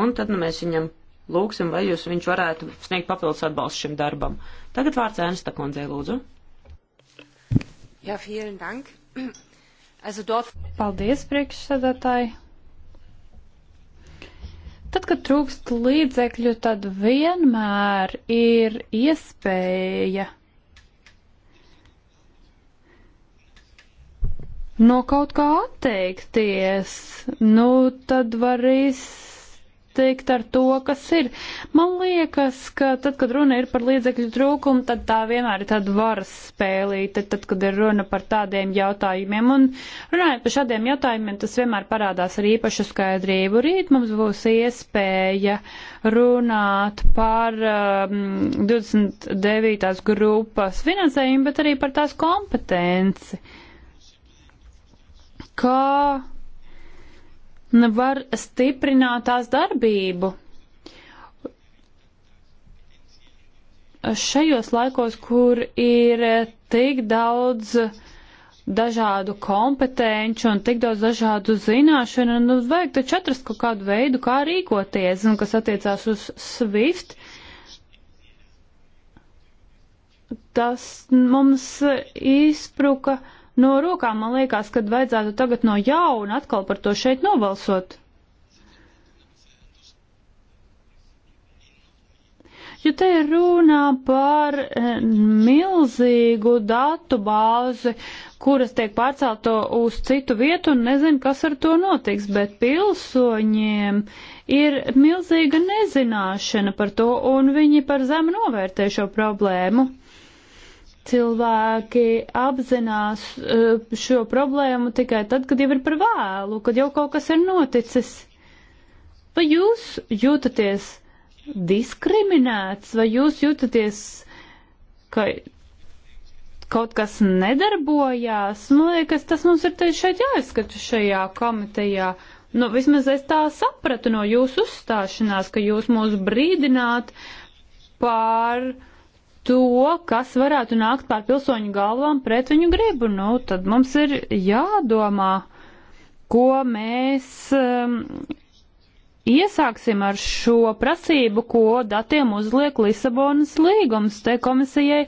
Un tad nu, mēs viņam lūgsim, vai jūs viņš varētu sniegt papildus atbalstu šim darbam. Tagad vārds Ernsta kundzei, lūdzu. Jā, ja, vielen dank. Also dort... Paldies, priekšsēdētāji. Tad, kad trūkst līdzekļu, tad vienmēr ir iespēja no kaut kā atteikties, nu tad var izteikt ar to, kas ir. Man liekas, ka tad, kad runa ir par līdzekļu trūkumu, tad tā vienmēr ir tāda varas spēlīte, tad, kad ir runa par tādiem jautājumiem. Un runājot par šādiem jautājumiem, tas vienmēr parādās ar īpašu skaidrību. Rīt mums būs iespēja runāt par um, 29. grupas finansējumu, bet arī par tās kompetenci kā var stiprināt tās darbību. Šajos laikos, kur ir tik daudz dažādu kompetenci un tik daudz dažādu zināšanu, nu, vajag taču atrast kaut kādu veidu, kā rīkoties, un kas attiecās uz SWIFT, tas mums izspruka uh, no rokām. Man liekas, ka vajadzētu tagad no jauna atkal par to šeit nobalsot. jo te ir runā par eh, milzīgu datu bāzi, kuras tiek pārcelto uz citu vietu un nezinu, kas ar to notiks, bet pilsoņiem ir milzīga nezināšana par to un viņi par zemu novērtē šo problēmu cilvēki apzinās eh, šo problēmu tikai tad, kad jau ir par vēlu, kad jau kaut kas ir noticis. Vai jūs jūtaties diskriminēts, vai jūs jūtaties, ka kaut kas nedarbojās? Man liekas, tas mums ir šeit jāizskata šajā komitejā. Nu, vismaz es tā sapratu no jūsu uzstāšanās, ka jūs mūs brīdināt pār uh, to, kas varētu nākt pār pilsoņu galvām pret viņu gribu, nu, tad mums ir jādomā, ko mēs um, iesāksim ar šo prasību, ko datiem uzliek Lisabonas līgums. Te komisijai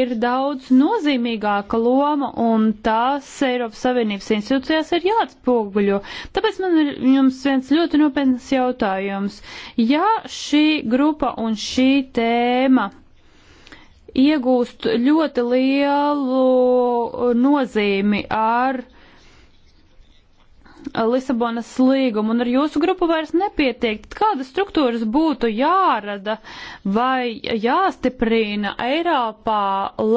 ir daudz nozīmīgāka loma, un tās Eiropas Savienības institūcijās ir jāatspoguļo. Tāpēc man ir jums viens ļoti nopietns jautājums. Ja šī grupa un šī tēma iegūst ļoti lielu nozīmi ar Lisabonas līgumu, un ar jūsu grupu vairs nepietiek. Kādas struktūras būtu jārada vai jāstiprina Eiropā,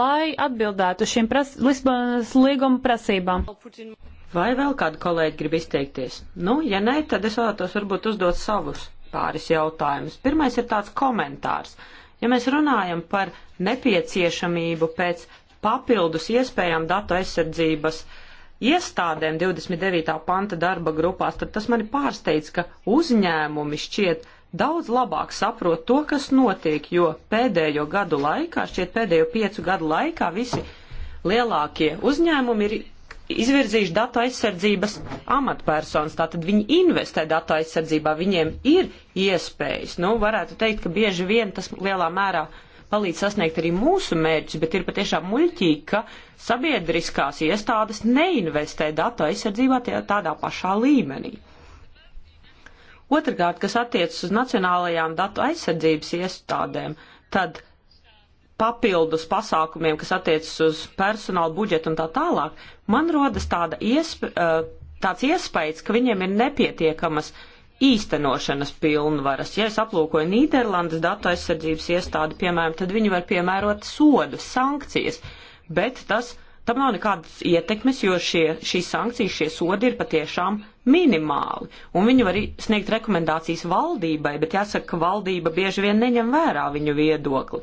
lai atbildētu šīm pras Lisabonas līguma prasībām? Vai vēl kādi kolēģi grib izteikties? Nu, ja nē, tad es vēlētos varbūt uzdot savus pāris jautājumus. Pirmais ir tāds komentārs. Uh, Ja mēs runājam par nepieciešamību pēc papildus iespējām datu aizsardzības iestādēm 29. panta darba grupās, tad tas mani pārsteidz, ka uzņēmumi šķiet daudz labāk saprot to, kas notiek, jo pēdējo gadu laikā, šķiet pēdējo piecu gadu laikā visi lielākie uzņēmumi ir izvirzījuši datu aizsardzības amatpersonas. Tātad viņi investē datu aizsardzībā, viņiem ir iespējas. Nu, varētu teikt, ka bieži vien tas lielā mērā palīdz sasniegt arī mūsu mērķus, bet ir patiešām muļķīgi, ka sabiedriskās iestādes neinvestē datu aizsardzībā tādā pašā līmenī. Otrakārt, kas attiecas uz nacionālajām datu aizsardzības iestādēm, tad papildus pasākumiem, kas attiecas uz personālu budžetu un tā tālāk, man rodas tāda iesp eh, tāds iespējas, ka viņiem ir nepietiekamas īstenošanas pilnvaras. Ja es aplūkoju Nīderlandes datu aizsardzības iestādi, piemēram, tad viņi var piemērot sodus, sankcijas, bet tas tam nav nekādas ietekmes, jo šie, šīs sankcijas, šie sodi ir patiešām minimāli. Un viņi var sniegt rekomendācijas valdībai, bet jāsaka, ka valdība bieži vien neņem vērā viņu viedokli.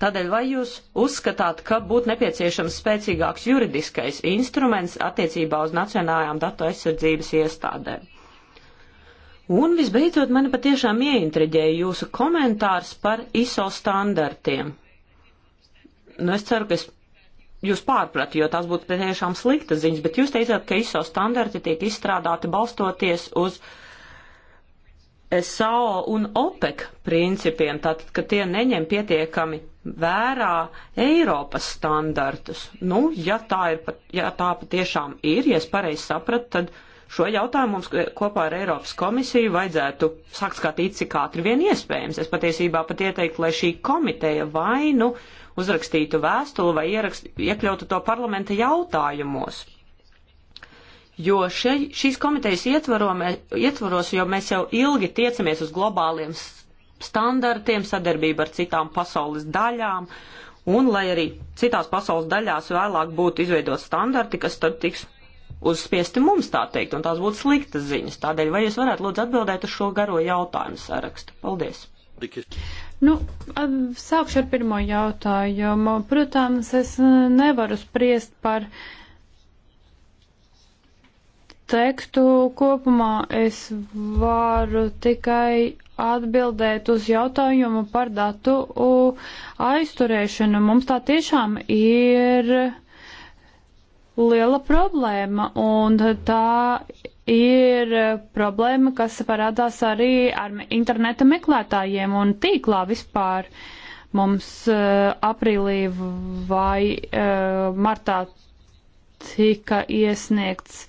Tādēļ vai jūs uzskatāt, ka būtu nepieciešams spēcīgāks juridiskais instruments attiecībā uz nacionālajām datu aizsardzības iestādēm? Un visbeidzot, mani patiešām ieintriģēja jūsu komentārs par ISO standartiem. Nu, es ceru, ka es jūs pārpratu, jo tās būtu patiešām sliktas ziņas, bet jūs teicāt, ka ISO standarti tiek izstrādāti balstoties uz SAO un OPEC principiem, tātad, ka tie neņem pietiekami vērā Eiropas standartus. Nu, ja tā, ir, ja tā patiešām ir, ja es pareizi sapratu, tad šo jautājumu mums kopā ar Eiropas komisiju vajadzētu sākt skatīt, cik ātri vien iespējams. Es patiesībā pat ieteiktu, lai šī komiteja vai nu uzrakstītu vēstuli vai ierakst, iekļautu to parlamenta jautājumos. Jo še, šīs komitejas ietvaro, mē, ietvaros, jo mēs jau ilgi tiecamies uz globāliem standartiem, standartiem, sadarbību ar citām pasaules daļām, un lai arī citās pasaules daļās vēlāk būtu izveidot standarti, kas tad tiks uzspiesti mums tā teikt, un tās būtu sliktas ziņas. Tādēļ, vai jūs varētu lūdzu atbildēt uz šo garo jautājumu sarakstu? Paldies! Nu, um, sākšu ar pirmo jautājumu. Protams, es nevaru spriest par tekstu kopumā. Es varu tikai atbildēt uz jautājumu par datu aizturēšanu. Mums tā tiešām ir liela problēma, un tā ir problēma, kas parādās arī ar interneta meklētājiem un tīklā vispār. Mums uh, aprīlī vai uh, martā tika iesniegts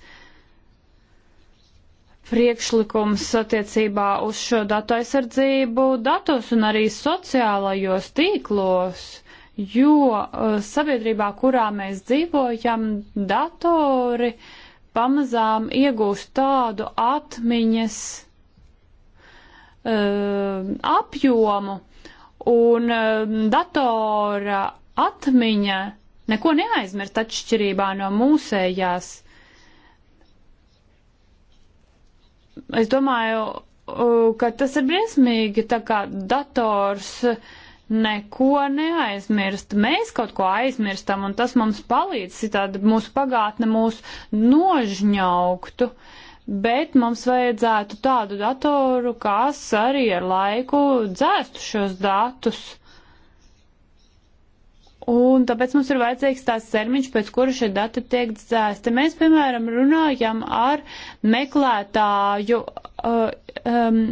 priekšlikums attiecībā uz šo datu aizsardzību datos un arī sociālajos tīklos, jo uh, sabiedrībā, kurā mēs dzīvojam, datori pamazām iegūst tādu atmiņas uh, apjomu, un uh, datora atmiņa neko neaizmirst atšķirībā no mūsējās. es domāju, ka tas ir briesmīgi, tā kā dators neko neaizmirst. Mēs kaut ko aizmirstam, un tas mums palīdz, citādi mūsu pagātne mūs nožņauktu. Bet mums vajadzētu tādu datoru, kas arī ar laiku dzēstu šos datus. Uh, Un tāpēc mums ir vajadzīgs tās termiņš, pēc kura šie dati tiek dzēsti. Mēs, piemēram, runājam ar meklētāju uh, um,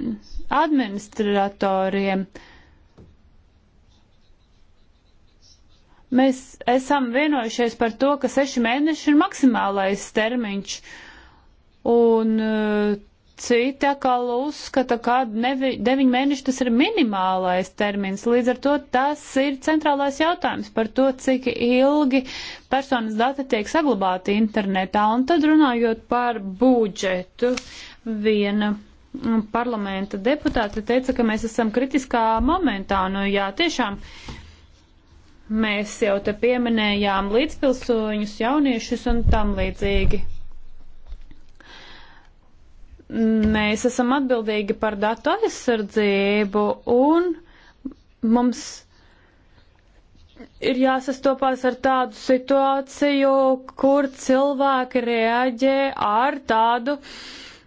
administratoriem. Mēs esam vienojušies par to, ka seši mēneši ir maksimālais termiņš. Un uh, Citi atkal uzskata, ka 9 mēneši tas ir minimālais termins. Līdz ar to tas ir centrālais jautājums par to, cik ilgi personas dati tiek saglabāti internetā. Un tad runājot par budžetu, viena parlamenta deputāte teica, ka mēs esam kritiskā momentā. Nu jā, tiešām mēs jau te pieminējām līdzpilsoņus, jauniešus un tam līdzīgi mēs esam atbildīgi par datu aizsardzību un mums ir jāsastopās ar tādu situāciju, kur cilvēki reaģē ar tādu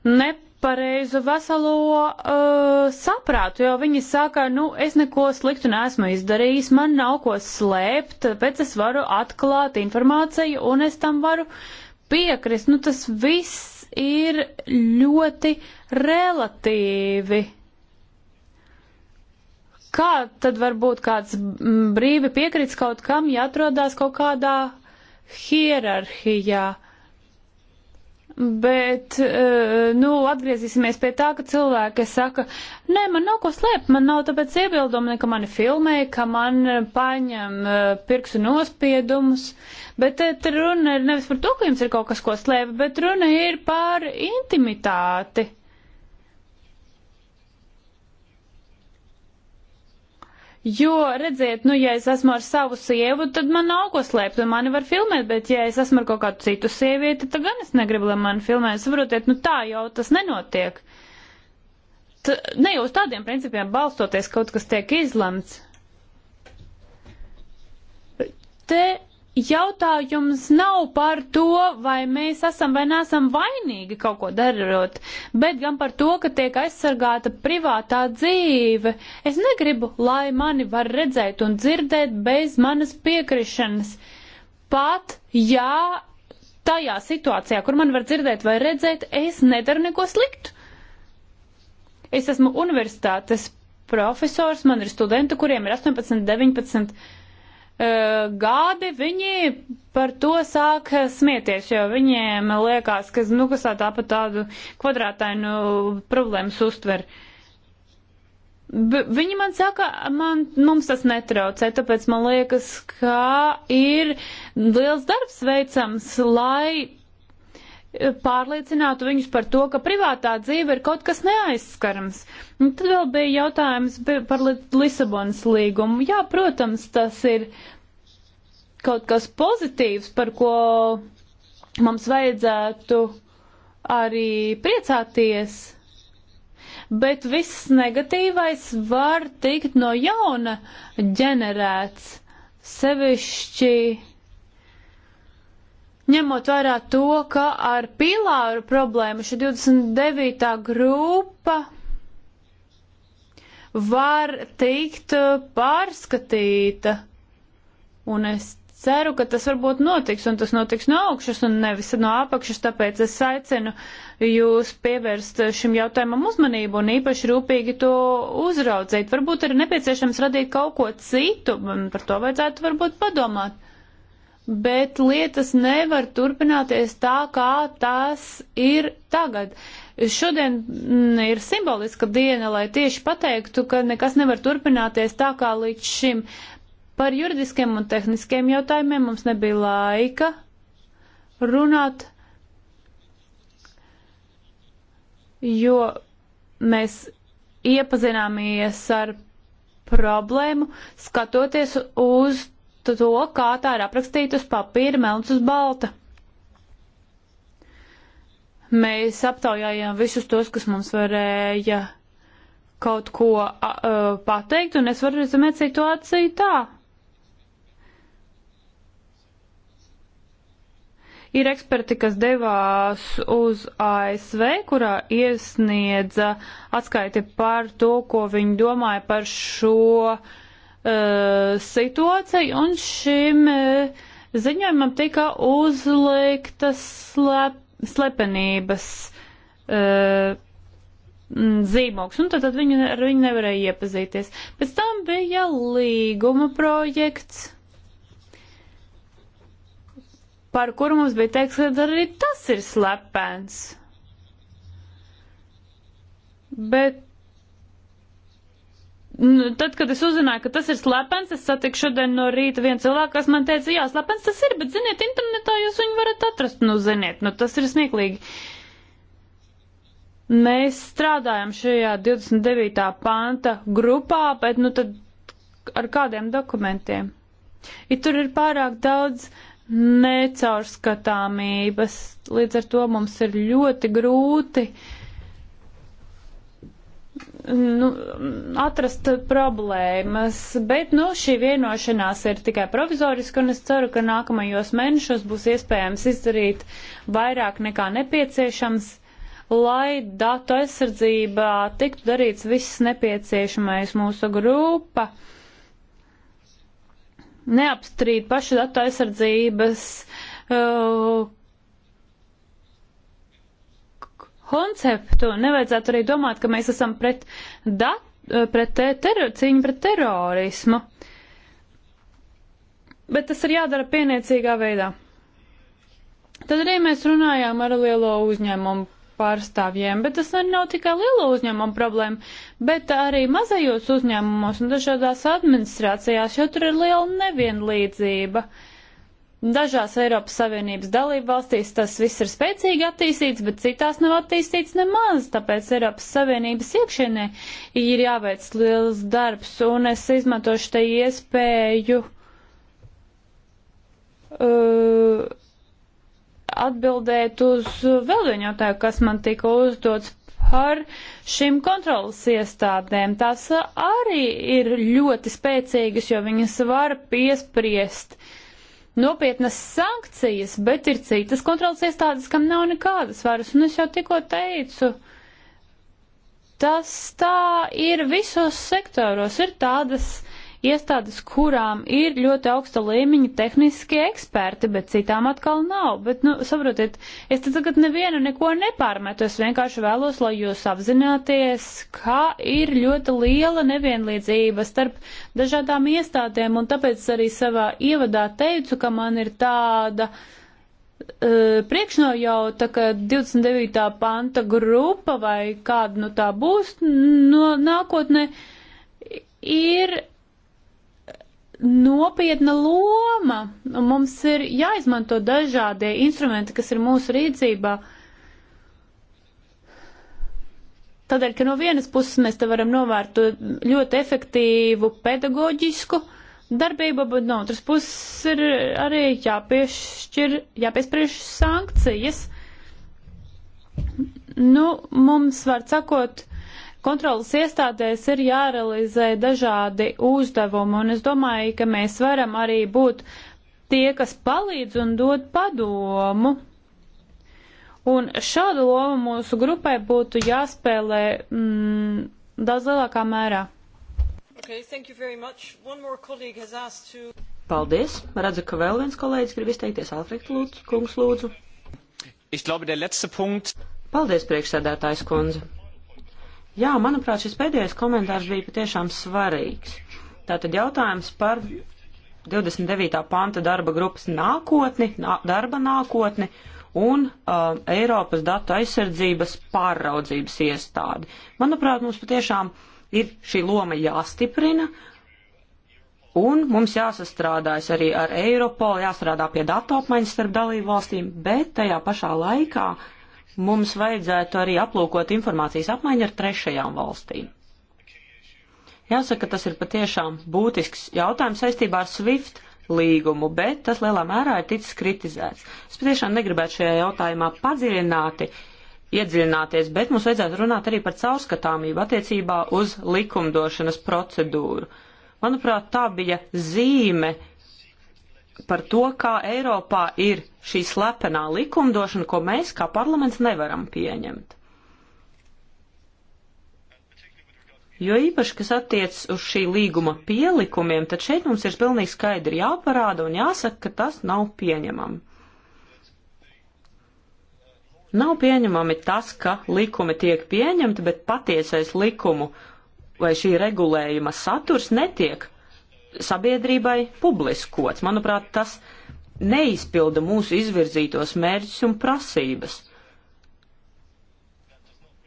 nepareizu veselo uh, saprātu, jo viņi saka, nu, es neko sliktu neesmu izdarījis, man nav ko slēpt, tāpēc es varu atklāt informāciju un es tam varu piekrist. Nu, tas viss ir ļoti relatīvi. Kā tad var būt kāds brīvi piekrits kaut kam, ja atrodas kaut kādā hierarhijā? Bet, eh, nu, atgriezīsimies pie tā, ka cilvēki saka, nē, man nav ko slēpt, man nav tāpēc iebildumi, ka mani filmē, ka man eh, paņem eh, pirksu nospiedumus. Bet te runa ir nevis par to, ka jums ir kaut kas, ko slēpt, bet runa ir par intimitāti. Jo, redziet, nu, ja es esmu ar savu sievu, tad man nav ko slēpt, un mani var filmēt, bet ja es esmu ar kaut kādu citu sievieti, tad gan es negribu, lai mani filmē. Saprotiet, nu tā jau tas nenotiek. T ne jau uz tādiem principiem balstoties kaut kas tiek izlemts. Te jautājums nav par to, vai mēs esam vai nesam vainīgi kaut ko darot, bet gan par to, ka tiek aizsargāta privātā dzīve. Es negribu, lai mani var redzēt un dzirdēt bez manas piekrišanas. Pat, ja tajā situācijā, kur man var dzirdēt vai redzēt, es nedaru neko sliktu. Es esmu universitātes profesors, man ir studenti, kuriem ir 18, 19 gadi, viņi par to sāk smieties, jo viņiem liekas, ka nu, kas tā tāpat tādu kvadrātainu problēmas uztver. B viņi man saka, man, mums tas netraucē, tāpēc man liekas, ka ir liels darbs veicams, lai pārliecinātu viņus par to, ka privātā dzīve ir kaut kas neaizskarams. Un nu, tad vēl bija jautājums par Lisabonas līgumu. Jā, protams, tas ir kaut kas pozitīvs, par ko mums vajadzētu arī priecāties. Bet viss negatīvais var tikt no jauna ģenerēts sevišķi ņemot vērā to, ka ar pilāru problēmu šī 29. grupa var tikt uh, pārskatīta. Un es ceru, ka tas varbūt notiks, un tas notiks no augšas un nevis no apakšas, tāpēc es aicinu jūs pievērst uh, šim jautājumam uzmanību un īpaši rūpīgi to uzraudzīt. Varbūt ir nepieciešams radīt kaut ko citu, par to vajadzētu varbūt padomāt bet lietas nevar turpināties tā, kā tās ir tagad. Šodien mm, ir simboliska diena, lai tieši pateiktu, ka nekas nevar turpināties tā, kā līdz šim. Par juridiskiem un tehniskiem jautājumiem mums nebija laika runāt, jo mēs iepazināmies ar problēmu, skatoties uz to, kā tā ir aprakstīta uz papīra melns uz balta. Mēs aptaujājām visus tos, kas mums varēja kaut ko uh, pateikt, un es varu rezumēt situāciju tā. Ir eksperti, kas devās uz ASV, kurā iesniedza atskaiti par to, ko viņi domāja par šo uh, Uh, situāciju, un šim uh, ziņojumam tika uzliktas slep, slepenības uh, zīmoks, un tad, tad viņu, ar viņu nevarēja iepazīties. Pēc tam bija līguma projekts, par kuru mums bija teiks, ka arī tas ir slepens. Bet Tad, kad es uzzināju, ka tas ir slepens, es satiku šodien no rīta vienu cilvēku, kas man teica, jā, slepens tas ir, bet, ziniet, internetā jūs viņu varat atrast, nu, ziniet, nu, tas ir smieklīgi. Mēs strādājam šajā 29. panta grupā, bet, nu, tad ar kādiem dokumentiem? Ja tur ir pārāk daudz necaurskatāmības, līdz ar to mums ir ļoti grūti uh, nu, atrast problēmas, bet nu, šī vienošanās ir tikai provizoriska, un es ceru, ka nākamajos mēnešos būs iespējams izdarīt vairāk nekā nepieciešams, lai datu aizsardzībā tiktu darīts viss nepieciešamais mūsu grupa. Neapstrīd pašu datu aizsardzības uh, konceptu, nevajadzētu arī domāt, ka mēs esam pret, da, pret teror, cīņu pret terorismu. Bet tas ir jādara pieniecīgā veidā. Tad arī mēs runājām ar lielo uzņēmumu pārstāvjiem, bet tas arī nav tikai lielo uzņēmumu problēma, bet arī mazajos uzņēmumos un dažādās administrācijās, jo tur ir liela nevienlīdzība. Uh, Dažās Eiropas Savienības dalību valstīs tas viss ir spēcīgi attīstīts, bet citās nav attīstīts nemaz, tāpēc Eiropas Savienības iekšienē ir jāveic liels darbs, un es izmantošu te iespēju uh, atbildēt uz vēl vienu jautājumu, kas man tika uzdots par šīm kontrolas iestādēm. Tās arī ir ļoti spēcīgas, jo viņas var piespriest uh, nopietnas sankcijas, bet ir citas kontrolas iestādes, kam nav nekādas varas. Un es jau tikko teicu, tas tā ir visos sektoros. Ir tādas iestādes, kurām ir ļoti augsta līmeņa tehniskie eksperti, bet citām atkal nav. Bet, nu, saprotiet, es te tagad nevienu neko nepārmetu, es vienkārši vēlos, lai jūs apzināties, ka ir ļoti liela nevienlīdzība starp dažādām iestādēm, un tāpēc arī savā ievadā teicu, ka man ir tāda e, priekšnojauta, ka 29. panta grupa vai kāda nu tā būs no nākotnē ir nopietna loma, un mums ir jāizmanto dažādie instrumenti, kas ir mūsu rīcībā. Tādēļ, ka no vienas puses mēs te varam novērt ļoti efektīvu pedagoģisku darbību, bet no otras puses ir arī jāpiešķir, jāpiespriež sankcijas. Nu, mums var sakot, Kontrolas iestādēs ir jārealizē dažādi uzdevumi, un es domāju, ka mēs varam arī būt tie, kas palīdz un dod padomu. Un šādu lomu mūsu grupai būtu jāspēlē mm, daudz lielākā mērā. Okay, to... Paldies. Redzu, ka vēl viens kolēģis grib izteikties. Alfrēkt, lūdzu, kungs, lūdzu. Ich glaube, der letzte Punkt. Paldies, priekšsēdētājs kundze. Mm. Jā, manuprāt, šis pēdējais komentārs bija patiešām svarīgs. Tātad jautājums par 29. panta darba grupas nākotni, nā, darba nākotni un uh, Eiropas datu aizsardzības pārraudzības iestādi. Manuprāt, mums patiešām ir šī loma jāstiprina, un mums jāsastrādājas arī ar Eiropolu, jāstrādā pie datu apmaiņas starp dalību valstīm, bet tajā pašā laikā mums vajadzētu arī aplūkot informācijas apmaiņu ar trešajām valstīm. Jāsaka, tas ir patiešām būtisks jautājums saistībā ar SWIFT līgumu, bet tas lielā mērā ir ticis kritizēts. Es patiešām negribētu šajā jautājumā padziļināti iedziļināties, bet mums vajadzētu runāt arī par caurskatāmību attiecībā uz likumdošanas procedūru. Manuprāt, tā bija zīme par to, kā Eiropā ir šī slepenā likumdošana, ko mēs kā parlaments nevaram pieņemt. Jo īpaši, kas attiecas uz šī līguma pielikumiem, tad šeit mums ir pilnīgi skaidri jāparāda un jāsaka, ka tas nav pieņemami. Nav pieņemami tas, ka likumi tiek pieņemti, bet patiesais likumu vai šī regulējuma saturs netiek sabiedrībai publiskots. Manuprāt, tas neizpilda mūsu izvirzītos mērķus un prasības.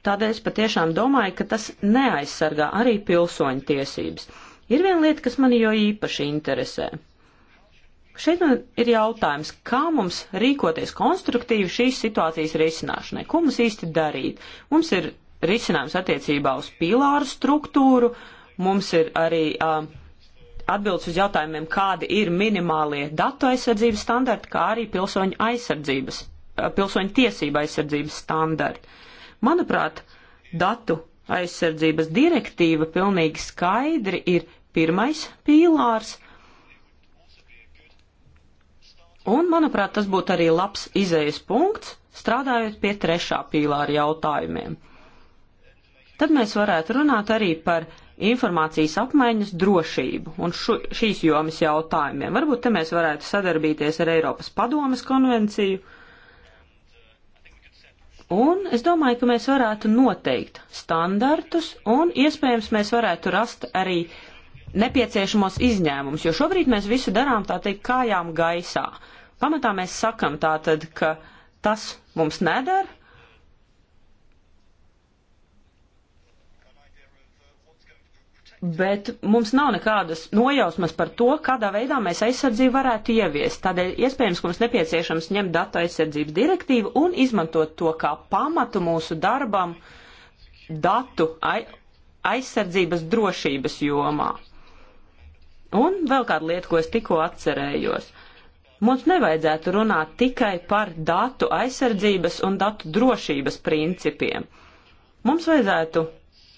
Tādēļ es patiešām domāju, ka tas neaizsargā arī pilsoņu tiesības. Ir viena lieta, kas mani jau īpaši interesē. Šeit man ir jautājums, kā mums rīkoties konstruktīvi šīs situācijas risināšanai, ko mums īsti darīt. Mums ir risinājums attiecībā uz pīlāru struktūru, mums ir arī uh, atbildes uz jautājumiem, kādi ir minimālie datu aizsardzības standarti, kā arī pilsoņu aizsardzības, pilsoņu tiesība aizsardzības standarti. Manuprāt, datu aizsardzības direktīva pilnīgi skaidri ir pirmais pīlārs. Un, manuprāt, tas būtu arī labs izējas punkts, strādājot pie trešā pīlāra jautājumiem. Tad mēs varētu runāt arī par informācijas apmaiņas drošību un šu, šīs jomas jautājumiem. Varbūt te mēs varētu sadarbīties ar Eiropas padomas konvenciju. Un es domāju, ka mēs varētu noteikt standartus un iespējams mēs varētu rast arī nepieciešamos izņēmumus, jo šobrīd mēs visu darām tā teikt kājām gaisā. Pamatā mēs sakam tātad, ka tas mums nedara, bet mums nav nekādas nojausmas par to, kādā veidā mēs aizsardzību varētu ieviest. Tādēļ iespējams, ka mums nepieciešams ņemt datu aizsardzības direktīvu un izmantot to kā pamatu mūsu darbam datu aizsardzības drošības jomā. Un vēl kāda lieta, ko es tikko atcerējos. Mums nevajadzētu runāt tikai par datu aizsardzības un datu drošības principiem. Mums vajadzētu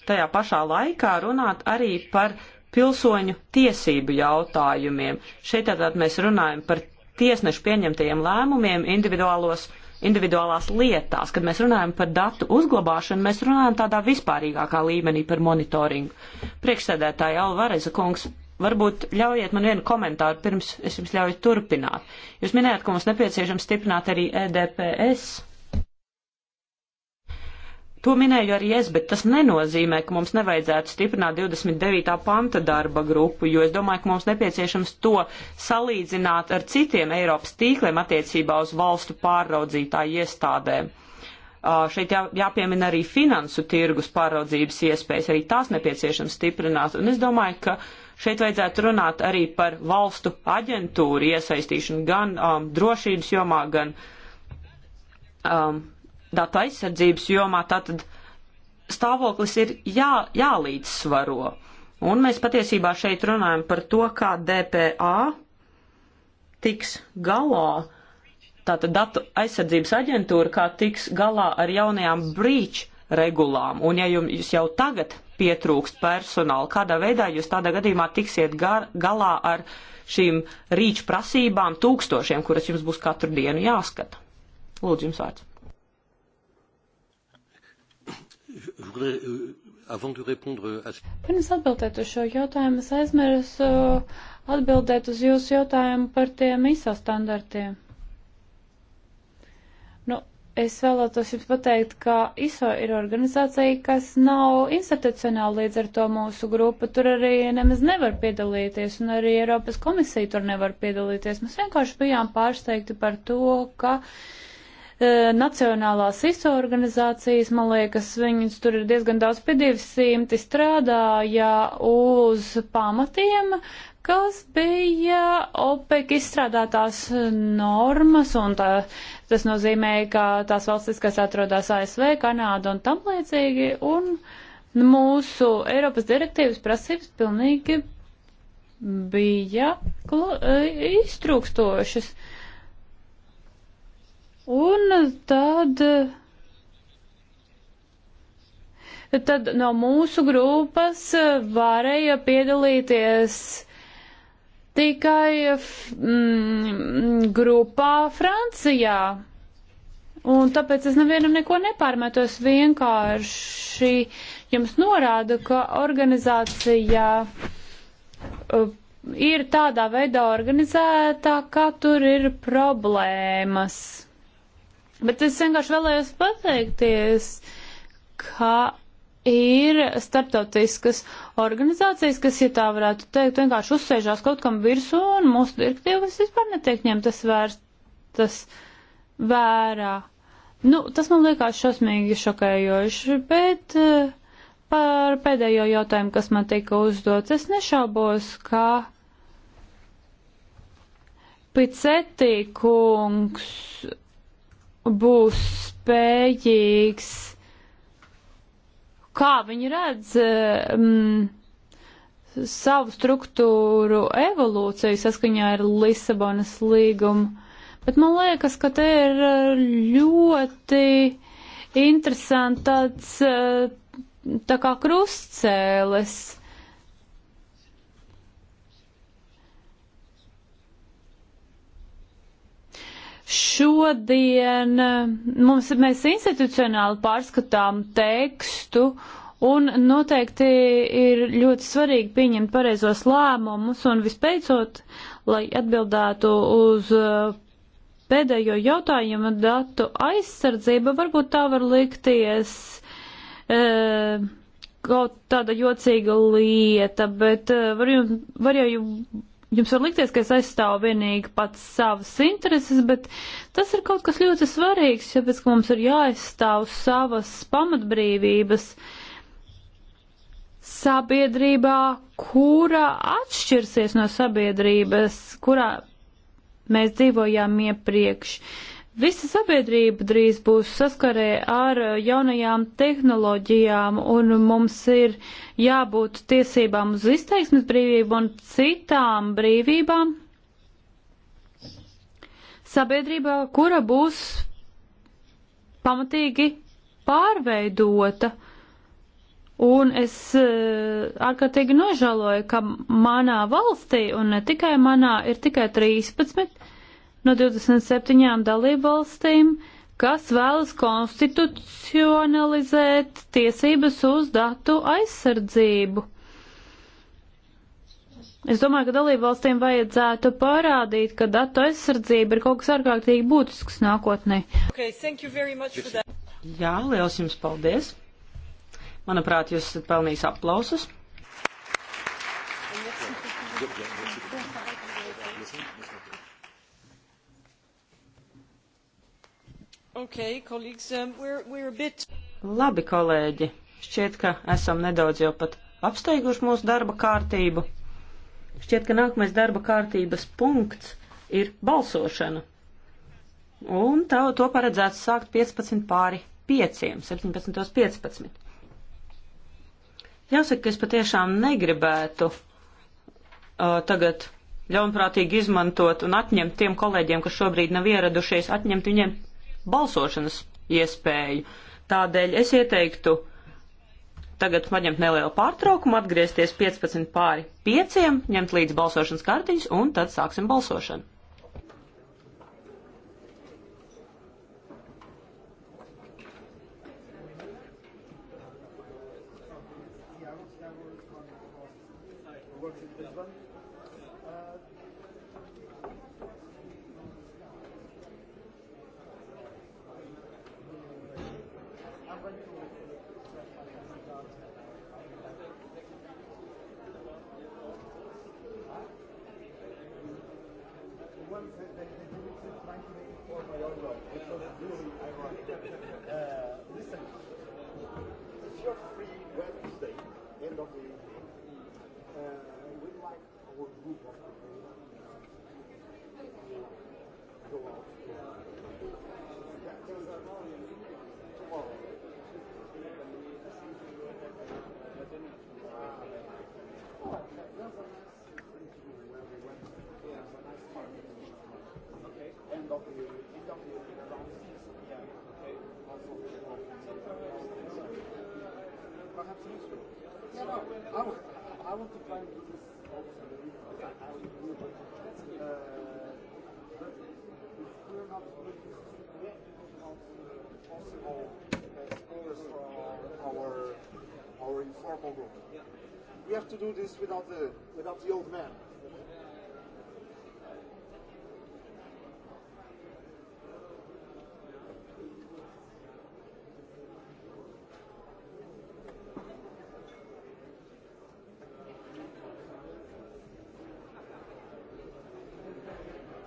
tajā pašā laikā runāt arī par pilsoņu tiesību jautājumiem. Šeit tātad mēs runājam par tiesnešu pieņemtajiem lēmumiem individuālos individuālās lietās, kad mēs runājam par datu uzglabāšanu, mēs runājam tādā vispārīgākā līmenī par monitoringu. Priekšsēdētāja Alvareza kungs, varbūt ļaujiet man vienu komentāru, pirms es jums ļauju turpināt. Jūs minējāt, ka mums nepieciešams stiprināt arī EDPS To minēju arī es, bet tas nenozīmē, ka mums nevajadzētu stiprināt 29. panta darba grupu, jo es domāju, ka mums nepieciešams to salīdzināt ar citiem Eiropas tīkliem attiecībā uz valstu pārraudzītāju iestādēm. Uh, šeit jā, jāpiemina arī finansu tirgus pāraudzības iespējas, arī tās nepieciešams stiprināt. Un es domāju, ka šeit vajadzētu runāt arī par valstu aģentūru iesaistīšanu gan um, drošības jomā, gan um, datu aizsardzības jomā, tātad stāvoklis ir jā, jālīdzsvaro. Un mēs patiesībā šeit runājam par to, kā DPA tiks galā, tātad datu aizsardzības aģentūra, kā tiks galā ar jaunajām breach regulām. Un ja jums jau tagad pietrūkst personāla, kādā veidā jūs tādā gadījumā tiksiet gar, galā ar šīm rīču prasībām tūkstošiem, kuras jums būs katru dienu jāskata? Lūdzu, jums vārds. Euh, Pirms atbildēt uz šo jautājumu, es aizmirsu uh, atbildēt uz jūsu jautājumu par tiem ISO standartiem. Nu, es vēlētos jums pateikt, ka ISO ir organizācija, kas nav institucionāla līdz ar to mūsu grupa. Tur arī nemaz nevar piedalīties, un arī Eiropas komisija tur nevar piedalīties. Mēs vienkārši bijām pārsteigti par to, ka. Uh, Eh, nacionālās ISO organizācijas, man liekas, viņas tur ir diezgan daudz pie 200 strādāja uz pamatiem, kas bija OPEC izstrādātās normas, un tā, tas nozīmē, ka tās valstis, kas atrodas ASV, Kanāda un tam līdzīgi, un mūsu Eiropas direktīvas prasības pilnīgi bija eh, iztrūkstošas. Uh, Un tad. Tad no mūsu grupas varēja piedalīties tikai mm, grupā Francijā. Un tāpēc es nevienam neko nepārmetu. Es vienkārši jums norādu, ka organizācija uh, ir tādā veidā organizēta, ka tur ir problēmas. Bet es vienkārši vēlējos pateikties, ka ir starptautiskas organizācijas, kas, ja tā varētu teikt, vienkārši uzsēžās kaut kam virsū un mūsu direktīvas vispār netiek ņemtas vērstas vērā. Nu, tas man liekas šausmīgi šokējoši, bet eh, par pēdējo jautājumu, kas man tika uzdots, es nešaubos, ka Picetī kungs būs spējīgs, kā viņi redz um, savu struktūru evolūciju saskaņā ar Lisabonas līgumu. Bet man liekas, ka te ir eh, ļoti interesants tāds eh, tā kā krustcēles. Šodien eh, mums, mēs institucionāli pārskatām tekstu un noteikti ir ļoti svarīgi pieņemt pareizos lēmumus un vispēcot, lai atbildētu uz eh, pēdējo jautājumu datu aizsardzība, varbūt tā var likties e, kaut tāda jocīga lieta, bet var, jums, var jau Jums var likties, ka es aizstāvu vienīgi pats savas intereses, bet tas ir kaut kas ļoti svarīgs, jo pēc, ka mums ir jāaizstāv savas pamatbrīvības sabiedrībā, kura atšķirsies no sabiedrības, kurā mēs dzīvojām iepriekš. Uh, Visa sabiedrība drīz būs saskarē ar uh, jaunajām tehnoloģijām, un mums ir jābūt tiesībām uz izteiksmes brīvību un citām brīvībām. Sabiedrībā, kura būs pamatīgi pārveidota, un es uh, ārkārtīgi nožēloju, ka manā valstī, un ne tikai manā, ir tikai 13 no 27 dalībvalstīm, kas vēlas konstitucionalizēt tiesības uz datu aizsardzību. Es domāju, ka dalībvalstīm vajadzētu parādīt, ka datu aizsardzība ir kaut kas ārkārtīgi būtisks nākotnē. Okay, Jā, liels jums paldies. Manuprāt, jūs esat pelnījis aplausus. Okay, um, we're, we're bit... Labi, kolēģi, šķiet, ka esam nedaudz jau pat apsteiguši mūsu darba kārtību. Šķiet, ka nākamais darba kārtības punkts ir balsošana. Un tā, to paredzēts sākt 15 pāri 5, 17.15. Jāsaka, ka es patiešām negribētu uh, tagad ļaunprātīgi izmantot un atņemt tiem kolēģiem, kas šobrīd nav ieradušies, atņemt viņiem balsošanas iespēju. Tādēļ es ieteiktu tagad paņemt nelielu pārtraukumu, atgriezties 15 pāri 5, ņemt līdz balsošanas kartiņas un tad sāksim balsošanu.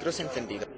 nosotros entendido.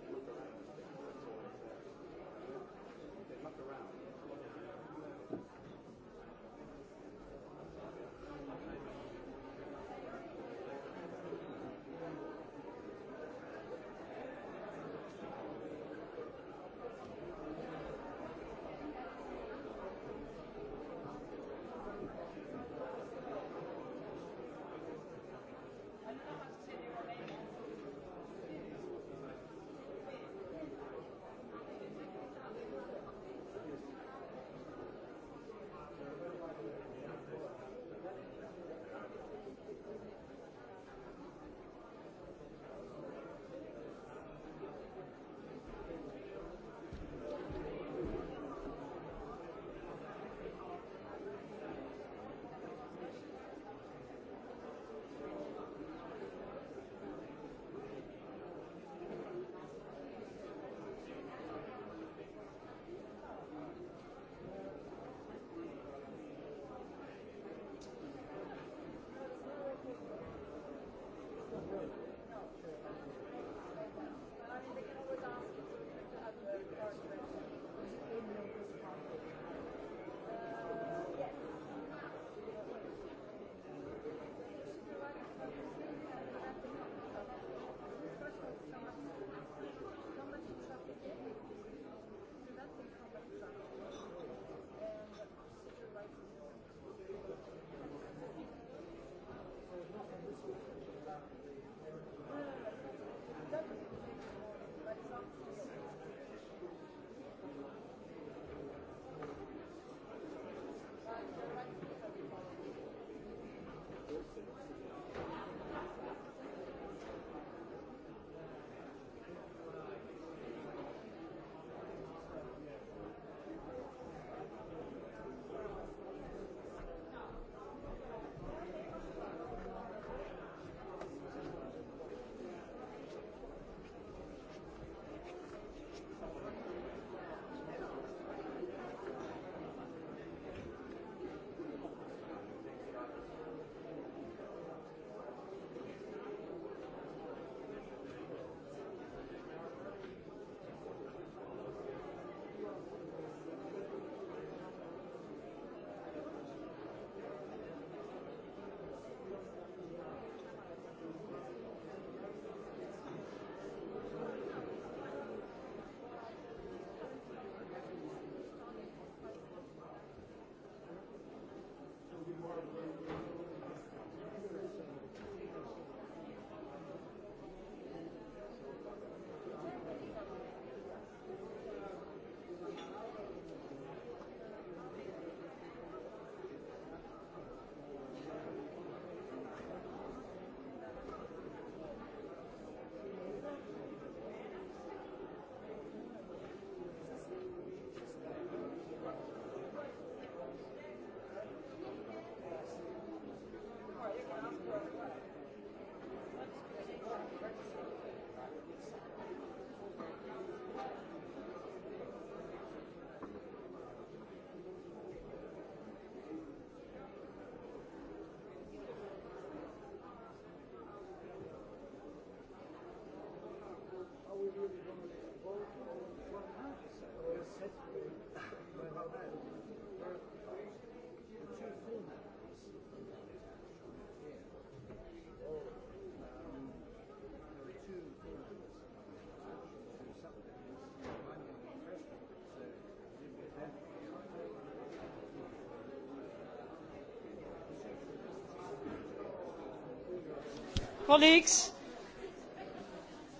Colleagues,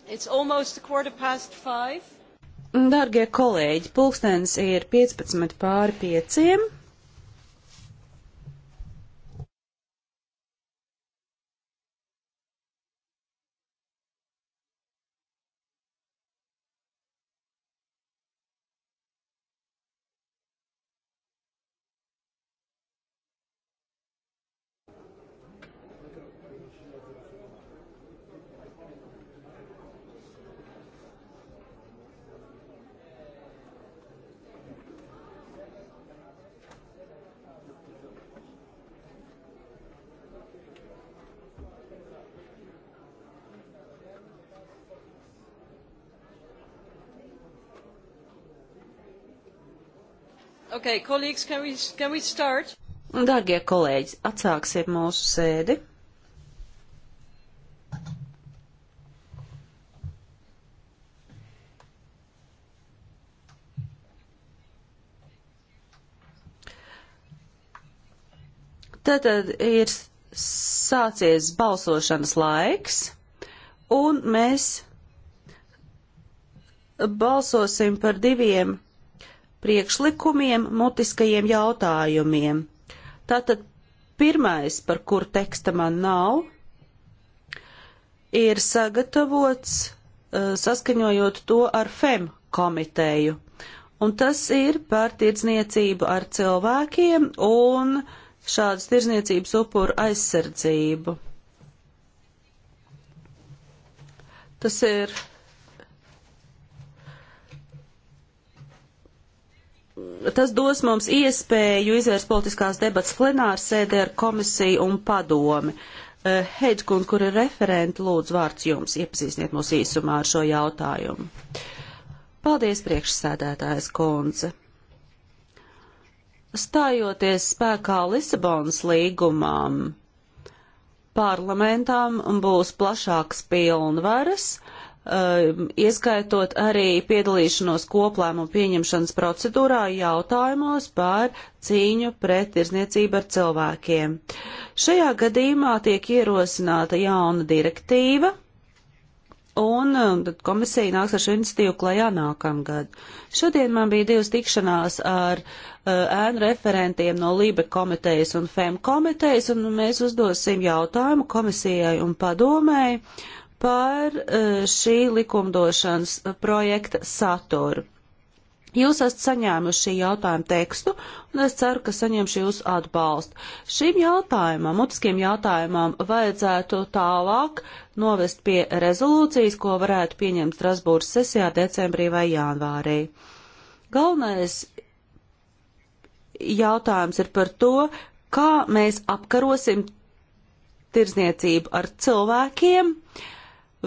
it's almost a quarter past five. Dargie kolēģi, pulkstens ir 15 pāri pieciem. Okay, colleagues, can we, can we start? Dārgie kolēģi, atsāksim mūsu sēdi. Tātad ir sācies balsošanas laiks, un mēs balsosim par diviem priekšlikumiem, mutiskajiem jautājumiem. Tātad pirmais, par kur teksta man nav, ir sagatavots eh, saskaņojot to ar FEM komiteju. Un tas ir par tirdzniecību ar cilvēkiem un šādas tirdzniecības upuru aizsardzību. Tas ir tas dos mums iespēju izvērst politiskās debats plenāru sēdē ar komisiju un padomi. Eh, Heidskund, kur ir referenti, lūdzu vārds jums, iepazīstiniet mūs īsumā ar šo jautājumu. Paldies, priekšsēdētājs Konze. Stājoties spēkā Lisabonas līgumam, parlamentām būs plašāks pilnvaras, uh, Um, ieskaitot arī piedalīšanos koplēmumu pieņemšanas procedūrā jautājumos par cīņu pret tirzniecību ar cilvēkiem. Šajā gadījumā tiek ierosināta jauna direktīva, un um, tad komisija nāks ar šo iniciatīvu klajā nākamgad. Šodien man bija divas tikšanās ar uh, ēnu uh, referentiem no Lībe komitejas un FEM komitejas, un mēs uzdosim jautājumu komisijai un padomēji par e, šī likumdošanas e, projekta saturu. Jūs esat saņēmuši šī jautājuma tekstu, un es ceru, ka saņemšu jūsu atbalstu. Šīm jautājumam, mutiskiem jautājumam, vajadzētu tālāk novest pie rezolūcijas, ko varētu pieņemt Strasbūras sesijā decembrī vai janvārī. Galvenais jautājums ir par to, kā mēs apkarosim tirzniecību ar cilvēkiem, uh,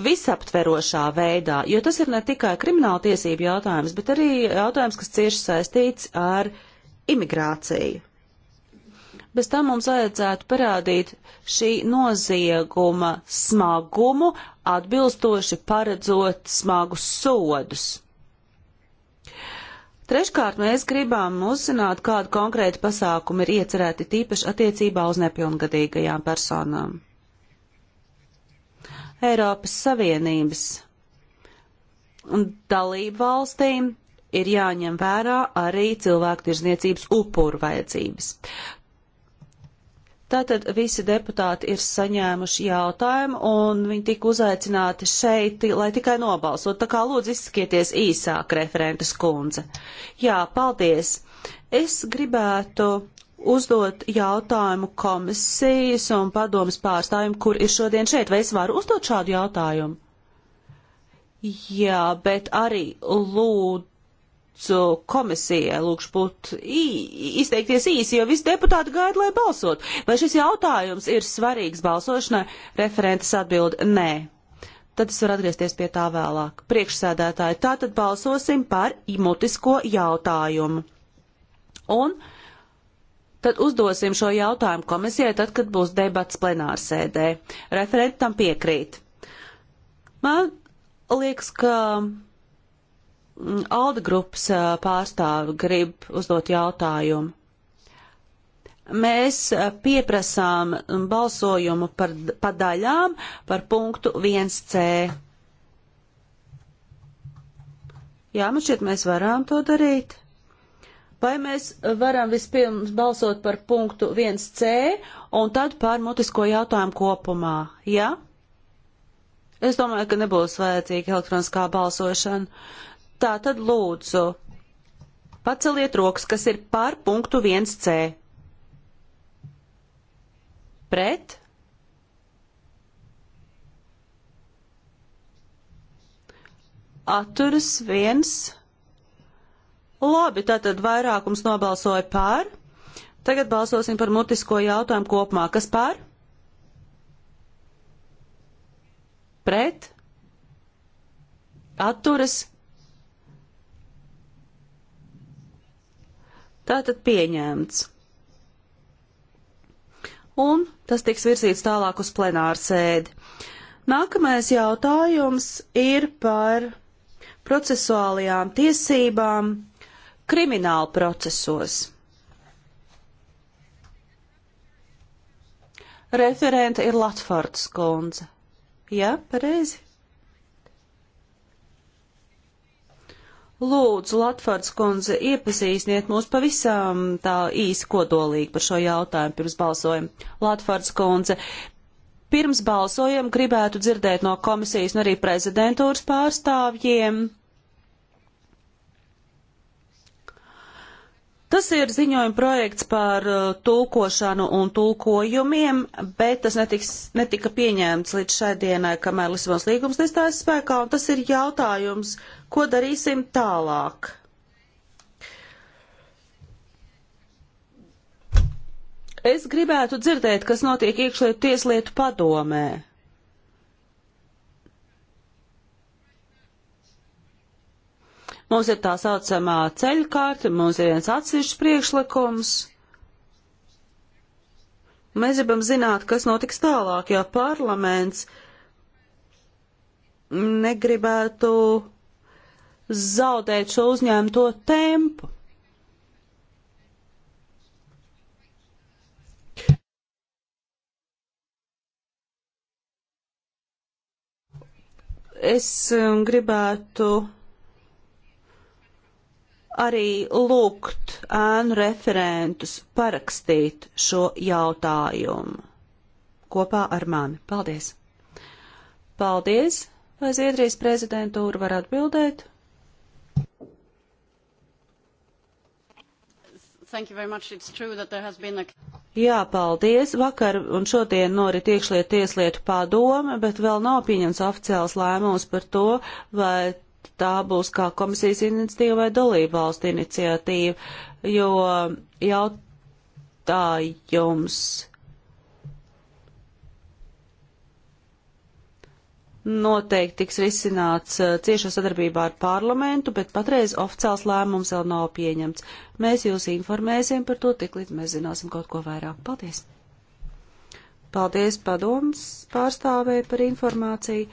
visaptverošā veidā, jo tas ir ne tikai krimināla tiesība jautājums, bet arī jautājums, kas cieši saistīts ar imigrāciju. Bez tam mums vajadzētu parādīt šī nozieguma smagumu, atbilstoši paredzot smagus sodus. Treškārt, mēs gribam uzzināt, kādu konkrētu pasākumu ir iecerēti tīpaši attiecībā uz nepilngadīgajām personām. Eiropas Savienības dalību valstīm ir jāņem vērā arī cilvēku tirzniecības upuru vajadzības. Tātad visi deputāti ir saņēmuši jautājumu, un viņi tika uzaicināti šeit, lai tikai nobalsot. Tā kā lūdzu izskieties īsāk, referentes kundze. Jā, paldies. Es gribētu uzdot jautājumu komisijas un padomas pārstāvjiem, kur ir šodien šeit. Vai es varu uzdot šādu jautājumu? Jā, bet arī lūdzu komisijai, lūkšu būt izteikties īsi, jo visi deputāti gaida, lai balsot. Vai šis jautājums ir svarīgs balsošanai? Referentes atbild nē. Tad es varu atgriezties pie tā vēlāk. Priekšsēdētāji, tātad balsosim par mutisko jautājumu. Un uh, tad uzdosim šo jautājumu komisijai, tad, kad būs debats plenārsēdē. Referentam piekrīt. Man liekas, ka mm, Alda grupas pārstāvi grib uzdot jautājumu. Mēs pieprasām mm, balsojumu par, pa daļām par punktu 1C. Jā, man šķiet, mēs varam to darīt. Vai mēs varam vispirms balsot par punktu 1C un tad par mutisko jautājumu kopumā? Ja? Es domāju, ka nebūs vajadzīga elektroniskā balsošana. Tā tad lūdzu, paceliet rokas, kas ir par punktu 1C. Pret? Atturas viens. Labi, tātad vairākums nobalsoja pār. Tagad balsosim par mutisko jautājumu kopumā. Kas pār? Pret? Atturas? Tātad pieņemts. Un tas tiks virzīts tālāk uz plenāru sēdi. Nākamais jautājums ir par procesuālajām tiesībām krimināla procesos. Referente ir Latvārds Konze. Jā, ja, pareizi. Lūdzu, Latvārds Konze, iepazīstiniet mūs pavisam tā īsi kodolīgi par šo jautājumu pirms balsojuma. Latvārds Konze, pirms balsojuma gribētu dzirdēt no komisijas un arī prezidentūras pārstāvjiem Tas ir ziņojuma projekts par uh, tulkošanu un tulkojumiem, bet tas netiks, netika pieņemts līdz šai dienai, kamēr Lisabons līgums nestājas spēkā, un tas ir jautājums, ko darīsim tālāk. Es gribētu dzirdēt, kas notiek iekšlietu tieslietu padomē. Mums ir tā saucamā ceļkārta, mums ir viens atsevišķs priekšlikums. Mēs gribam zināt, kas notiks tālāk, ja parlaments negribētu zaudēt šo uzņēmto tempu. Es um, gribētu arī lūgt ēnu referentus parakstīt šo jautājumu kopā ar mani. Paldies! Paldies! Vai Zviedrijas prezidentūra var atbildēt? A... Jā, paldies. Vakar un šodien norit iekšliet tieslietu padome, bet vēl nav pieņems oficiāls lēmums par to, vai tā būs kā komisijas iniciatīva vai dalība valsts iniciatīva, jo jautājums noteikti tiks risināts uh, ciešā sadarbībā ar parlamentu, bet patreiz oficiāls lēmums vēl nav pieņemts. Mēs jūs informēsim par to, tik līdz mēs zināsim kaut ko vairāk. Paldies! Paldies padoms pārstāvē par informāciju.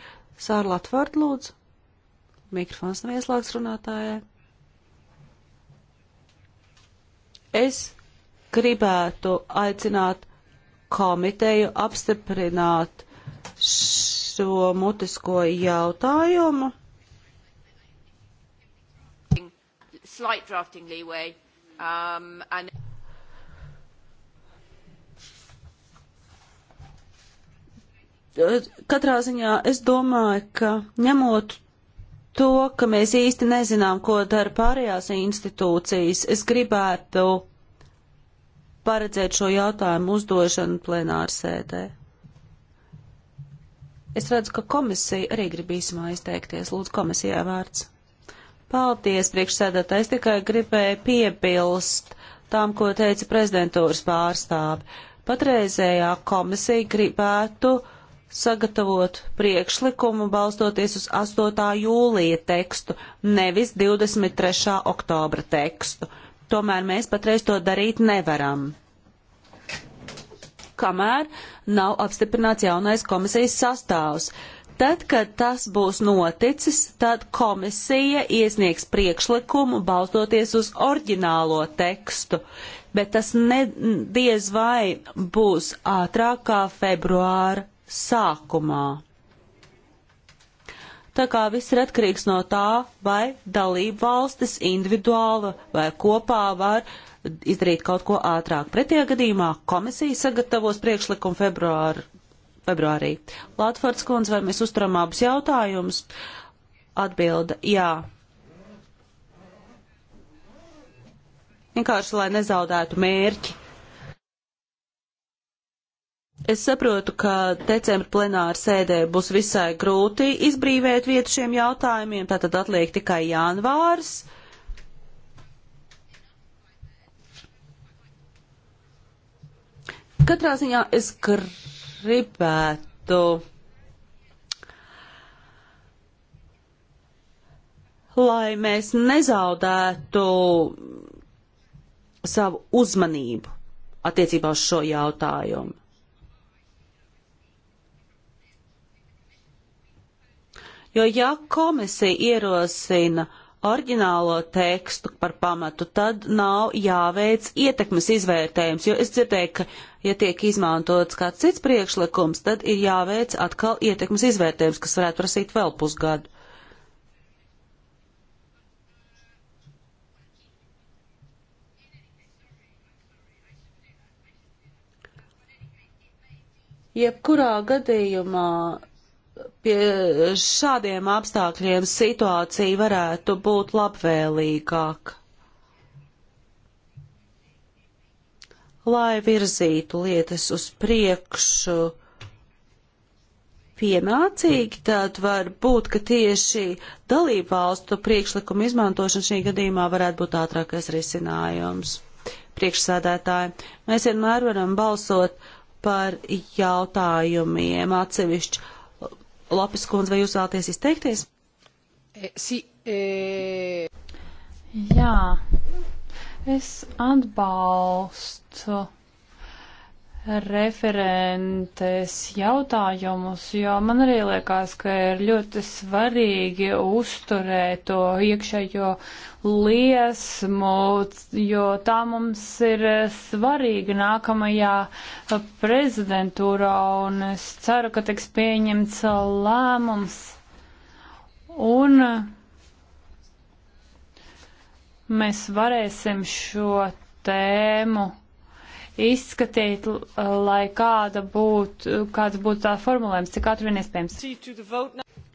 Sāra Latvārdu lūdzu. Mikrofons nav ieslēgts runātājai. Es gribētu aicināt komiteju apstiprināt šo mutisko jautājumu. Slight drafting leeway. Um, and... Katrā ziņā es domāju, ka ņemot to, ka mēs īsti nezinām, ko dara pārējās institūcijas, es gribētu paredzēt šo jautājumu uzdošanu plenārsēdē. Es redzu, ka komisija arī grib īsumā izteikties. Lūdzu, komisijā vārds. Paldies, priekšsēdētājs, tikai gribēju piebilst tām, ko teica prezidentūras pārstāvi. Patreizējā komisija gribētu sagatavot priekšlikumu balstoties uz 8. jūlija tekstu, nevis 23. oktobra tekstu. Tomēr mēs patreiz to darīt nevaram, kamēr nav apstiprināts jaunais komisijas sastāvs. Tad, kad tas būs noticis, tad komisija iesniegs priekšlikumu balstoties uz oriģinālo tekstu, bet tas ne, diez vai būs ātrāk kā februāra sākumā. Tā kā viss ir atkarīgs no tā, vai dalība valstis individuāli vai kopā var izdarīt kaut ko ātrāk. Pretējā gadījumā komisija sagatavos priekšlikumu februāru, februārī. Latvārds kundze, vai mēs uzturam abus jautājumus? Atbilda - jā. Vienkārši, lai nezaudētu mērķi. Es saprotu, ka decembra plenāra sēdē būs visai grūti izbrīvēt vietu šiem jautājumiem, tātad atliek tikai janvārs. Katrā ziņā es gribētu, lai mēs nezaudētu savu uzmanību attiecībā uz šo jautājumu. Jo ja komisija ierosina oriģinālo tekstu par pamatu, tad nav jāveic ietekmes izvērtējums, jo es dzirdēju, ka, ja tiek izmantots kāds cits priekšlikums, tad ir jāveic atkal ietekmes izvērtējums, kas varētu prasīt vēl pusgadu. Jebkurā gadījumā pie šādiem apstākļiem situācija varētu būt labvēlīgāka. Lai virzītu lietas uz priekšu pienācīgi, tad var būt, ka tieši dalību valstu priekšlikumu izmantošana šī gadījumā varētu būt ātrākais risinājums. Priekšsēdētāji, mēs vienmēr varam balsot par jautājumiem atsevišķi Lapis kundze, vai jūs vēlaties izteikties? E, eh, si, e... Eh. Jā, es atbalstu referentes jautājumus, jo man arī liekas, ka ir ļoti svarīgi uzturēt to iekšējo liesmu, jo tā mums ir svarīga nākamajā prezidentūrā, un es ceru, ka tiks pieņemts lēmums. Un mēs varēsim šo tēmu izskatīt, lai kāda būtu, kāds būtu tā formulējums, cik ātri vien iespējams.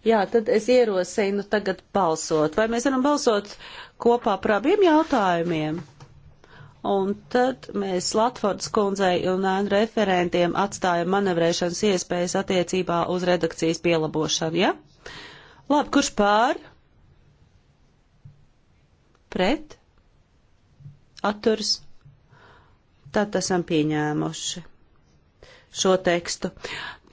Jā, tad es ierosinu tagad balsot. Vai mēs varam balsot kopā par abiem jautājumiem? Un tad mēs Latvārdas kundzei un ēnu referentiem atstājam manevrēšanas iespējas attiecībā uz redakcijas pielabošanu, ja? Labi, kurš pār? Pret? Atturs? Tātad esam pieņēmuši šo tekstu.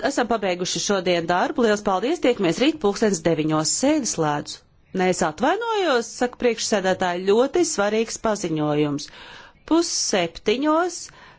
Esam pabeiguši šodien darbu. Lielas paldies! Tiekamies rīt pulkstens deviņos sēdes lēdzu. Nē, es atvainojos, saka priekšsēdētāji, ļoti svarīgs paziņojums. Pusseptiņos